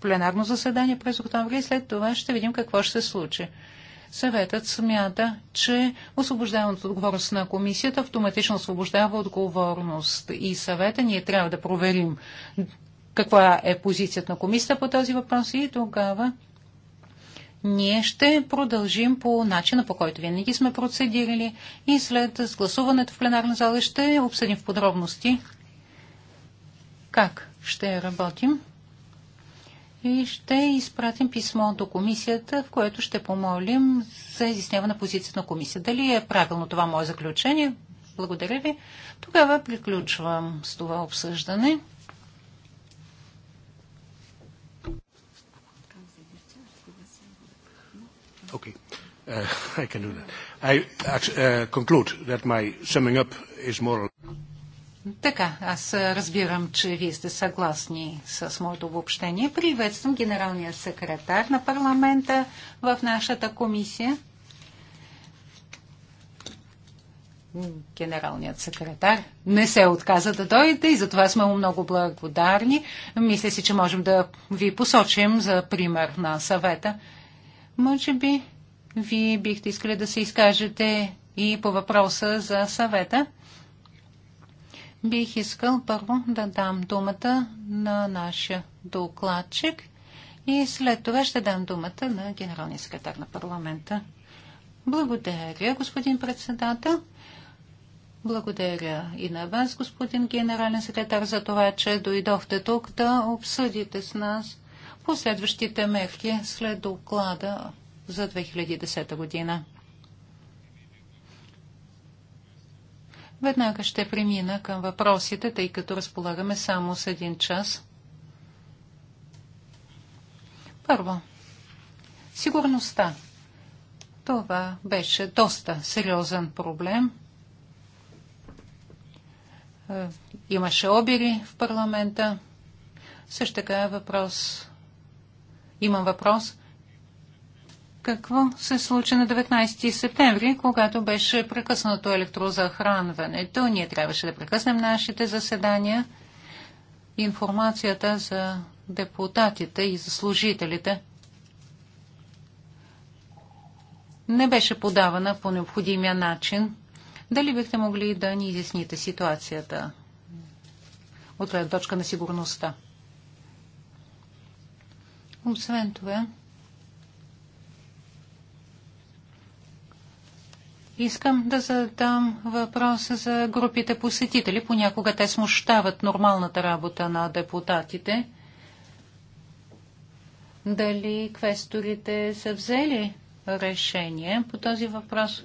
пленарно заседание през октомври и след това ще видим какво ще се случи. Съветът смята, че освобождаването от отговорност на комисията автоматично освобождава отговорност и съвета. Ние трябва да проверим каква е позицията на комисията по този въпрос и тогава ние ще продължим по начина, по който винаги сме процедирали и след сгласуването в пленарна зала ще обсъдим в подробности как ще работим и ще изпратим писмо до комисията, в което ще помолим за изясняване на позицията на комисията. Дали е правилно това мое заключение? Благодаря ви. Тогава приключвам с това обсъждане. Okay. Uh, I can do that. I uh, conclude that my summing up is more така, аз uh, разбирам, че вие сте съгласни с моето обобщение. Приветствам генералния секретар на парламента в нашата комисия. Генералният секретар не се отказа да дойде и затова сме му много благодарни. Мисля си, че можем да ви посочим за пример на съвета. Може би вие бихте искали да се изкажете и по въпроса за съвета. Бих искал първо да дам думата на нашия докладчик и след това ще дам думата на генералния секретар на парламента. Благодаря, господин председател. Благодаря и на вас, господин генерален секретар, за това, че дойдохте тук да обсъдите с нас последващите мерки след доклада за 2010 година. Веднага ще премина към въпросите, тъй като разполагаме само с един час. Първо, сигурността. Това беше доста сериозен проблем. Е, имаше обири в парламента. Също така е въпрос Имам въпрос. Какво се случи на 19 септември, когато беше прекъснато електрозахранването? Ние трябваше да прекъснем нашите заседания. Информацията за депутатите и за служителите не беше подавана по необходимия начин. Дали бихте могли да ни изясните ситуацията от точка на сигурността? Освен това, Искам да задам въпроса за групите посетители. Понякога те смущават нормалната работа на депутатите. Дали квесторите са взели решение по този въпрос?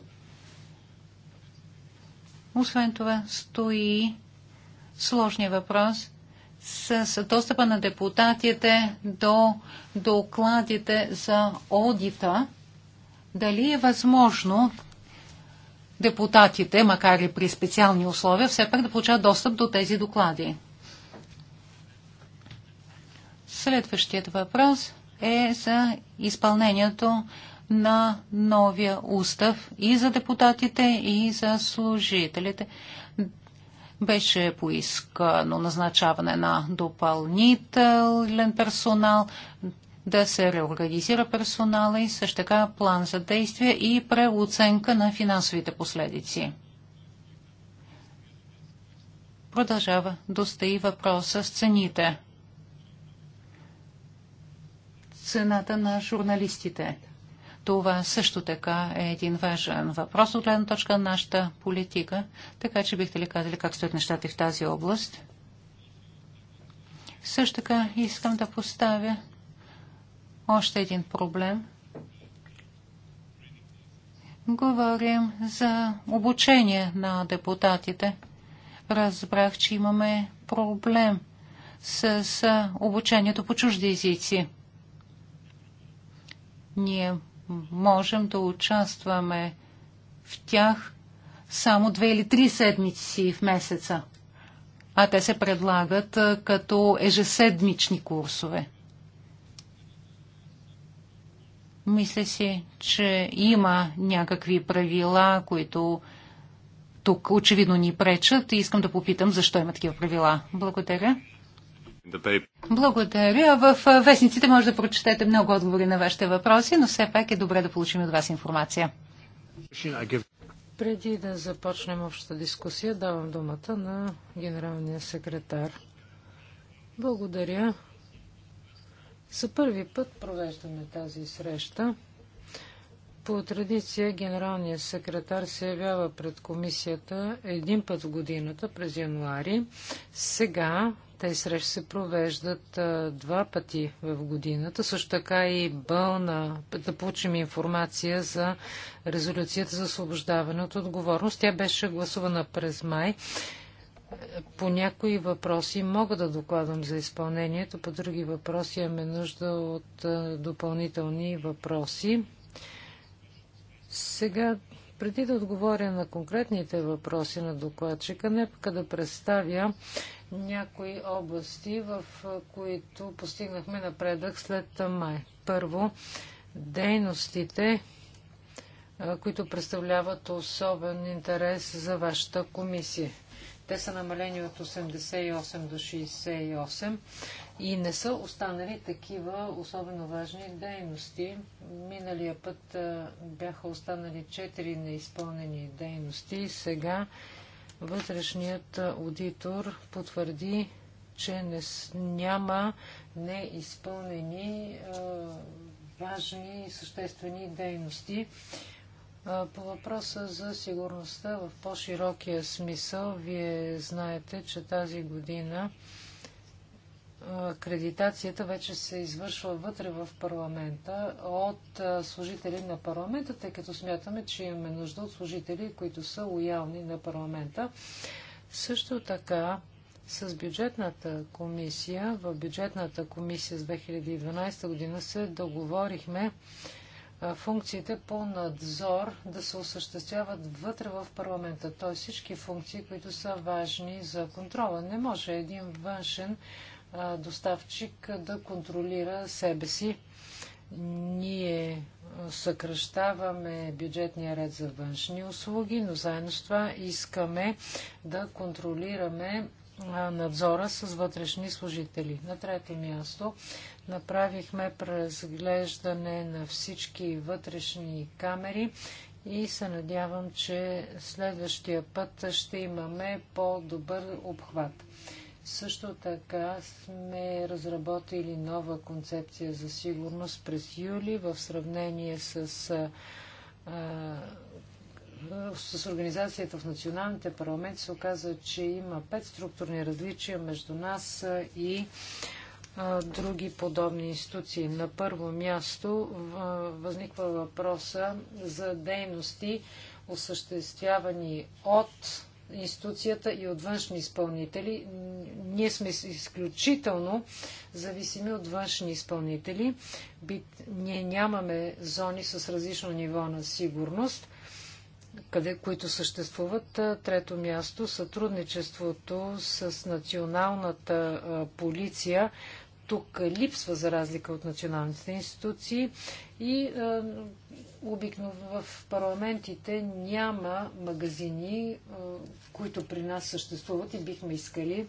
Освен това стои сложния въпрос с достъпа на депутатите до докладите за одита, дали е възможно депутатите, макар и при специални условия, все пак да получат достъп до тези доклади. Следващият въпрос е за изпълнението на новия устав и за депутатите, и за служителите. Беше поискано назначаване на допълнителен персонал, да се реорганизира персонала и също така план за действие и преоценка на финансовите последици. Продължава и въпроса с цените. Цената на журналистите – това също така е един важен въпрос от гледна точка на нашата политика, така че бихте ли казали как стоят нещата и в тази област? Също така искам да поставя още един проблем. Говорим за обучение на депутатите. Разбрах, че имаме проблем с обучението по чужди езици. Ние можем да участваме в тях само две или три седмици в месеца. А те се предлагат като ежеседмични курсове. Мисля си, че има някакви правила, които тук очевидно ни пречат и искам да попитам защо има такива правила. Благодаря. Благодаря. В вестниците може да прочетете много отговори на вашите въпроси, но все пак е добре да получим от вас информация. Преди да започнем общата дискусия, давам думата на генералния секретар. Благодаря. За първи път провеждаме тази среща. По традиция генералният секретар се явява пред комисията един път в годината през януари. Сега тези срещи се провеждат а, два пъти в годината. Също така и бълна, да получим информация за резолюцията за освобождаване от отговорност. Тя беше гласувана през май. По някои въпроси мога да докладвам за изпълнението, по други въпроси имаме нужда от а, допълнителни въпроси. Сега преди да отговоря на конкретните въпроси на докладчика, пък да представя някои области, в които постигнахме напредък след май. Първо, дейностите, които представляват особен интерес за вашата комисия. Те са намалени от 88 до 68 и не са останали такива особено важни дейности. Миналия път бяха останали 4 неизпълнени дейности. Сега вътрешният аудитор потвърди, че не, няма неизпълнени важни и съществени дейности по въпроса за сигурността в по-широкия смисъл, вие знаете, че тази година акредитацията вече се извършва вътре в парламента от служители на парламента, тъй като смятаме, че имаме нужда от служители, които са лоялни на парламента. Също така с бюджетната комисия, в бюджетната комисия с 2012 година се договорихме функциите по надзор да се осъществяват вътре в парламента, т.е. всички функции, които са важни за контрола. Не може един външен доставчик да контролира себе си. Ние съкръщаваме бюджетния ред за външни услуги, но заедно с това искаме да контролираме надзора с вътрешни служители. На трето място Направихме преразглеждане на всички вътрешни камери и се надявам, че следващия път ще имаме по-добър обхват. Също така сме разработили нова концепция за сигурност през юли в сравнение с, а, с организацията в националните парламенти. Се оказа, че има пет структурни различия между нас и а, други подобни институции. На първо място възниква въпроса за дейности, осъществявани от институцията и от външни изпълнители. Ние сме изключително зависими от външни изпълнители. Ние нямаме зони с различно ниво на сигурност, къде, които съществуват. Трето място сътрудничеството с националната полиция тук липсва за разлика от националните институции и е, обикновено в парламентите няма магазини, е, които при нас съществуват и бихме искали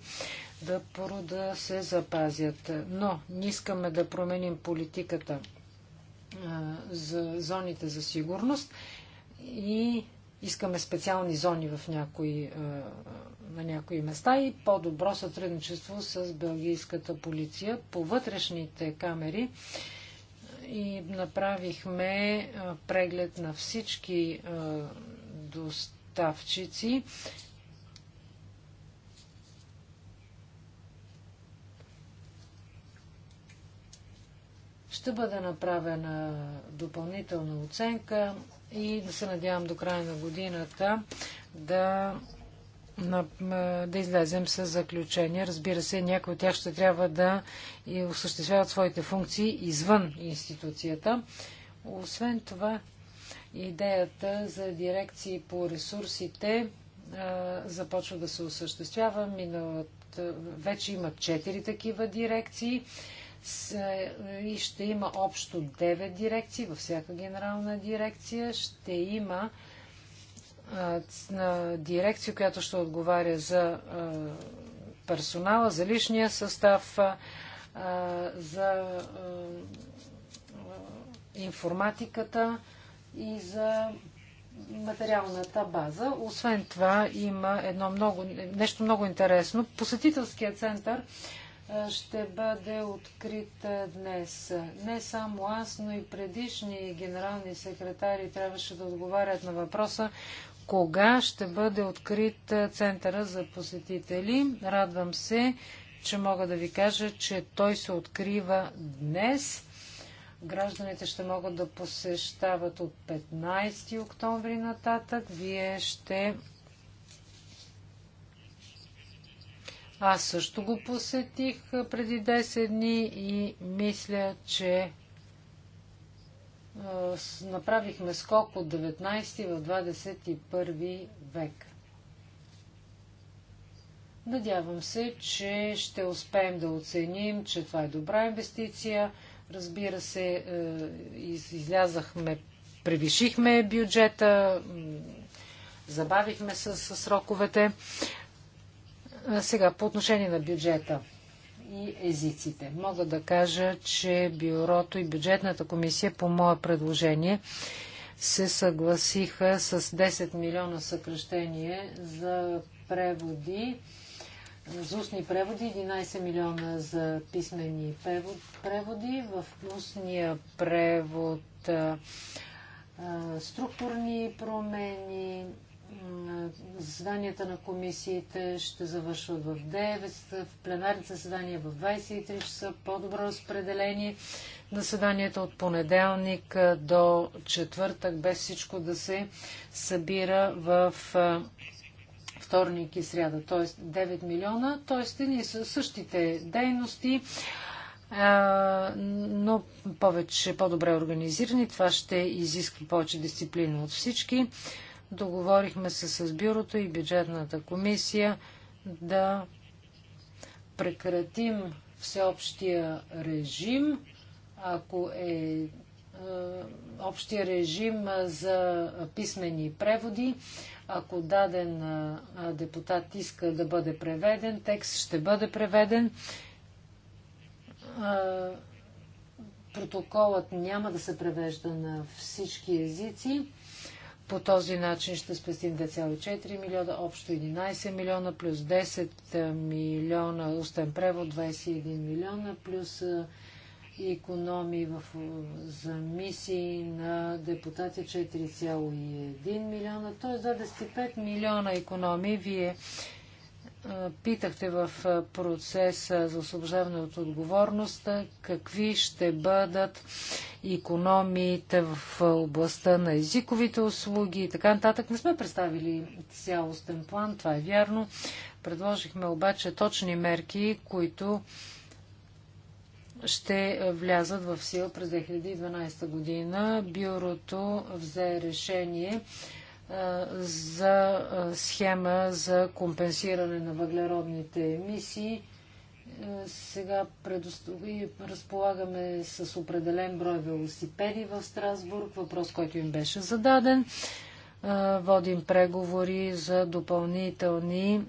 да, да се запазят. Но не искаме да променим политиката е, за зоните за сигурност и искаме специални зони в някои е, на някои места и по-добро сътрудничество с белгийската полиция по вътрешните камери и направихме преглед на всички доставчици. Ще бъде направена допълнителна оценка и да се надявам до края на годината да на, да излезем с заключения. Разбира се, някои от тях ще трябва да и осъществяват своите функции извън институцията. Освен това, идеята за дирекции по ресурсите а, започва да се осъществява. Миналът, вече има 4 такива дирекции с, е, и ще има общо 9 дирекции. Във всяка генерална дирекция ще има на дирекция, която ще отговаря за персонала, за личния състав, за информатиката и за материалната база. Освен това има едно много, нещо много интересно. Посетителския център ще бъде открит днес. Не само аз, но и предишни генерални секретари трябваше да отговарят на въпроса кога ще бъде открит Центъра за посетители. Радвам се, че мога да ви кажа, че той се открива днес. Гражданите ще могат да посещават от 15 октомври нататък. Вие ще. Аз също го посетих преди 10 дни и мисля, че направихме скок от 19 в 21 век. Надявам се, че ще успеем да оценим, че това е добра инвестиция. Разбира се, е, излязахме, превишихме бюджета, забавихме с сроковете. Сега, по отношение на бюджета и езиците. Мога да кажа, че бюрото и бюджетната комисия по мое предложение се съгласиха с 10 милиона съкръщение за преводи, за устни преводи, 11 милиона за писмени преводи. В устния превод структурни промени, Заседанията на комисиите ще завършват в 9, в пленарните заседания в 23 часа, по-добро разпределение на заседанията от понеделник до четвъртък, без всичко да се събира в вторник и сряда, т.е. 9 милиона, т.е. ние са същите дейности, но повече, по-добре организирани. Това ще изисква повече дисциплина от всички. Договорихме се с бюрото и бюджетната комисия да прекратим всеобщия режим, ако е, е общия режим за писмени преводи. Ако даден депутат иска да бъде преведен, текст ще бъде преведен. Протоколът няма да се превежда на всички езици. По този начин ще спестим 2,4 милиона, общо 11 милиона, плюс 10 е, милиона устен превод, 21 милиона, плюс економии в, за мисии на депутати 4,1 милиона, т.е. 25 милиона економии. Вие Питахте в процеса за освобождаване от отговорност какви ще бъдат економиите в областта на езиковите услуги и така нататък. Не сме представили цялостен план, това е вярно. Предложихме обаче точни мерки, които ще влязат в сила през 2012 година. Бюрото взе решение за схема за компенсиране на въглеродните емисии. Сега разполагаме с определен брой велосипеди в Страсбург, въпрос, който им беше зададен. Водим преговори за допълнителни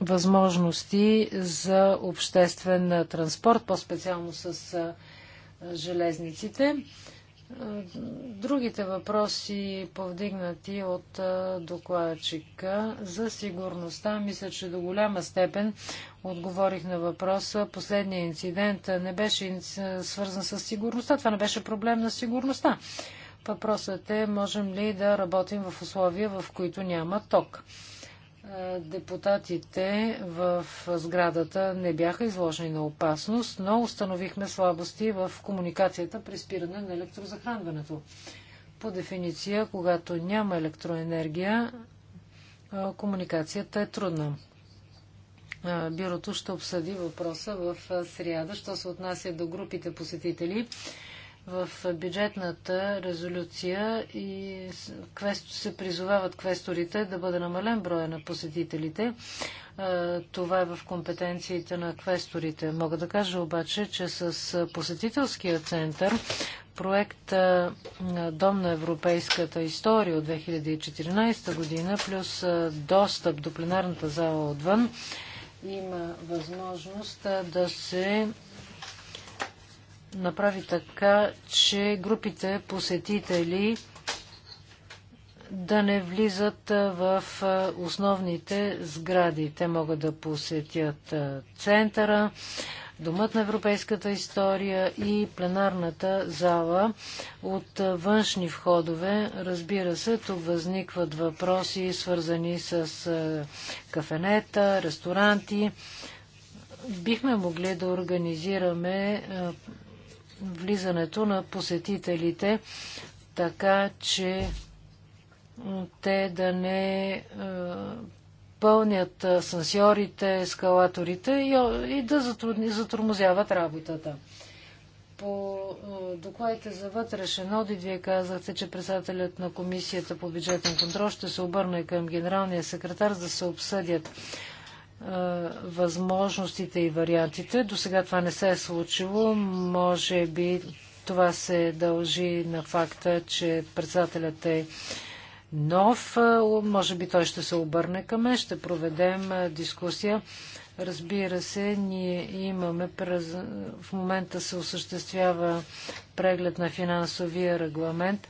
възможности за обществен транспорт, по-специално с железниците. Другите въпроси, повдигнати от докладчика за сигурността, мисля, че до голяма степен отговорих на въпроса. Последният инцидент не беше свързан с сигурността. Това не беше проблем на сигурността. Въпросът е, можем ли да работим в условия, в които няма ток. Е, депутатите в сградата не бяха изложени на опасност, но установихме слабости в комуникацията при спиране на електрозахранването. По дефиниция, когато няма електроенергия, е, комуникацията е трудна. Е, бюрото ще обсъди въпроса в сряда, що се отнася до групите посетители в бюджетната резолюция и се призовават квесторите да бъде намален броя на посетителите. Това е в компетенциите на квесторите. Мога да кажа обаче, че с посетителския център проект Дом на европейската история от 2014 година, плюс достъп до пленарната зала отвън, има възможност да се направи така, че групите посетители да не влизат в основните сгради. Те могат да посетят центъра, Домът на европейската история и пленарната зала от външни входове. Разбира се, тук възникват въпроси, свързани с кафенета, ресторанти. Бихме могли да организираме влизането на посетителите, така че те да не е, пълнят асансьорите, ескалаторите и да затормозяват работата. По е, докладите за вътрешен одит, вие казахте, че председателят на Комисията по бюджетен контрол ще се обърне към генералния секретар за да се обсъдят възможностите и вариантите. До сега това не се е случило. Може би това се дължи на факта, че председателят е нов. Може би той ще се обърне към мен. Ще проведем дискусия. Разбира се, ние имаме, в момента се осъществява преглед на финансовия регламент.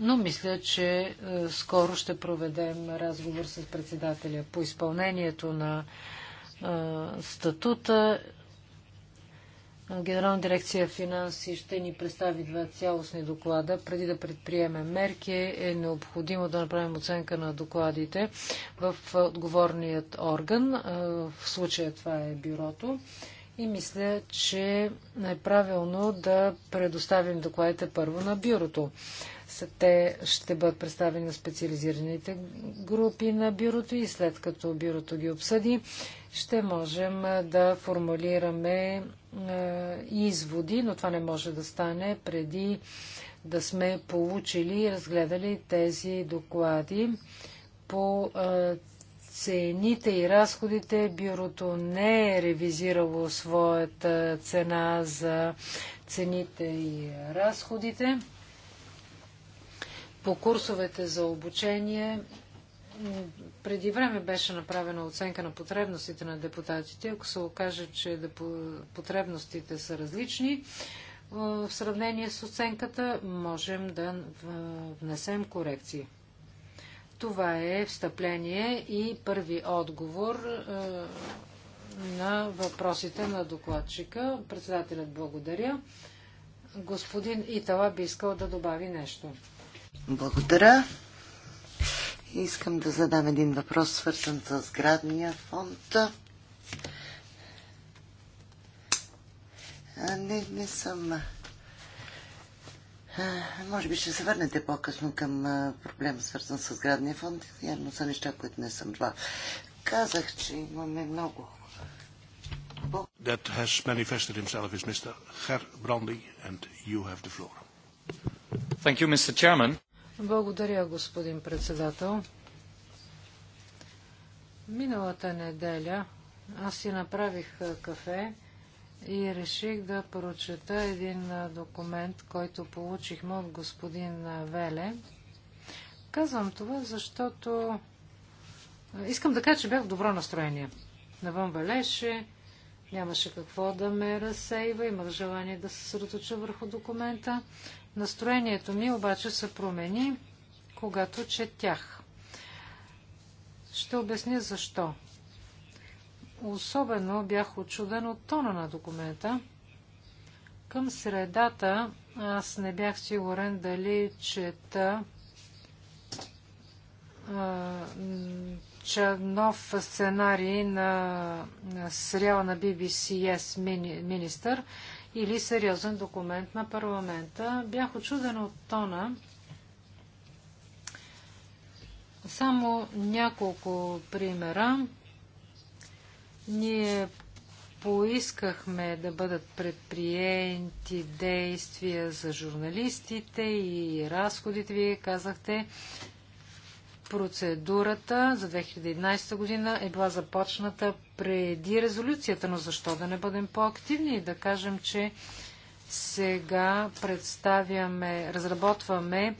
Но мисля, че е, скоро ще проведем разговор с председателя по изпълнението на е, статута. Генерална дирекция финанси ще ни представи два цялостни доклада. Преди да предприемем мерки е необходимо да направим оценка на докладите в е, отговорният орган. В случая това е бюрото. И мисля, че е правилно да предоставим докладите първо на бюрото те ще бъдат представени на специализираните групи на бюрото и след като бюрото ги обсъди, ще можем да формулираме изводи, но това не може да стане преди да сме получили и разгледали тези доклади по цените и разходите. Бюрото не е ревизирало своята цена за цените и разходите. По курсовете за обучение преди време беше направена оценка на потребностите на депутатите. Ако се окаже, че потребностите са различни, е, в сравнение с оценката, можем да е, внесем корекции. Това е встъпление и първи отговор е, на въпросите на докладчика. Председателят благодаря. Господин Итала би искал да добави нещо. Благодаря. Искам да задам един въпрос, свързан с сградния фонд. А Не, не съм. А, Може би ще се върнете по-късно към проблема, свързан с сградния фонд. Явно са неща, които не съм два. Казах, че имаме много. That has manifested himself is Mr. Ger Brandy, and you have the floor. Thank you, Mr. Chairman. Благодаря, господин председател. Миналата неделя аз си направих кафе и реших да прочета един документ, който получихме от господин Веле. Казвам това, защото искам да кажа, че бях в добро настроение. Навън валеше, нямаше какво да ме разсейва, имах желание да се съсредоточа върху документа. Настроението ми обаче се промени, когато четях. Ще обясня защо. Особено бях очуден от тона на документа. Към средата аз не бях сигурен дали чета че нов сценарий на сериала на BBC Yes Minister или сериозен документ на парламента. Бях очудена от тона. Само няколко примера. Ние поискахме да бъдат предприети действия за журналистите и разходите. Вие казахте, Процедурата за 2011 година е била започната преди резолюцията, но защо да не бъдем по-активни и да кажем, че сега представяме, разработваме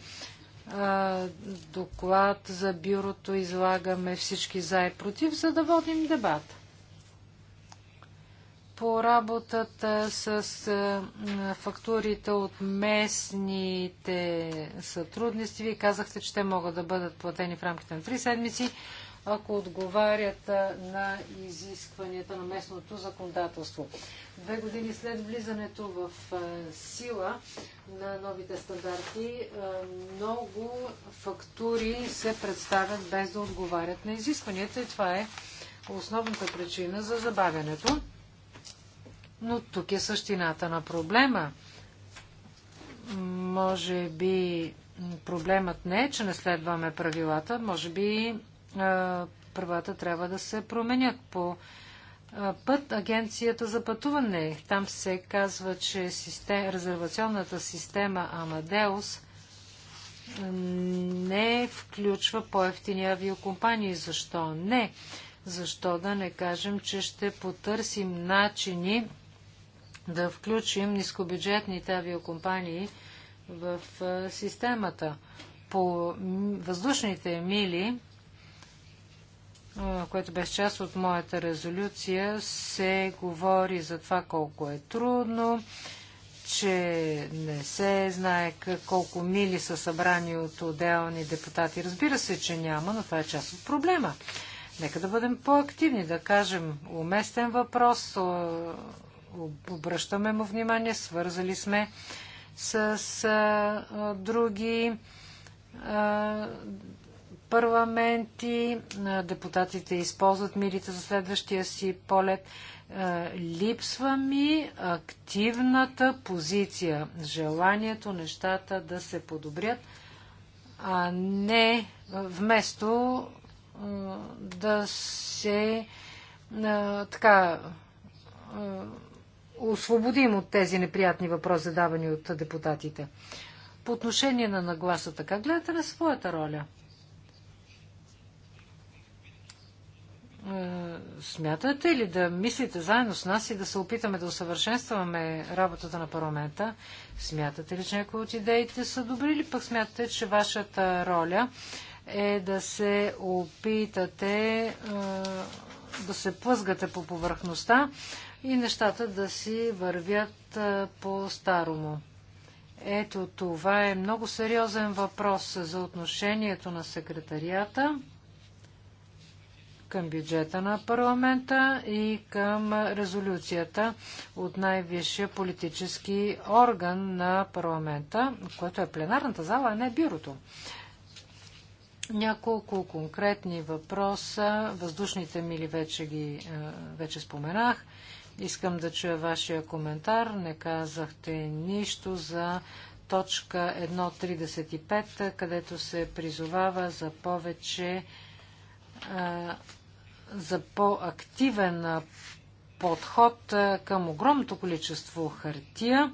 а, доклад за бюрото, излагаме всички за и против, за да водим дебата по работата с фактурите от местните сътрудници, вие казахте, че те могат да бъдат платени в рамките на 3 седмици, ако отговарят на изискванията на местното законодателство. Две години след влизането в сила на новите стандарти, много фактури се представят без да отговарят на изискванията и това е основната причина за забавянето. Но тук е същината на проблема. Може би проблемът не е, че не следваме правилата, може би е, правилата трябва да се променят по е, път агенцията за пътуване. Там се казва, че систем, резервационната система Амадеус не включва по-ефтини авиокомпании. Защо не? Защо да не кажем, че ще потърсим начини да включим нискобюджетните авиокомпании в системата. По въздушните мили, което беше част от моята резолюция, се говори за това колко е трудно, че не се знае колко мили са събрани от отделни депутати. Разбира се, че няма, но това е част от проблема. Нека да бъдем по-активни, да кажем уместен въпрос, обръщаме му внимание, свързали сме с а, други а, парламенти. Депутатите използват мирите за следващия си полет. Липсва ми активната позиция, желанието нещата да се подобрят, а не вместо да се така освободим от тези неприятни въпроси, задавани от депутатите. По отношение на нагласата, как гледате на своята роля? Е, смятате ли да мислите заедно с нас и да се опитаме да усъвършенстваме работата на парламента? Смятате ли, че някои от идеите са добри или пък смятате, че вашата роля е да се опитате е, да се плъзгате по повърхността и нещата да си вървят по-старому. Ето това е много сериозен въпрос за отношението на секретарията към бюджета на парламента и към резолюцията от най-висшия политически орган на парламента, което е пленарната зала, а не бюрото. Няколко конкретни въпроса. Въздушните мили вече ги е, вече споменах. Искам да чуя вашия коментар. Не казахте нищо за точка 1.35, където се призовава за повече е, за по-активен е, подход към огромното количество хартия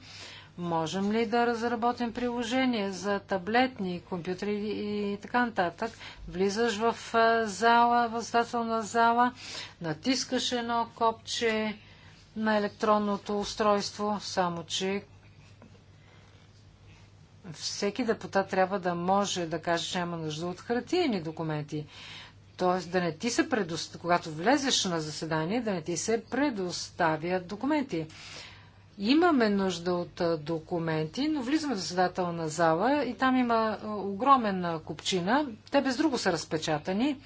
Можем ли да разработим приложение за таблетни компютри и така нататък? Влизаш в зала, в стателна зала, натискаш едно копче на електронното устройство, само че всеки депутат трябва да може да каже, че няма нужда от хартиени документи. Тоест да не ти се предоставя, когато влезеш на заседание, да не ти се предоставят документи. Имаме нужда от документи, но влизаме в заседателна зала и там има огромен купчина. Те без друго са разпечатани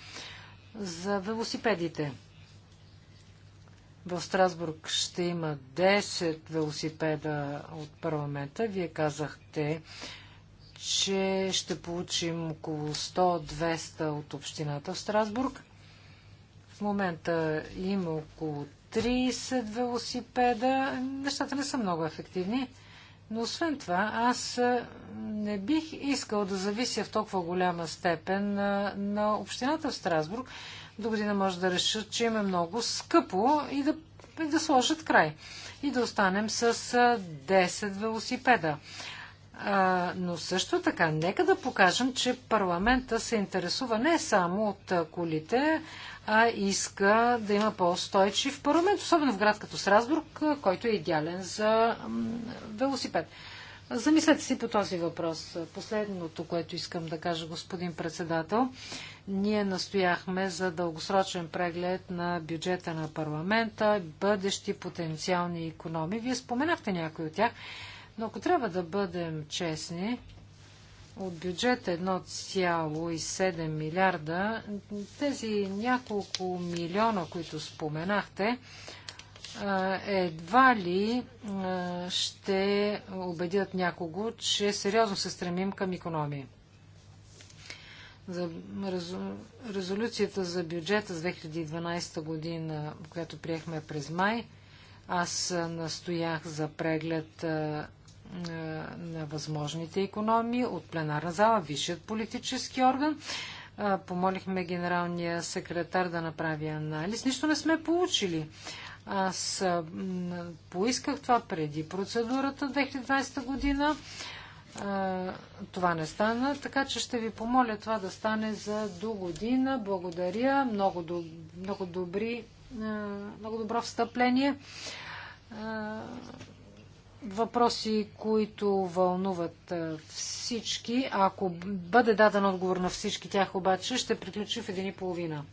за велосипедите. В Страсбург ще има 10 велосипеда от парламента. Вие казахте, че ще получим около 100-200 от общината в Страсбург. В момента има около 30 велосипеда. Нещата не са много ефективни. Но освен това, аз не бих искал да завися в толкова голяма степен на, на общината в Страсбург. До година може да решат, че им е много скъпо и да, и да сложат край. И да останем с 10 велосипеда. А, но също така, нека да покажем, че парламента се интересува не само от колите, а иска да има по стойчив парламент, особено в град като Сразбург, който е идеален за велосипед. Замислете си по този въпрос. Последното, което искам да кажа, господин председател, ние настояхме за дългосрочен преглед на бюджета на парламента, бъдещи потенциални економи. Вие споменахте някои от тях. Но ако трябва да бъдем честни, от бюджета 1,7 милиарда, тези няколко милиона, които споменахте, едва ли ще убедят някого, че сериозно се стремим към економии. За резолюцията за бюджета за 2012 година, която приехме през май, аз настоях за преглед е, на възможните економии от пленарна зала, висшият политически орган. Е, помолихме генералния секретар да направи анализ. Нищо не сме получили. Аз е, поисках това преди процедурата 2020 година. Това не стана, така че ще ви помоля това да стане за до година. Благодаря. Много, много, добри... много добро встъпление въпроси, които вълнуват всички. ако бъде даден отговор на всички тях, обаче ще приключи в един и половина.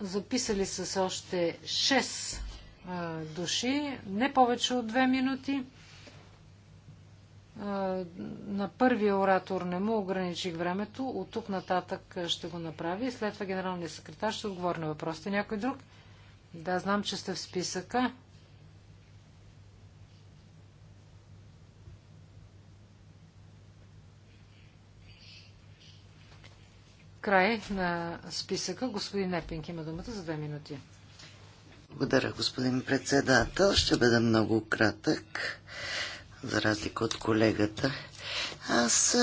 Записали са се още 6 души, не повече от 2 минути. на първия оратор не му ограничих времето, от тук нататък ще го направи. След това генералният секретар ще отговори на въпросите. Някой друг? Да, знам, че сте в списъка. Край на списъка. Господин Непинг има думата за две минути. Благодаря, господин председател. Ще бъда много кратък, за разлика от колегата. Аз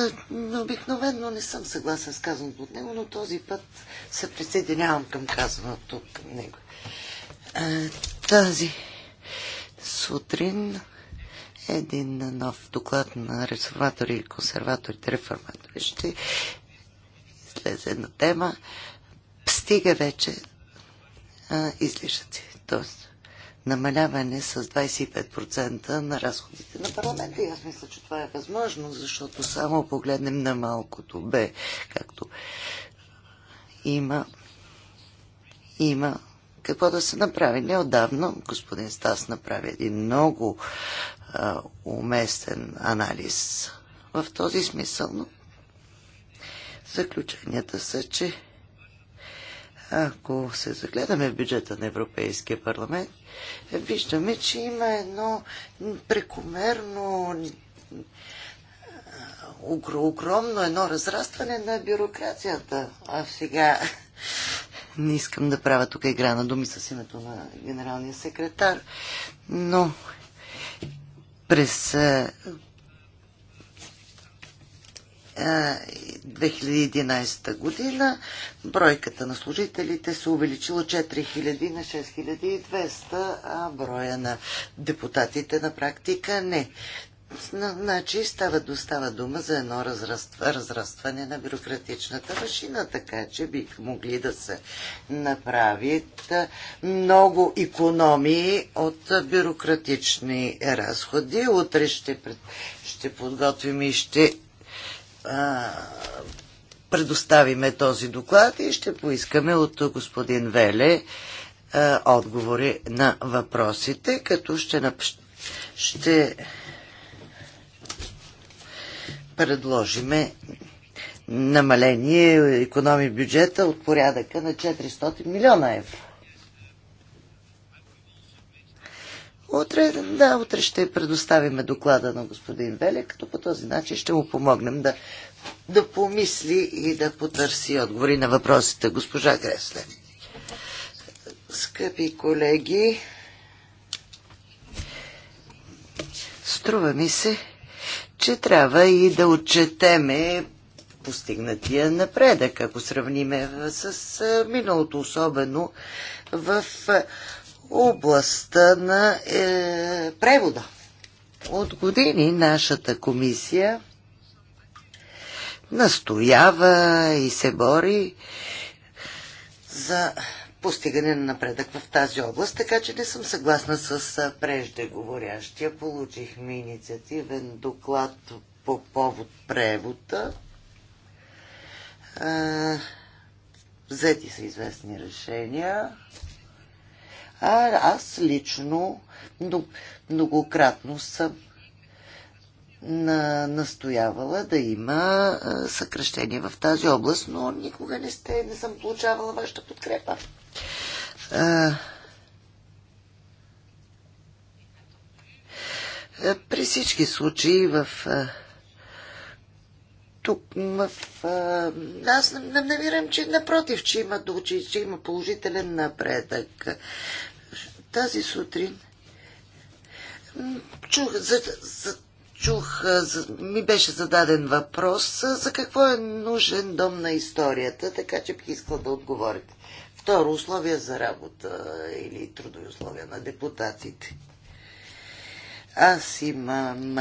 обикновено не съм съгласен с казаното от него, но този път се присъединявам към казаното към него. Тази сутрин един нов доклад на реформатори и консерваторите, реформатори ще излезе на тема. Стига вече а, излишъци. Тоест, намаляване с 25% на разходите на парламента. И аз мисля, че това е възможно, защото само погледнем на малкото Б, както има, има какво да се направи. Неодавно господин Стас направи един много а, уместен анализ в този смисъл, но заключенията са, че ако се загледаме в бюджета на Европейския парламент, виждаме, че има едно прекомерно огромно едно разрастване на бюрокрацията. А сега не искам да правя тук игра на думи с името на генералния секретар, но през 2011 година бройката на служителите се увеличила 4000 на 6200, а броя на депутатите на практика не. Значи става, става дума за едно разраства, разрастване на бюрократичната машина, така че бих могли да се направят много економии от бюрократични разходи. Утре ще, ще подготвим и ще а, предоставиме този доклад и ще поискаме от господин Веле а, отговори на въпросите, като ще, ще предложиме намаление, економи бюджета от порядъка на 400 милиона евро. Утре, да, утре ще предоставиме доклада на господин Веле, като по този начин ще му помогнем да, да помисли и да потърси отговори на въпросите. Госпожа Гресле. Скъпи колеги, струва ми се, че трябва и да отчетеме постигнатия напредък, ако сравниме с миналото, особено в областта на е, превода. От години нашата комисия настоява и се бори за постигане на напредък в тази област, така че не съм съгласна с преждеговорящия. Получихме инициативен доклад по повод превода. Взети са известни решения. А аз лично многократно съм на, настоявала да има съкръщение в тази област, но никога не, сте, не съм получавала вашата подкрепа. При всички случаи в тук в... А, аз намирам, че напротив, че има, че, че има положителен напредък. Тази сутрин чух, за, за, чух за, ми беше зададен въпрос за какво е нужен дом на историята, така че бих искал да отговорите. Второ, условия за работа или трудови условия на депутатите. Аз имам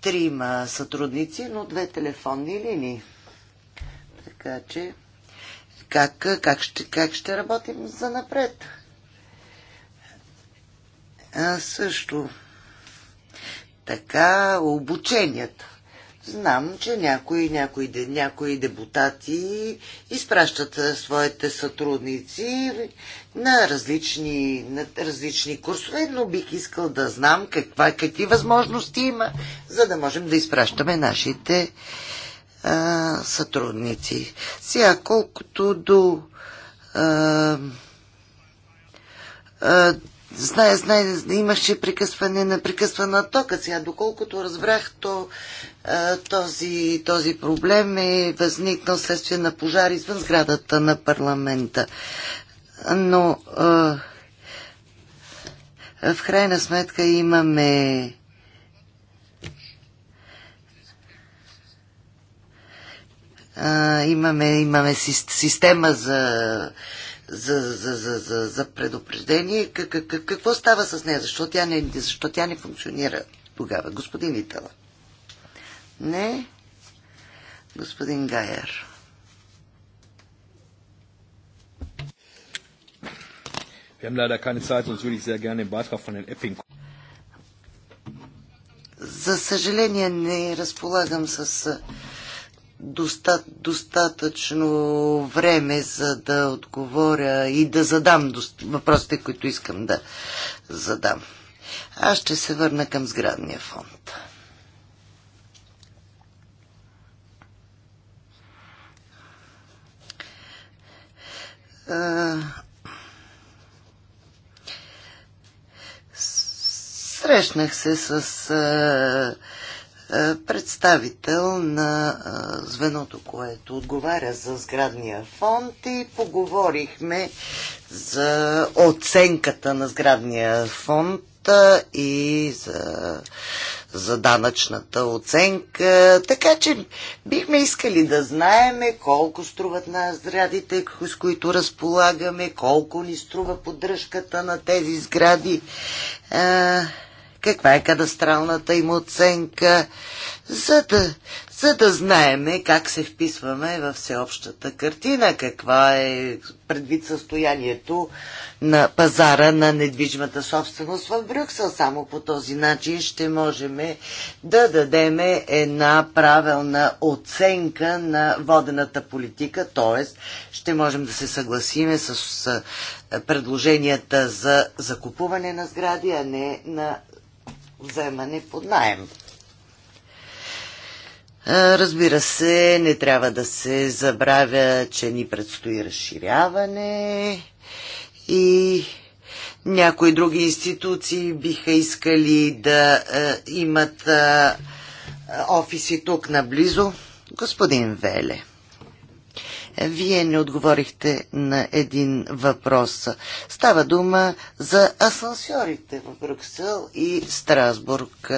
трима сътрудници, но две телефонни линии. Така че, как, как, ще, как ще работим за напред? А също така обученията. Знам, че някои, някои, някои депутати изпращат своите сътрудници на различни, на различни курсове, но бих искал да знам каква, какви възможности има, за да можем да изпращаме нашите а, сътрудници. Сега, колкото до а, а, знае, знае, имаше прекъсване на прекъсвана тока. Сега, доколкото разбрах, то а, този, този проблем е възникнал следствие на пожар извън сградата на парламента. Но а, в крайна сметка имаме а, имаме, имаме система за за, за, за, за, за предупреждение. Как, какво става с нея? Защо тя не, защо тя не функционира тогава? Господин Итала. Не. Господин Гайер. Wir haben leider keine Zeit, sonst würde ich sehr gerne den Beitrag von Herrn Epping. За съжаление не разполагам с доста, достатъчно време, за да отговоря и да задам въпросите, които искам да задам. Аз ще се върна към сградния фонд. срещнах се с а, е, представител на е, звеното, което отговаря за сградния фонд и поговорихме за оценката на сградния фонд е, и за, за данъчната оценка. Така че бихме искали да знаеме колко струват на сградите, с които разполагаме, колко ни струва поддръжката на тези сгради каква е кадастралната им оценка, за да, за да знаеме как се вписваме в всеобщата картина, каква е предвид състоянието на пазара на недвижимата собственост в Брюксел. Само по този начин ще можем да дадем една правилна оценка на водената политика, т.е. ще можем да се съгласиме с предложенията за закупуване на сгради, а не на вземане под найем. Разбира се, не трябва да се забравя, че ни предстои разширяване и някои други институции биха искали да имат офиси тук наблизо. Господин Веле. Вие не отговорихте на един въпрос. Става дума за асансьорите в Брюксел и Страсбург.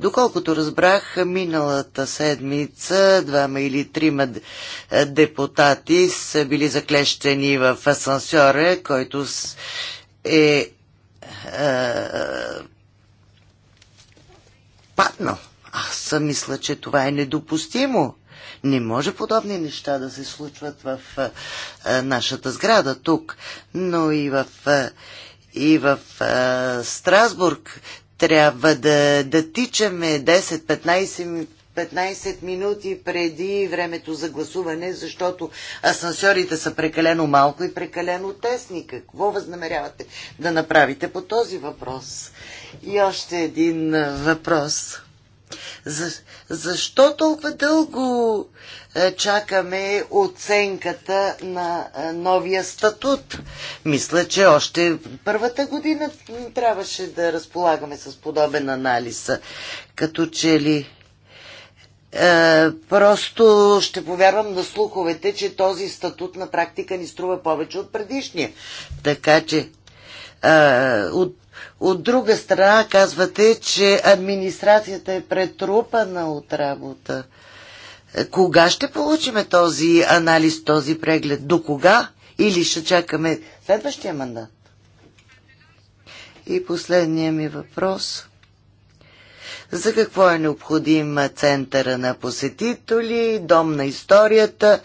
Доколкото разбрах, миналата седмица двама или трима депутати са били заклещени в асансьора, който е, е паднал. Аз мисля, че това е недопустимо. Не може подобни неща да се случват в нашата сграда тук, но и в, и в Страсбург трябва да, да тичаме 10-15 15 минути преди времето за гласуване, защото асансьорите са прекалено малко и прекалено тесни. Какво възнамерявате да направите по този въпрос? И още един въпрос. За, защо толкова дълго е, чакаме оценката на е, новия статут? Мисля, че още първата година трябваше да разполагаме с подобен анализ. Като че ли е, просто ще повярвам на слуховете, че този статут на практика ни струва повече от предишния. Така че от, от друга страна казвате, че администрацията е претрупана от работа. Кога ще получиме този анализ, този преглед? До кога? Или ще чакаме следващия мандат? И последния ми въпрос. За какво е необходим центъра на посетители, дом на историята,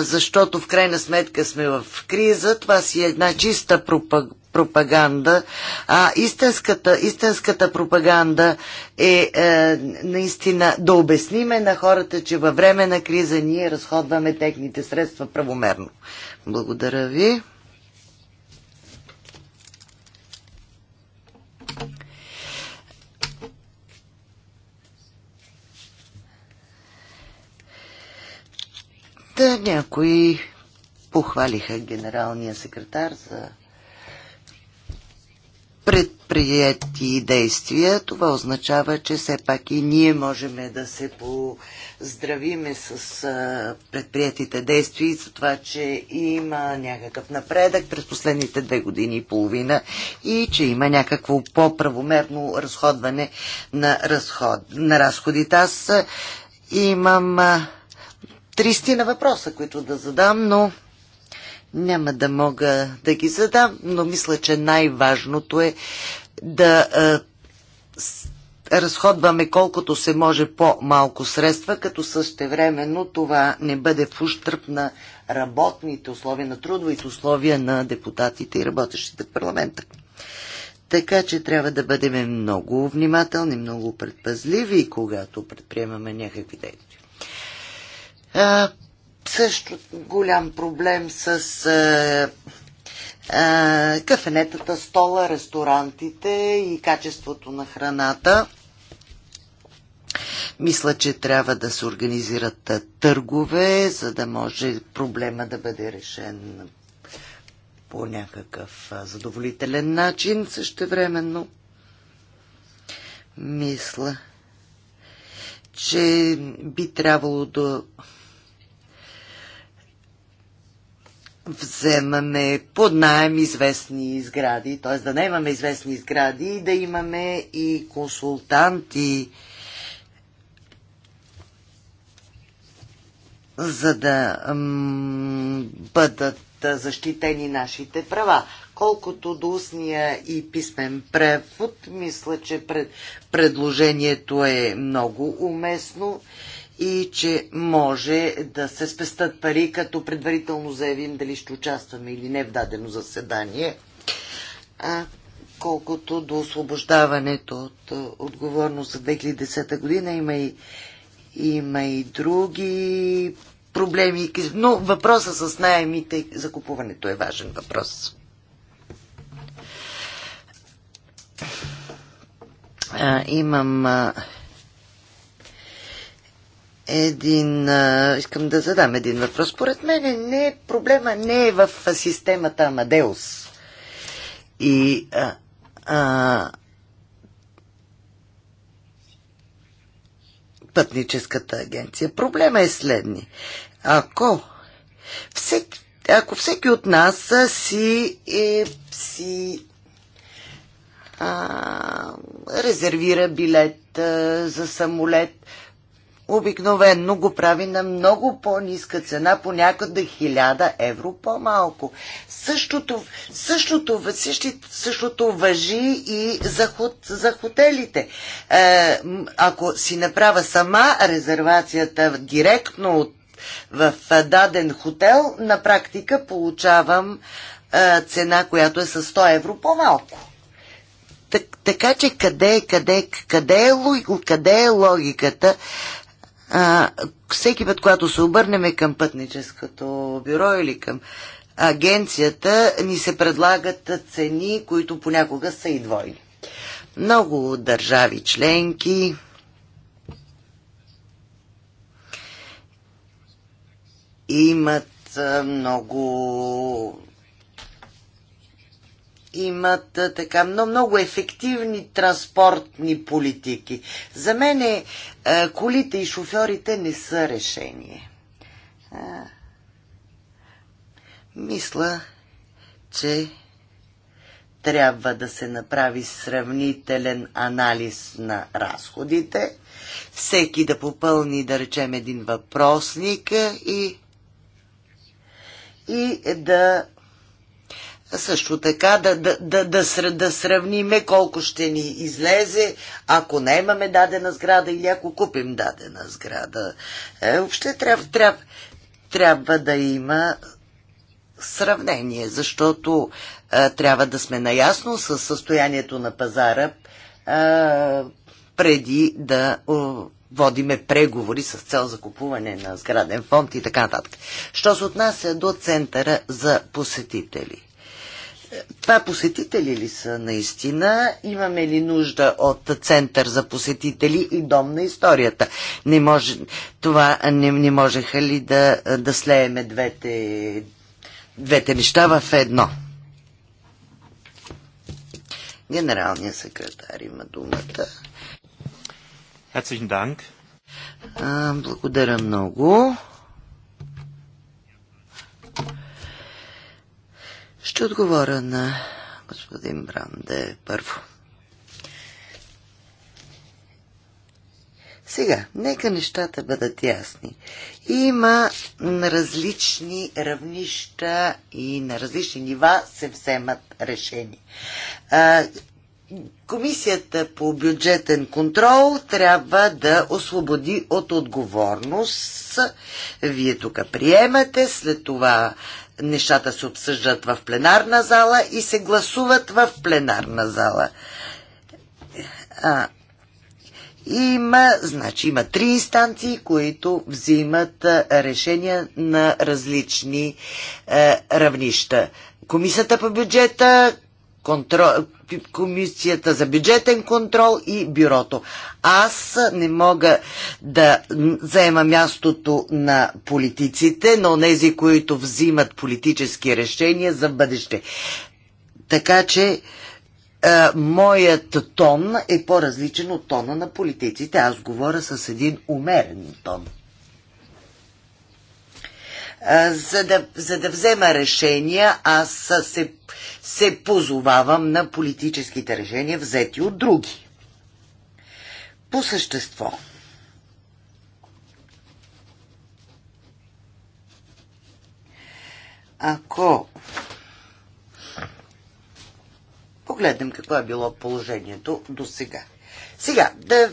защото в крайна сметка сме в криза. Това си е една чиста пропаганда, а истинската, истинската пропаганда е, е наистина да обясниме на хората, че във време на криза ние разходваме техните средства правомерно. Благодаря ви. Да, някои похвалиха генералния секретар за предприяти действия, това означава, че все пак и ние можем да се поздравиме с а, предприятите действия и за това, че има някакъв напредък през последните две години и половина и че има някакво по-правомерно разходване на, разход, на разходите. Аз имам а, на въпроса, които да задам, но няма да мога да ги задам, но мисля, че най-важното е да разходваме колкото се може по-малко средства, като същевременно това не бъде в ущърп на работните условия, на трудовите условия на депутатите и работещите в парламента. Така че трябва да бъдем много внимателни, много предпазливи, когато предприемаме някакви действия също голям проблем с а, а, кафенетата, стола, ресторантите и качеството на храната. Мисля, че трябва да се организират търгове, за да може проблема да бъде решен по някакъв задоволителен начин. Същевременно мисля, че би трябвало да до вземаме под найем известни сгради, т.е. да не имаме известни сгради и да имаме и консултанти, за да бъдат защитени нашите права. Колкото до устния и писмен превод, мисля, че пред, предложението е много уместно и че може да се спестат пари, като предварително заявим дали ще участваме или не в дадено заседание. А колкото до освобождаването от отговорност за 2010 година има и, има и други проблеми, но въпроса с найемите за купуването е важен въпрос. А, имам а, един... А, искам да задам един въпрос. Според мен не е, проблема не е в системата Амадеус. И... А, а, пътническата агенция. Проблема е следни. Ако всеки, ако всеки от нас си, е, си а, резервира билет а, за самолет, обикновенно го прави на много по-ниска цена, понякога 1000 евро по-малко. Същото, същото, същото, същото въжи и за, хот, за хотелите. Е, ако си направя сама резервацията директно от в даден хотел, на практика получавам а, е, цена, която е с 100 евро по-малко. Так, така че къде, къде, къде, е, къде е логиката а, всеки път, когато се обърнеме към пътническото бюро или към агенцията, ни се предлагат цени, които понякога са и двойни. Много държави членки имат много имат така много, много ефективни транспортни политики. За мен е, колите и шофьорите не са решение. мисля, че трябва да се направи сравнителен анализ на разходите, всеки да попълни, да речем, един въпросник и, и да също така да, да, да, да, да сравниме колко ще ни излезе, ако не имаме дадена сграда или ако купим дадена сграда. Е, въобще трябва, трябва, трябва да има сравнение, защото е, трябва да сме наясно с състоянието на пазара е, преди да е, водиме преговори с цел за купуване на сграден фонд и така нататък. Що се отнася до Центъра за посетители? Това посетители ли са наистина? Имаме ли нужда от център за посетители и дом на историята? Не може, това не, не можеха ли да, да слееме двете, двете неща в едно? Генералният секретар има думата. Herzlichen Dank. Благодаря много. Ще отговоря на господин Бранде първо. Сега, нека нещата бъдат ясни. Има на различни равнища и на различни нива се вземат решения. Комисията по бюджетен контрол трябва да освободи от отговорност. Вие тук приемате, след това нещата се обсъждат в пленарна зала и се гласуват в пленарна зала. А, има, значи, има три инстанции, които взимат решения на различни е, равнища. Комисията по бюджета, контрол, комисията за бюджетен контрол и бюрото. Аз не мога да заема мястото на политиците, но нези, които взимат политически решения за бъдеще. Така че а, е, моят тон е по-различен от тона на политиците. Аз говоря с един умерен тон за да, за да взема решения, аз се, се позовавам на политическите решения, взети от други. По същество. Ако погледнем какво е било положението до сега. Сега, да,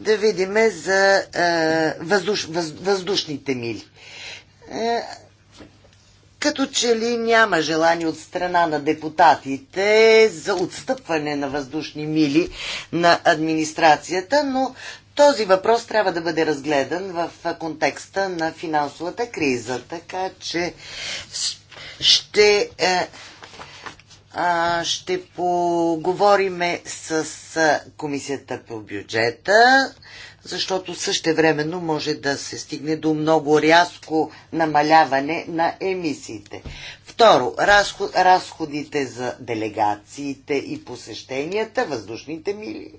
да видим за е, въздуш, въз, въздушните мили. Е, като че ли няма желание от страна на депутатите за отстъпване на въздушни мили на администрацията, но този въпрос трябва да бъде разгледан в контекста на финансовата криза. Така че ще, е, ще поговориме с комисията по бюджета защото същевременно може да се стигне до много рязко намаляване на емисиите. Второ, разход, разходите за делегациите и посещенията, въздушните мили.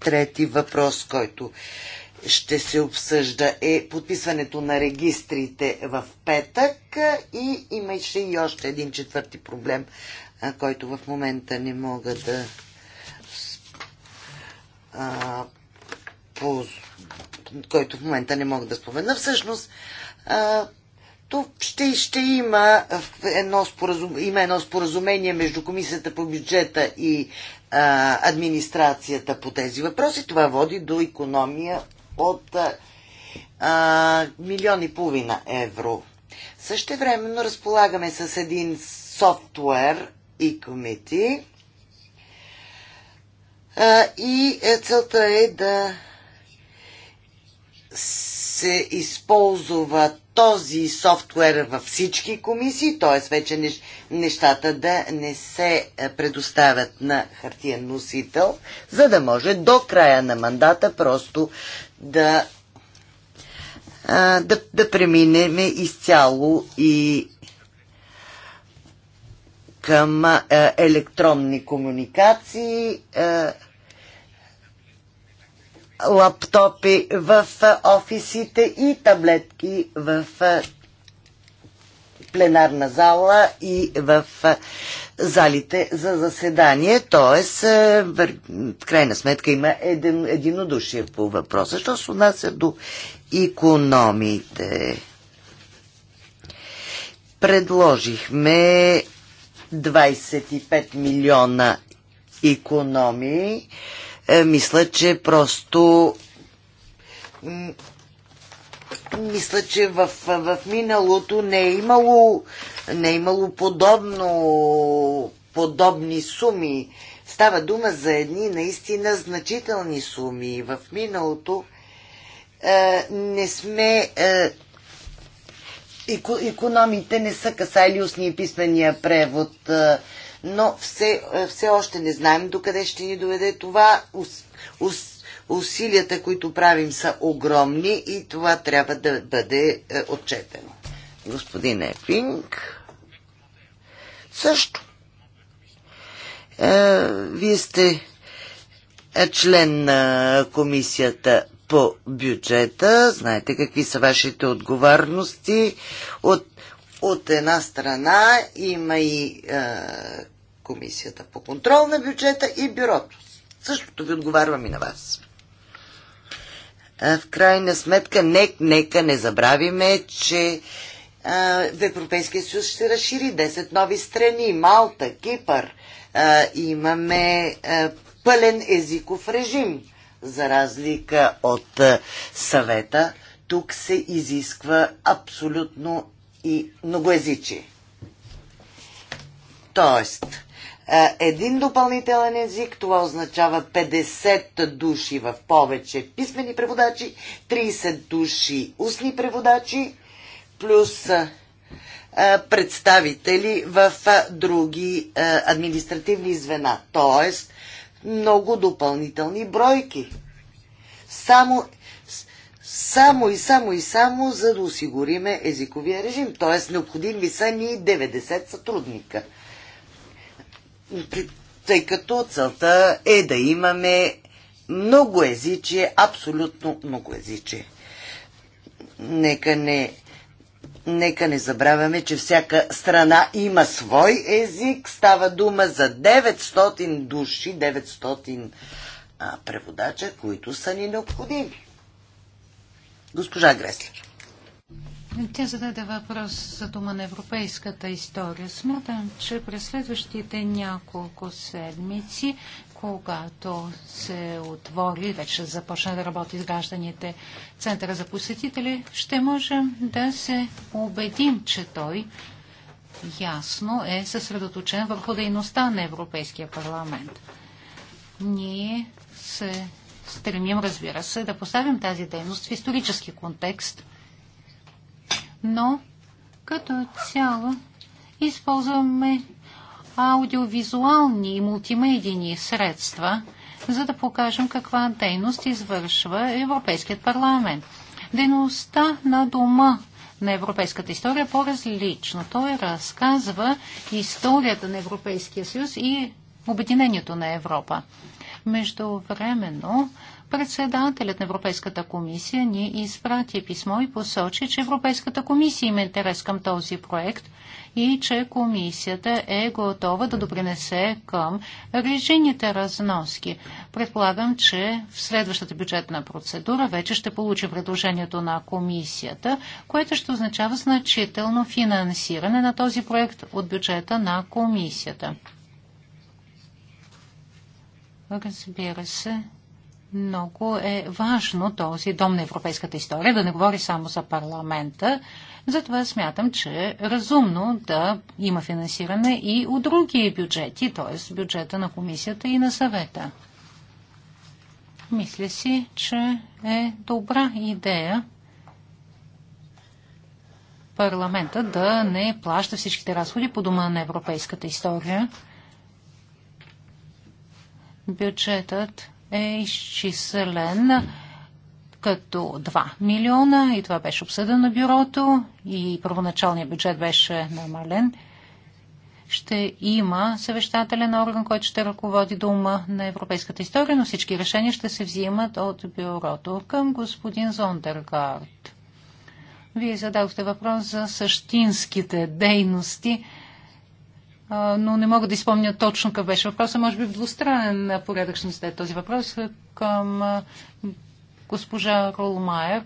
Трети въпрос, който ще се обсъжда е подписването на регистрите в петък и имаше и още един четвърти проблем, който в момента не мога да а, по, който в момента не мога да спомена. Всъщност, а, то ще, ще има, едно споразум, има едно споразумение между Комисията по бюджета и а, администрацията по тези въпроси. Това води до економия от а, а, милион и половина евро. времено разполагаме с един софтуер и комитет, и е, целта е да се използва този софтуер във всички комисии, т.е. вече нещата да не се е, предоставят на хартиен носител, за да може до края на мандата просто да, да, да преминем изцяло и към е, електронни комуникации, е, лаптопи в е, офисите и таблетки в пленарна зала и в залите за заседание. Тоест, в крайна сметка има един, единодушие по въпроса. Що се отнася до економиите? Предложихме 25 милиона економии, е, мисля, че просто мисля, че в, в миналото не е имало, не е имало подобно, подобни суми. Става дума за едни наистина значителни суми. В миналото е, не сме е, економите не са касали устния и писмения превод, но все, все още не знаем докъде ще ни доведе това. Ус, ус, усилията, които правим, са огромни и това трябва да бъде отчетено. Господин Ефинг, също. вие сте член на комисията по бюджета. Знаете какви са вашите отговорности. От, от една страна има и е, комисията по контрол на бюджета и бюрото. Същото ви отговарвам и на вас. Е, в крайна сметка, нека, нека не забравиме, че е, в Европейския съюз ще разшири 10 нови страни. Малта, Кипър. Е, имаме пълен езиков режим за разлика от е, съвета, тук се изисква абсолютно и многоязичие. Тоест, е, един допълнителен език, това означава 50 души в повече писмени преводачи, 30 души устни преводачи, плюс е, представители в други административни звена. Тоест, много допълнителни бройки. Само, само и само и само, за да осигуриме езиковия режим. Тоест, необходими са ни 90 сътрудника. Тъй като целта е да имаме много езичие, абсолютно много езичие. Нека не Нека не забравяме, че всяка страна има свой език. Става дума за 900 души, 900 а, преводача, които са ни необходими. Госпожа Греслер. Тя зададе въпрос за дума на европейската история. Смятам, че през следващите няколко седмици, когато се отвори, вече започна да работи с гражданите Центъра за посетители, ще можем да се убедим, че той ясно е съсредоточен върху дейността на Европейския парламент. Ние се стремим, разбира се, да поставим тази дейност в исторически контекст – но като цяло използваме аудиовизуални и мултимедийни средства, за да покажем каква дейност извършва Европейският парламент. Дейността на дома на европейската история е по-различна. Той разказва историята на Европейския съюз и обединението на Европа. Междувременно Председателят на Европейската комисия ни изпрати писмо и посочи, че Европейската комисия има интерес към този проект и че комисията е готова да допринесе към режимните разноски. Предполагам, че в следващата бюджетна процедура вече ще получи предложението на комисията, което ще означава значително финансиране на този проект от бюджета на комисията. Разбира се, много е важно този дом на европейската история да не говори само за парламента. Затова смятам, че е разумно да има финансиране и от други бюджети, т.е. бюджета на комисията и на съвета. Мисля си, че е добра идея парламента да не плаща всичките разходи по дома на европейската история. Бюджетът е изчислен като 2 милиона и това беше обсъдено на бюрото и първоначалният бюджет беше намален. Ще има съвещателен орган, който ще ръководи дума на европейската история, но всички решения ще се взимат от бюрото към господин Зондергард. Вие зададохте въпрос за същинските дейности но не мога да изпомня точно какъв беше въпросът. Може би в двустранен порядък ще ми зададе този въпрос към госпожа Ролмайер.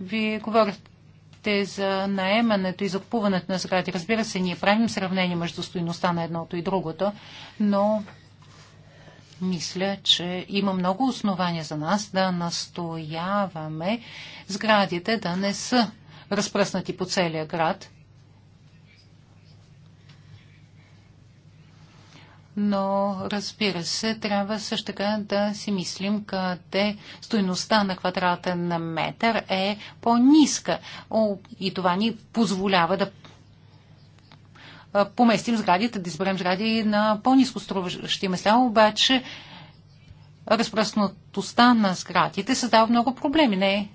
Вие говорите за наемането и закупуването на сгради. Разбира се, ние правим сравнение между стоиността на едното и другото, но мисля, че има много основания за нас да настояваме сградите да не са разпръснати по целия град – но разбира се, трябва също така да си мислим къде стоеността на квадратен метър е по-ниска. И това ни позволява да поместим сградите, да изберем сгради на по-низко струващи места, обаче разпръснатостта на сградите създава много проблеми. Не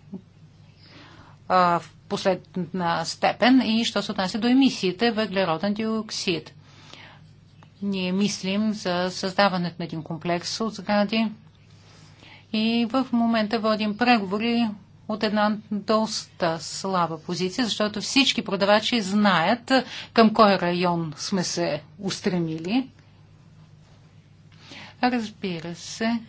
в последна степен и що се отнася до емисиите въглероден диоксид ние мислим за създаването на един комплекс от сгради и в момента водим преговори от една доста слаба позиция, защото всички продавачи знаят към кой район сме се устремили. Разбира се,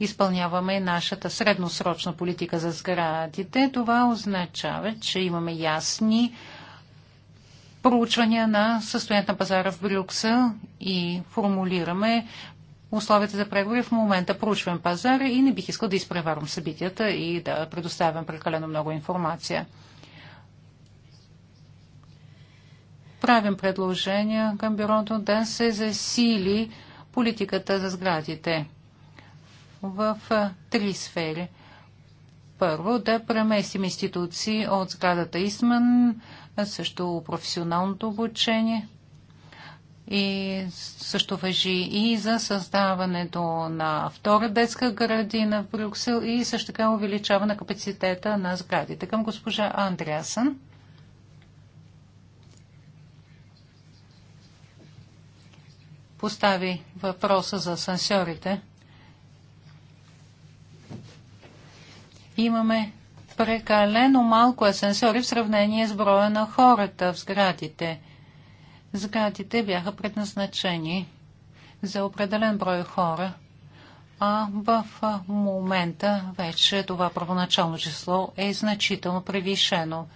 изпълняваме нашата средносрочна политика за сградите. Това означава, че имаме ясни проучвания на състоянието на пазара в Брюксел и формулираме условията за преговори. В момента проучвам пазара и не бих искал да изпреварвам събитията и да предоставям прекалено много информация. Правим предложения към бюрото да се засили политиката за сградите в три сфери. Първо, да преместим институции от сградата Истман също професионалното обучение и също въжи и за създаването на втора детска градина в Брюксел и също така увеличаване капацитета на сградите. Към госпожа Андреасън. Постави въпроса за сансьорите. Имаме Прекалено малко асансьори в сравнение с броя на хората в сградите. Сградите бяха предназначени за определен брой хора, а в момента вече това първоначално число е значително превишено.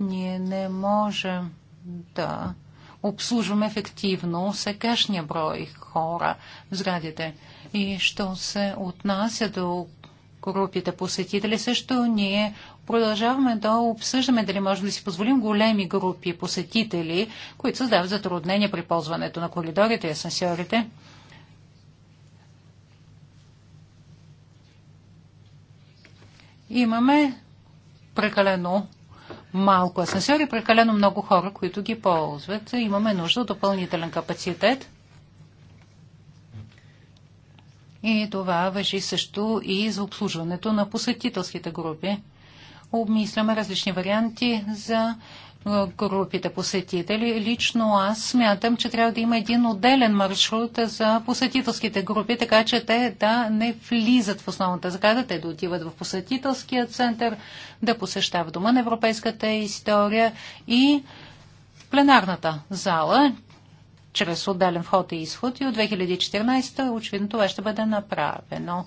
Ние не можем да обслужваме ефективно сегашния брой хора в сградите. И що се отнася до групите посетители. Също ние продължаваме да обсъждаме дали можем да си позволим големи групи посетители, които създават затруднения при ползването на коридорите и асансьорите. Имаме прекалено малко асансьори, прекалено много хора, които ги ползват. Имаме нужда от допълнителен капацитет. И това въжи също и за обслужването на посетителските групи. Обмисляме различни варианти за групите посетители. Лично аз смятам, че трябва да има един отделен маршрут за посетителските групи, така че те да не влизат в основната сграда, те да отиват в посетителския център, да посещават дома на европейската история и пленарната зала, чрез отделен вход и изход и от 2014 очевидно това ще бъде направено.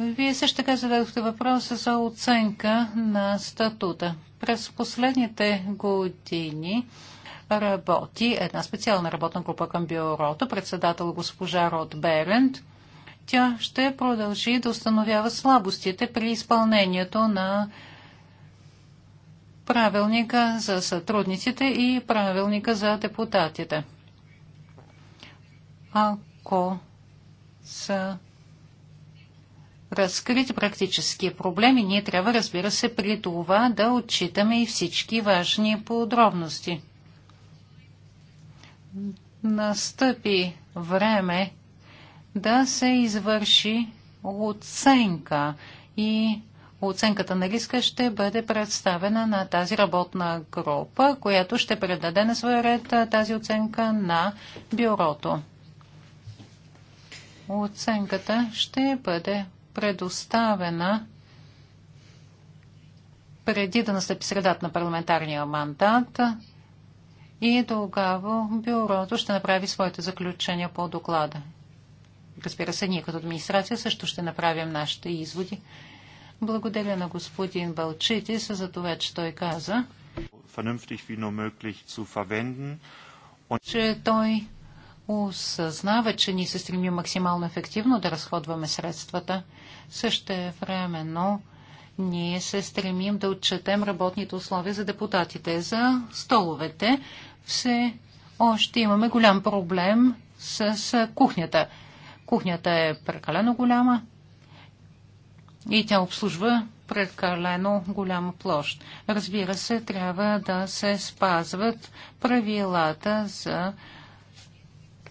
Вие също така зададохте въпроса за оценка на статута. През последните години работи една специална работна група към бюрото, председател госпожа Род Беренд. Тя ще продължи да установява слабостите при изпълнението на правилника за сътрудниците и правилника за депутатите. Ако са разкрити практически проблеми, ние трябва, разбира се, при това да отчитаме и всички важни подробности. Настъпи време да се извърши оценка и Оценката на риска ще бъде представена на тази работна група, която ще предаде на своя ред тази оценка на бюрото. Оценката ще бъде предоставена преди да настъпи средата на парламентарния мандат и тогава бюрото ще направи своите заключения по доклада. Разбира се, ние като администрация също ще направим нашите изводи благодаря на господин Балчитис за това, че той каза, че той осъзнава, че ни се стреми максимално ефективно да разходваме средствата. Също но ние се стремим да отчетем работните условия за депутатите. За столовете все още имаме голям проблем с кухнята. Кухнята е прекалено голяма и тя обслужва прекалено голяма площ. Разбира се, трябва да се спазват правилата за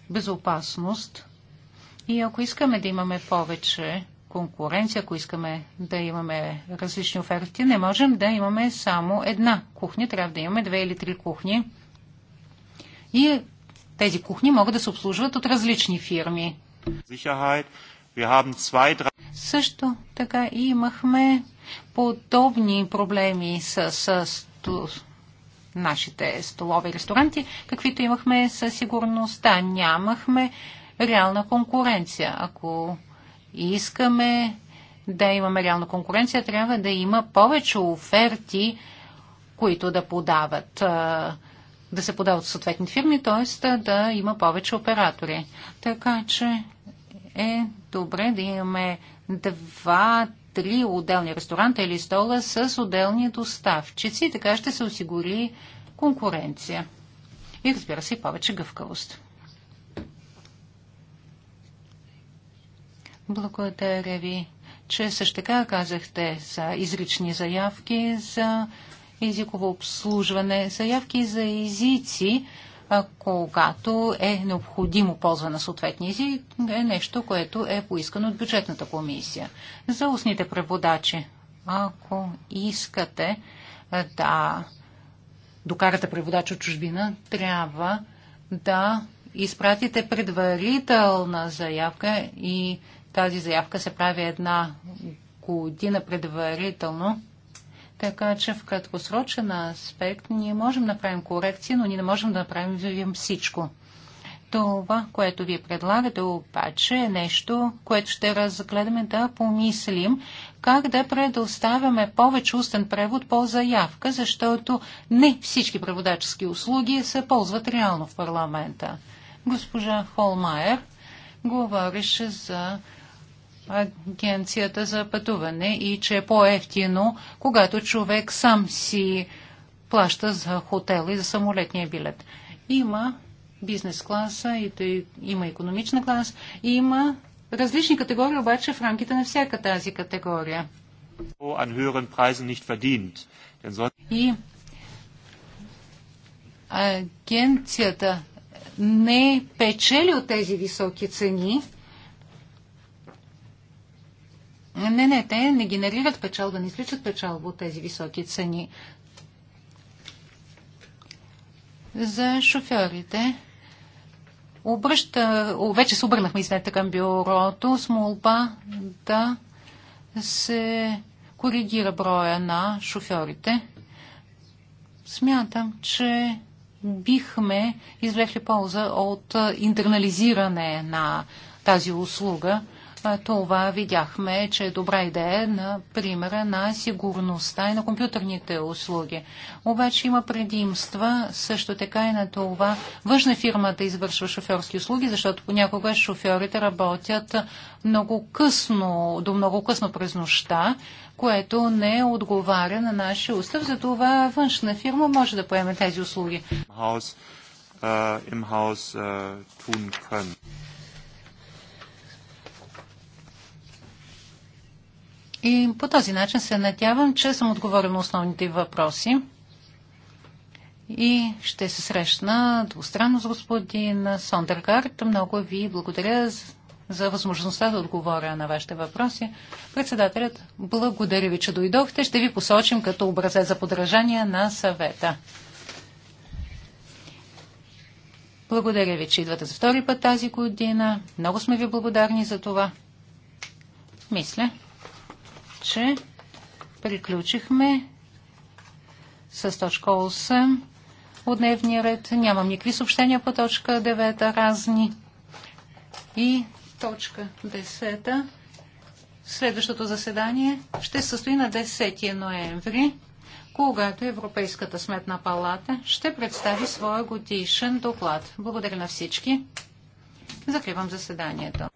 безопасност. И ако искаме да имаме повече конкуренция, ако искаме да имаме различни оферти, не можем да имаме само една кухня, трябва да имаме две или три кухни. И тези кухни могат да се обслужват от различни фирми. Също така имахме подобни проблеми с, с, с нашите столове и ресторанти, каквито имахме със сигурността. Нямахме реална конкуренция. Ако искаме да имаме реална конкуренция, трябва да има повече оферти, които да подават, да се подават съответни фирми, т.е. да има повече оператори. Така че е добре да имаме два-три отделни ресторанта или стола с отделни доставчици. Така ще се осигури конкуренция. И разбира се, повече гъвкавост. Благодаря ви, че също така казахте за изрични заявки за езиково обслужване, заявки за езици, когато е необходимо ползва на съответния език, е нещо, което е поискано от бюджетната комисия. За устните преводачи, ако искате да докарате преводач от чужбина, трябва да изпратите предварителна заявка и тази заявка се прави една година предварително така че в краткосрочен аспект ние можем да направим корекции, но ние не можем да направим всичко. Това, което ви предлагате обаче е нещо, което ще разгледаме да помислим как да предоставяме повече устен превод по заявка, защото не всички преводачески услуги се ползват реално в парламента. Госпожа Холмайер говореше за агенцията за пътуване и че е по-ефтино, когато човек сам си плаща за хотел и за самолетния билет. Има бизнес класа, и тъй, има економична клас, и има различни категории, обаче в рамките на всяка тази категория. И агенцията не печели от тези високи цени, не, не, те не генерират печалба, не изличат печалба от тези високи цени. За шофьорите. Обръща, вече се обърнахме след към бюрото с молба да се коригира броя на шофьорите. Смятам, че бихме извлекли полза от интернализиране на тази услуга е, това видяхме, че е добра идея на примера на сигурността и на компютърните услуги. Обаче има предимства също така и на това външна фирма да извършва шофьорски услуги, защото понякога шофьорите работят много късно, до много късно през нощта, което не отговаря на нашия устав. Затова външна фирма може да поеме тези услуги. House, uh, е, И по този начин се надявам, че съм отговорил на основните въпроси. И ще се срещна двустранно с господин Сондергард. Много ви благодаря за възможността да отговоря на вашите въпроси. Председателят, благодаря ви, че дойдохте. Ще ви посочим като образец за подражание на съвета. Благодаря ви, че идвате за втори път тази година. Много сме ви благодарни за това. Мисля, че приключихме с точка 8 от дневния ред. Нямам никакви съобщения по точка 9 разни. И точка 10. Следващото заседание ще състои на 10 ноември, когато Европейската сметна палата ще представи своя годишен доклад. Благодаря на всички. Закривам заседанието.